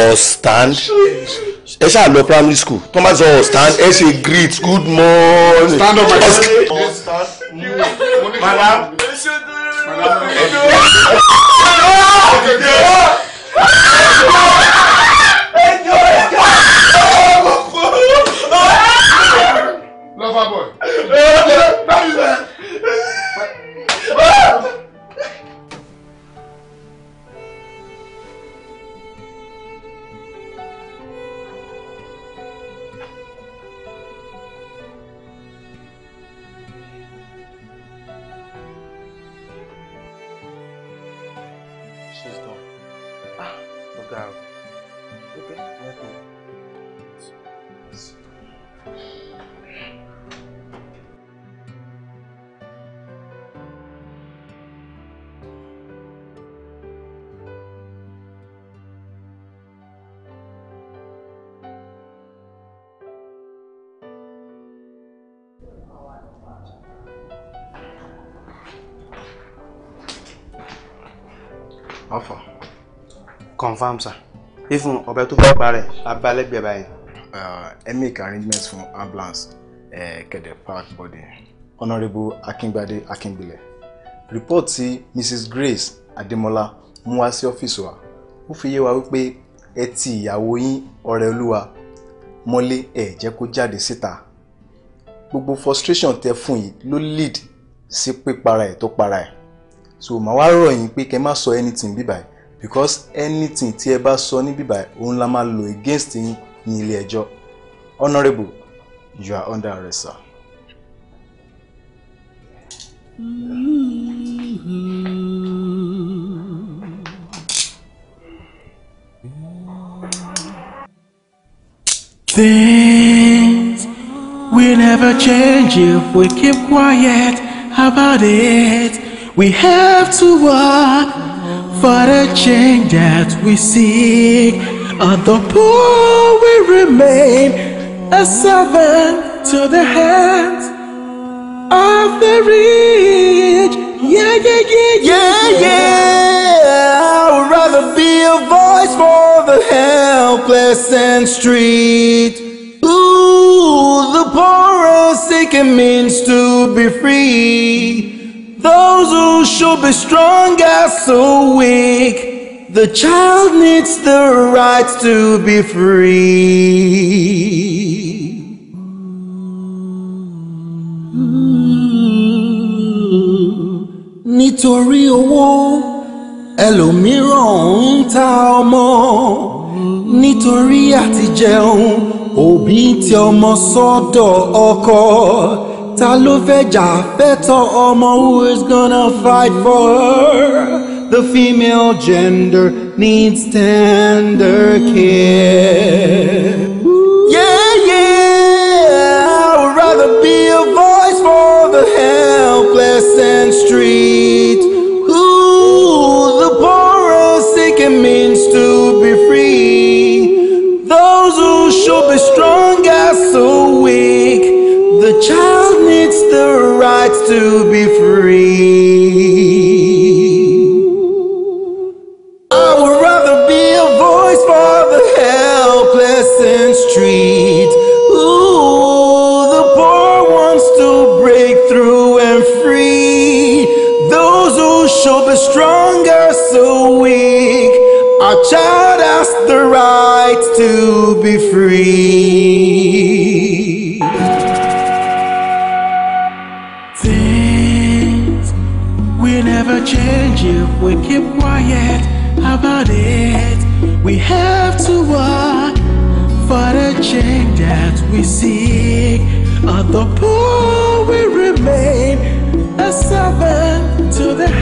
ọ̀stand ẹ ṣáà lọ primary school tó máa sọ ọ̀stand ẹ ṣe greet good morning. stand up my friend. madam. madam. lover boy. confam sir even ọbẹ̀ tó fẹ́ parẹ́ abálẹ́gbẹ̀ẹ́ báyìí. Uh, ẹ make arrangements fún ambulance kẹ̀dẹ̀ park body honourable akíngbadé akíngbílẹ̀ report tí mrs grace adémọlá mú wá sí ọ́fíìsì wa ó fi yé wa wípé ẹ ti ìyàwó yín ọ̀rẹ́ olúwa mọ́lé ẹ̀ jẹ́ kó jáde síta gbogbo frustration tẹ fún yìí ló lead sí pípara ẹ̀ tó para ẹ̀ so màá wá rọ̀ yín pé kẹ́ má sọ anything bíbáyìí because anything tí ẹ bá sọ ní bíbá òun la máa lò against yín ní ilé ẹjọ́ honourable you are under arrest sir. Things will never change if we keep quiet about it. We have to work For the change that we seek, on the poor we remain, a servant to the hands of the rich. Yeah, yeah, yeah, yeah, yeah. I would rather be a voice for the helpless and street. Ooh, the poor are seeking means to be free. Those who should be strong are so weak. The child needs the right to be free. Nítorí owó ẹlòmíràn ń ta ọmọ nítorí àtijẹun òbí ti ọmọ sọ́dọ̀ ọkọ. ta ló fẹ́ jà fẹ́ tọ́ ọmọ who is gonna fight for her the female gender needs tender care. Yeah, yeah, I would rather be a voice for the helpless and street. Ooh, the poor and sick and means to be free. Those who should be strong are so weak. The child the right to be free. I would rather be a voice for the helpless and street. Ooh, the poor wants to break through and free. Those who should be stronger, so weak. Our child has the right to be free. we keep quiet about it. We have to work for the change that we seek. At the poor, we remain a servant to the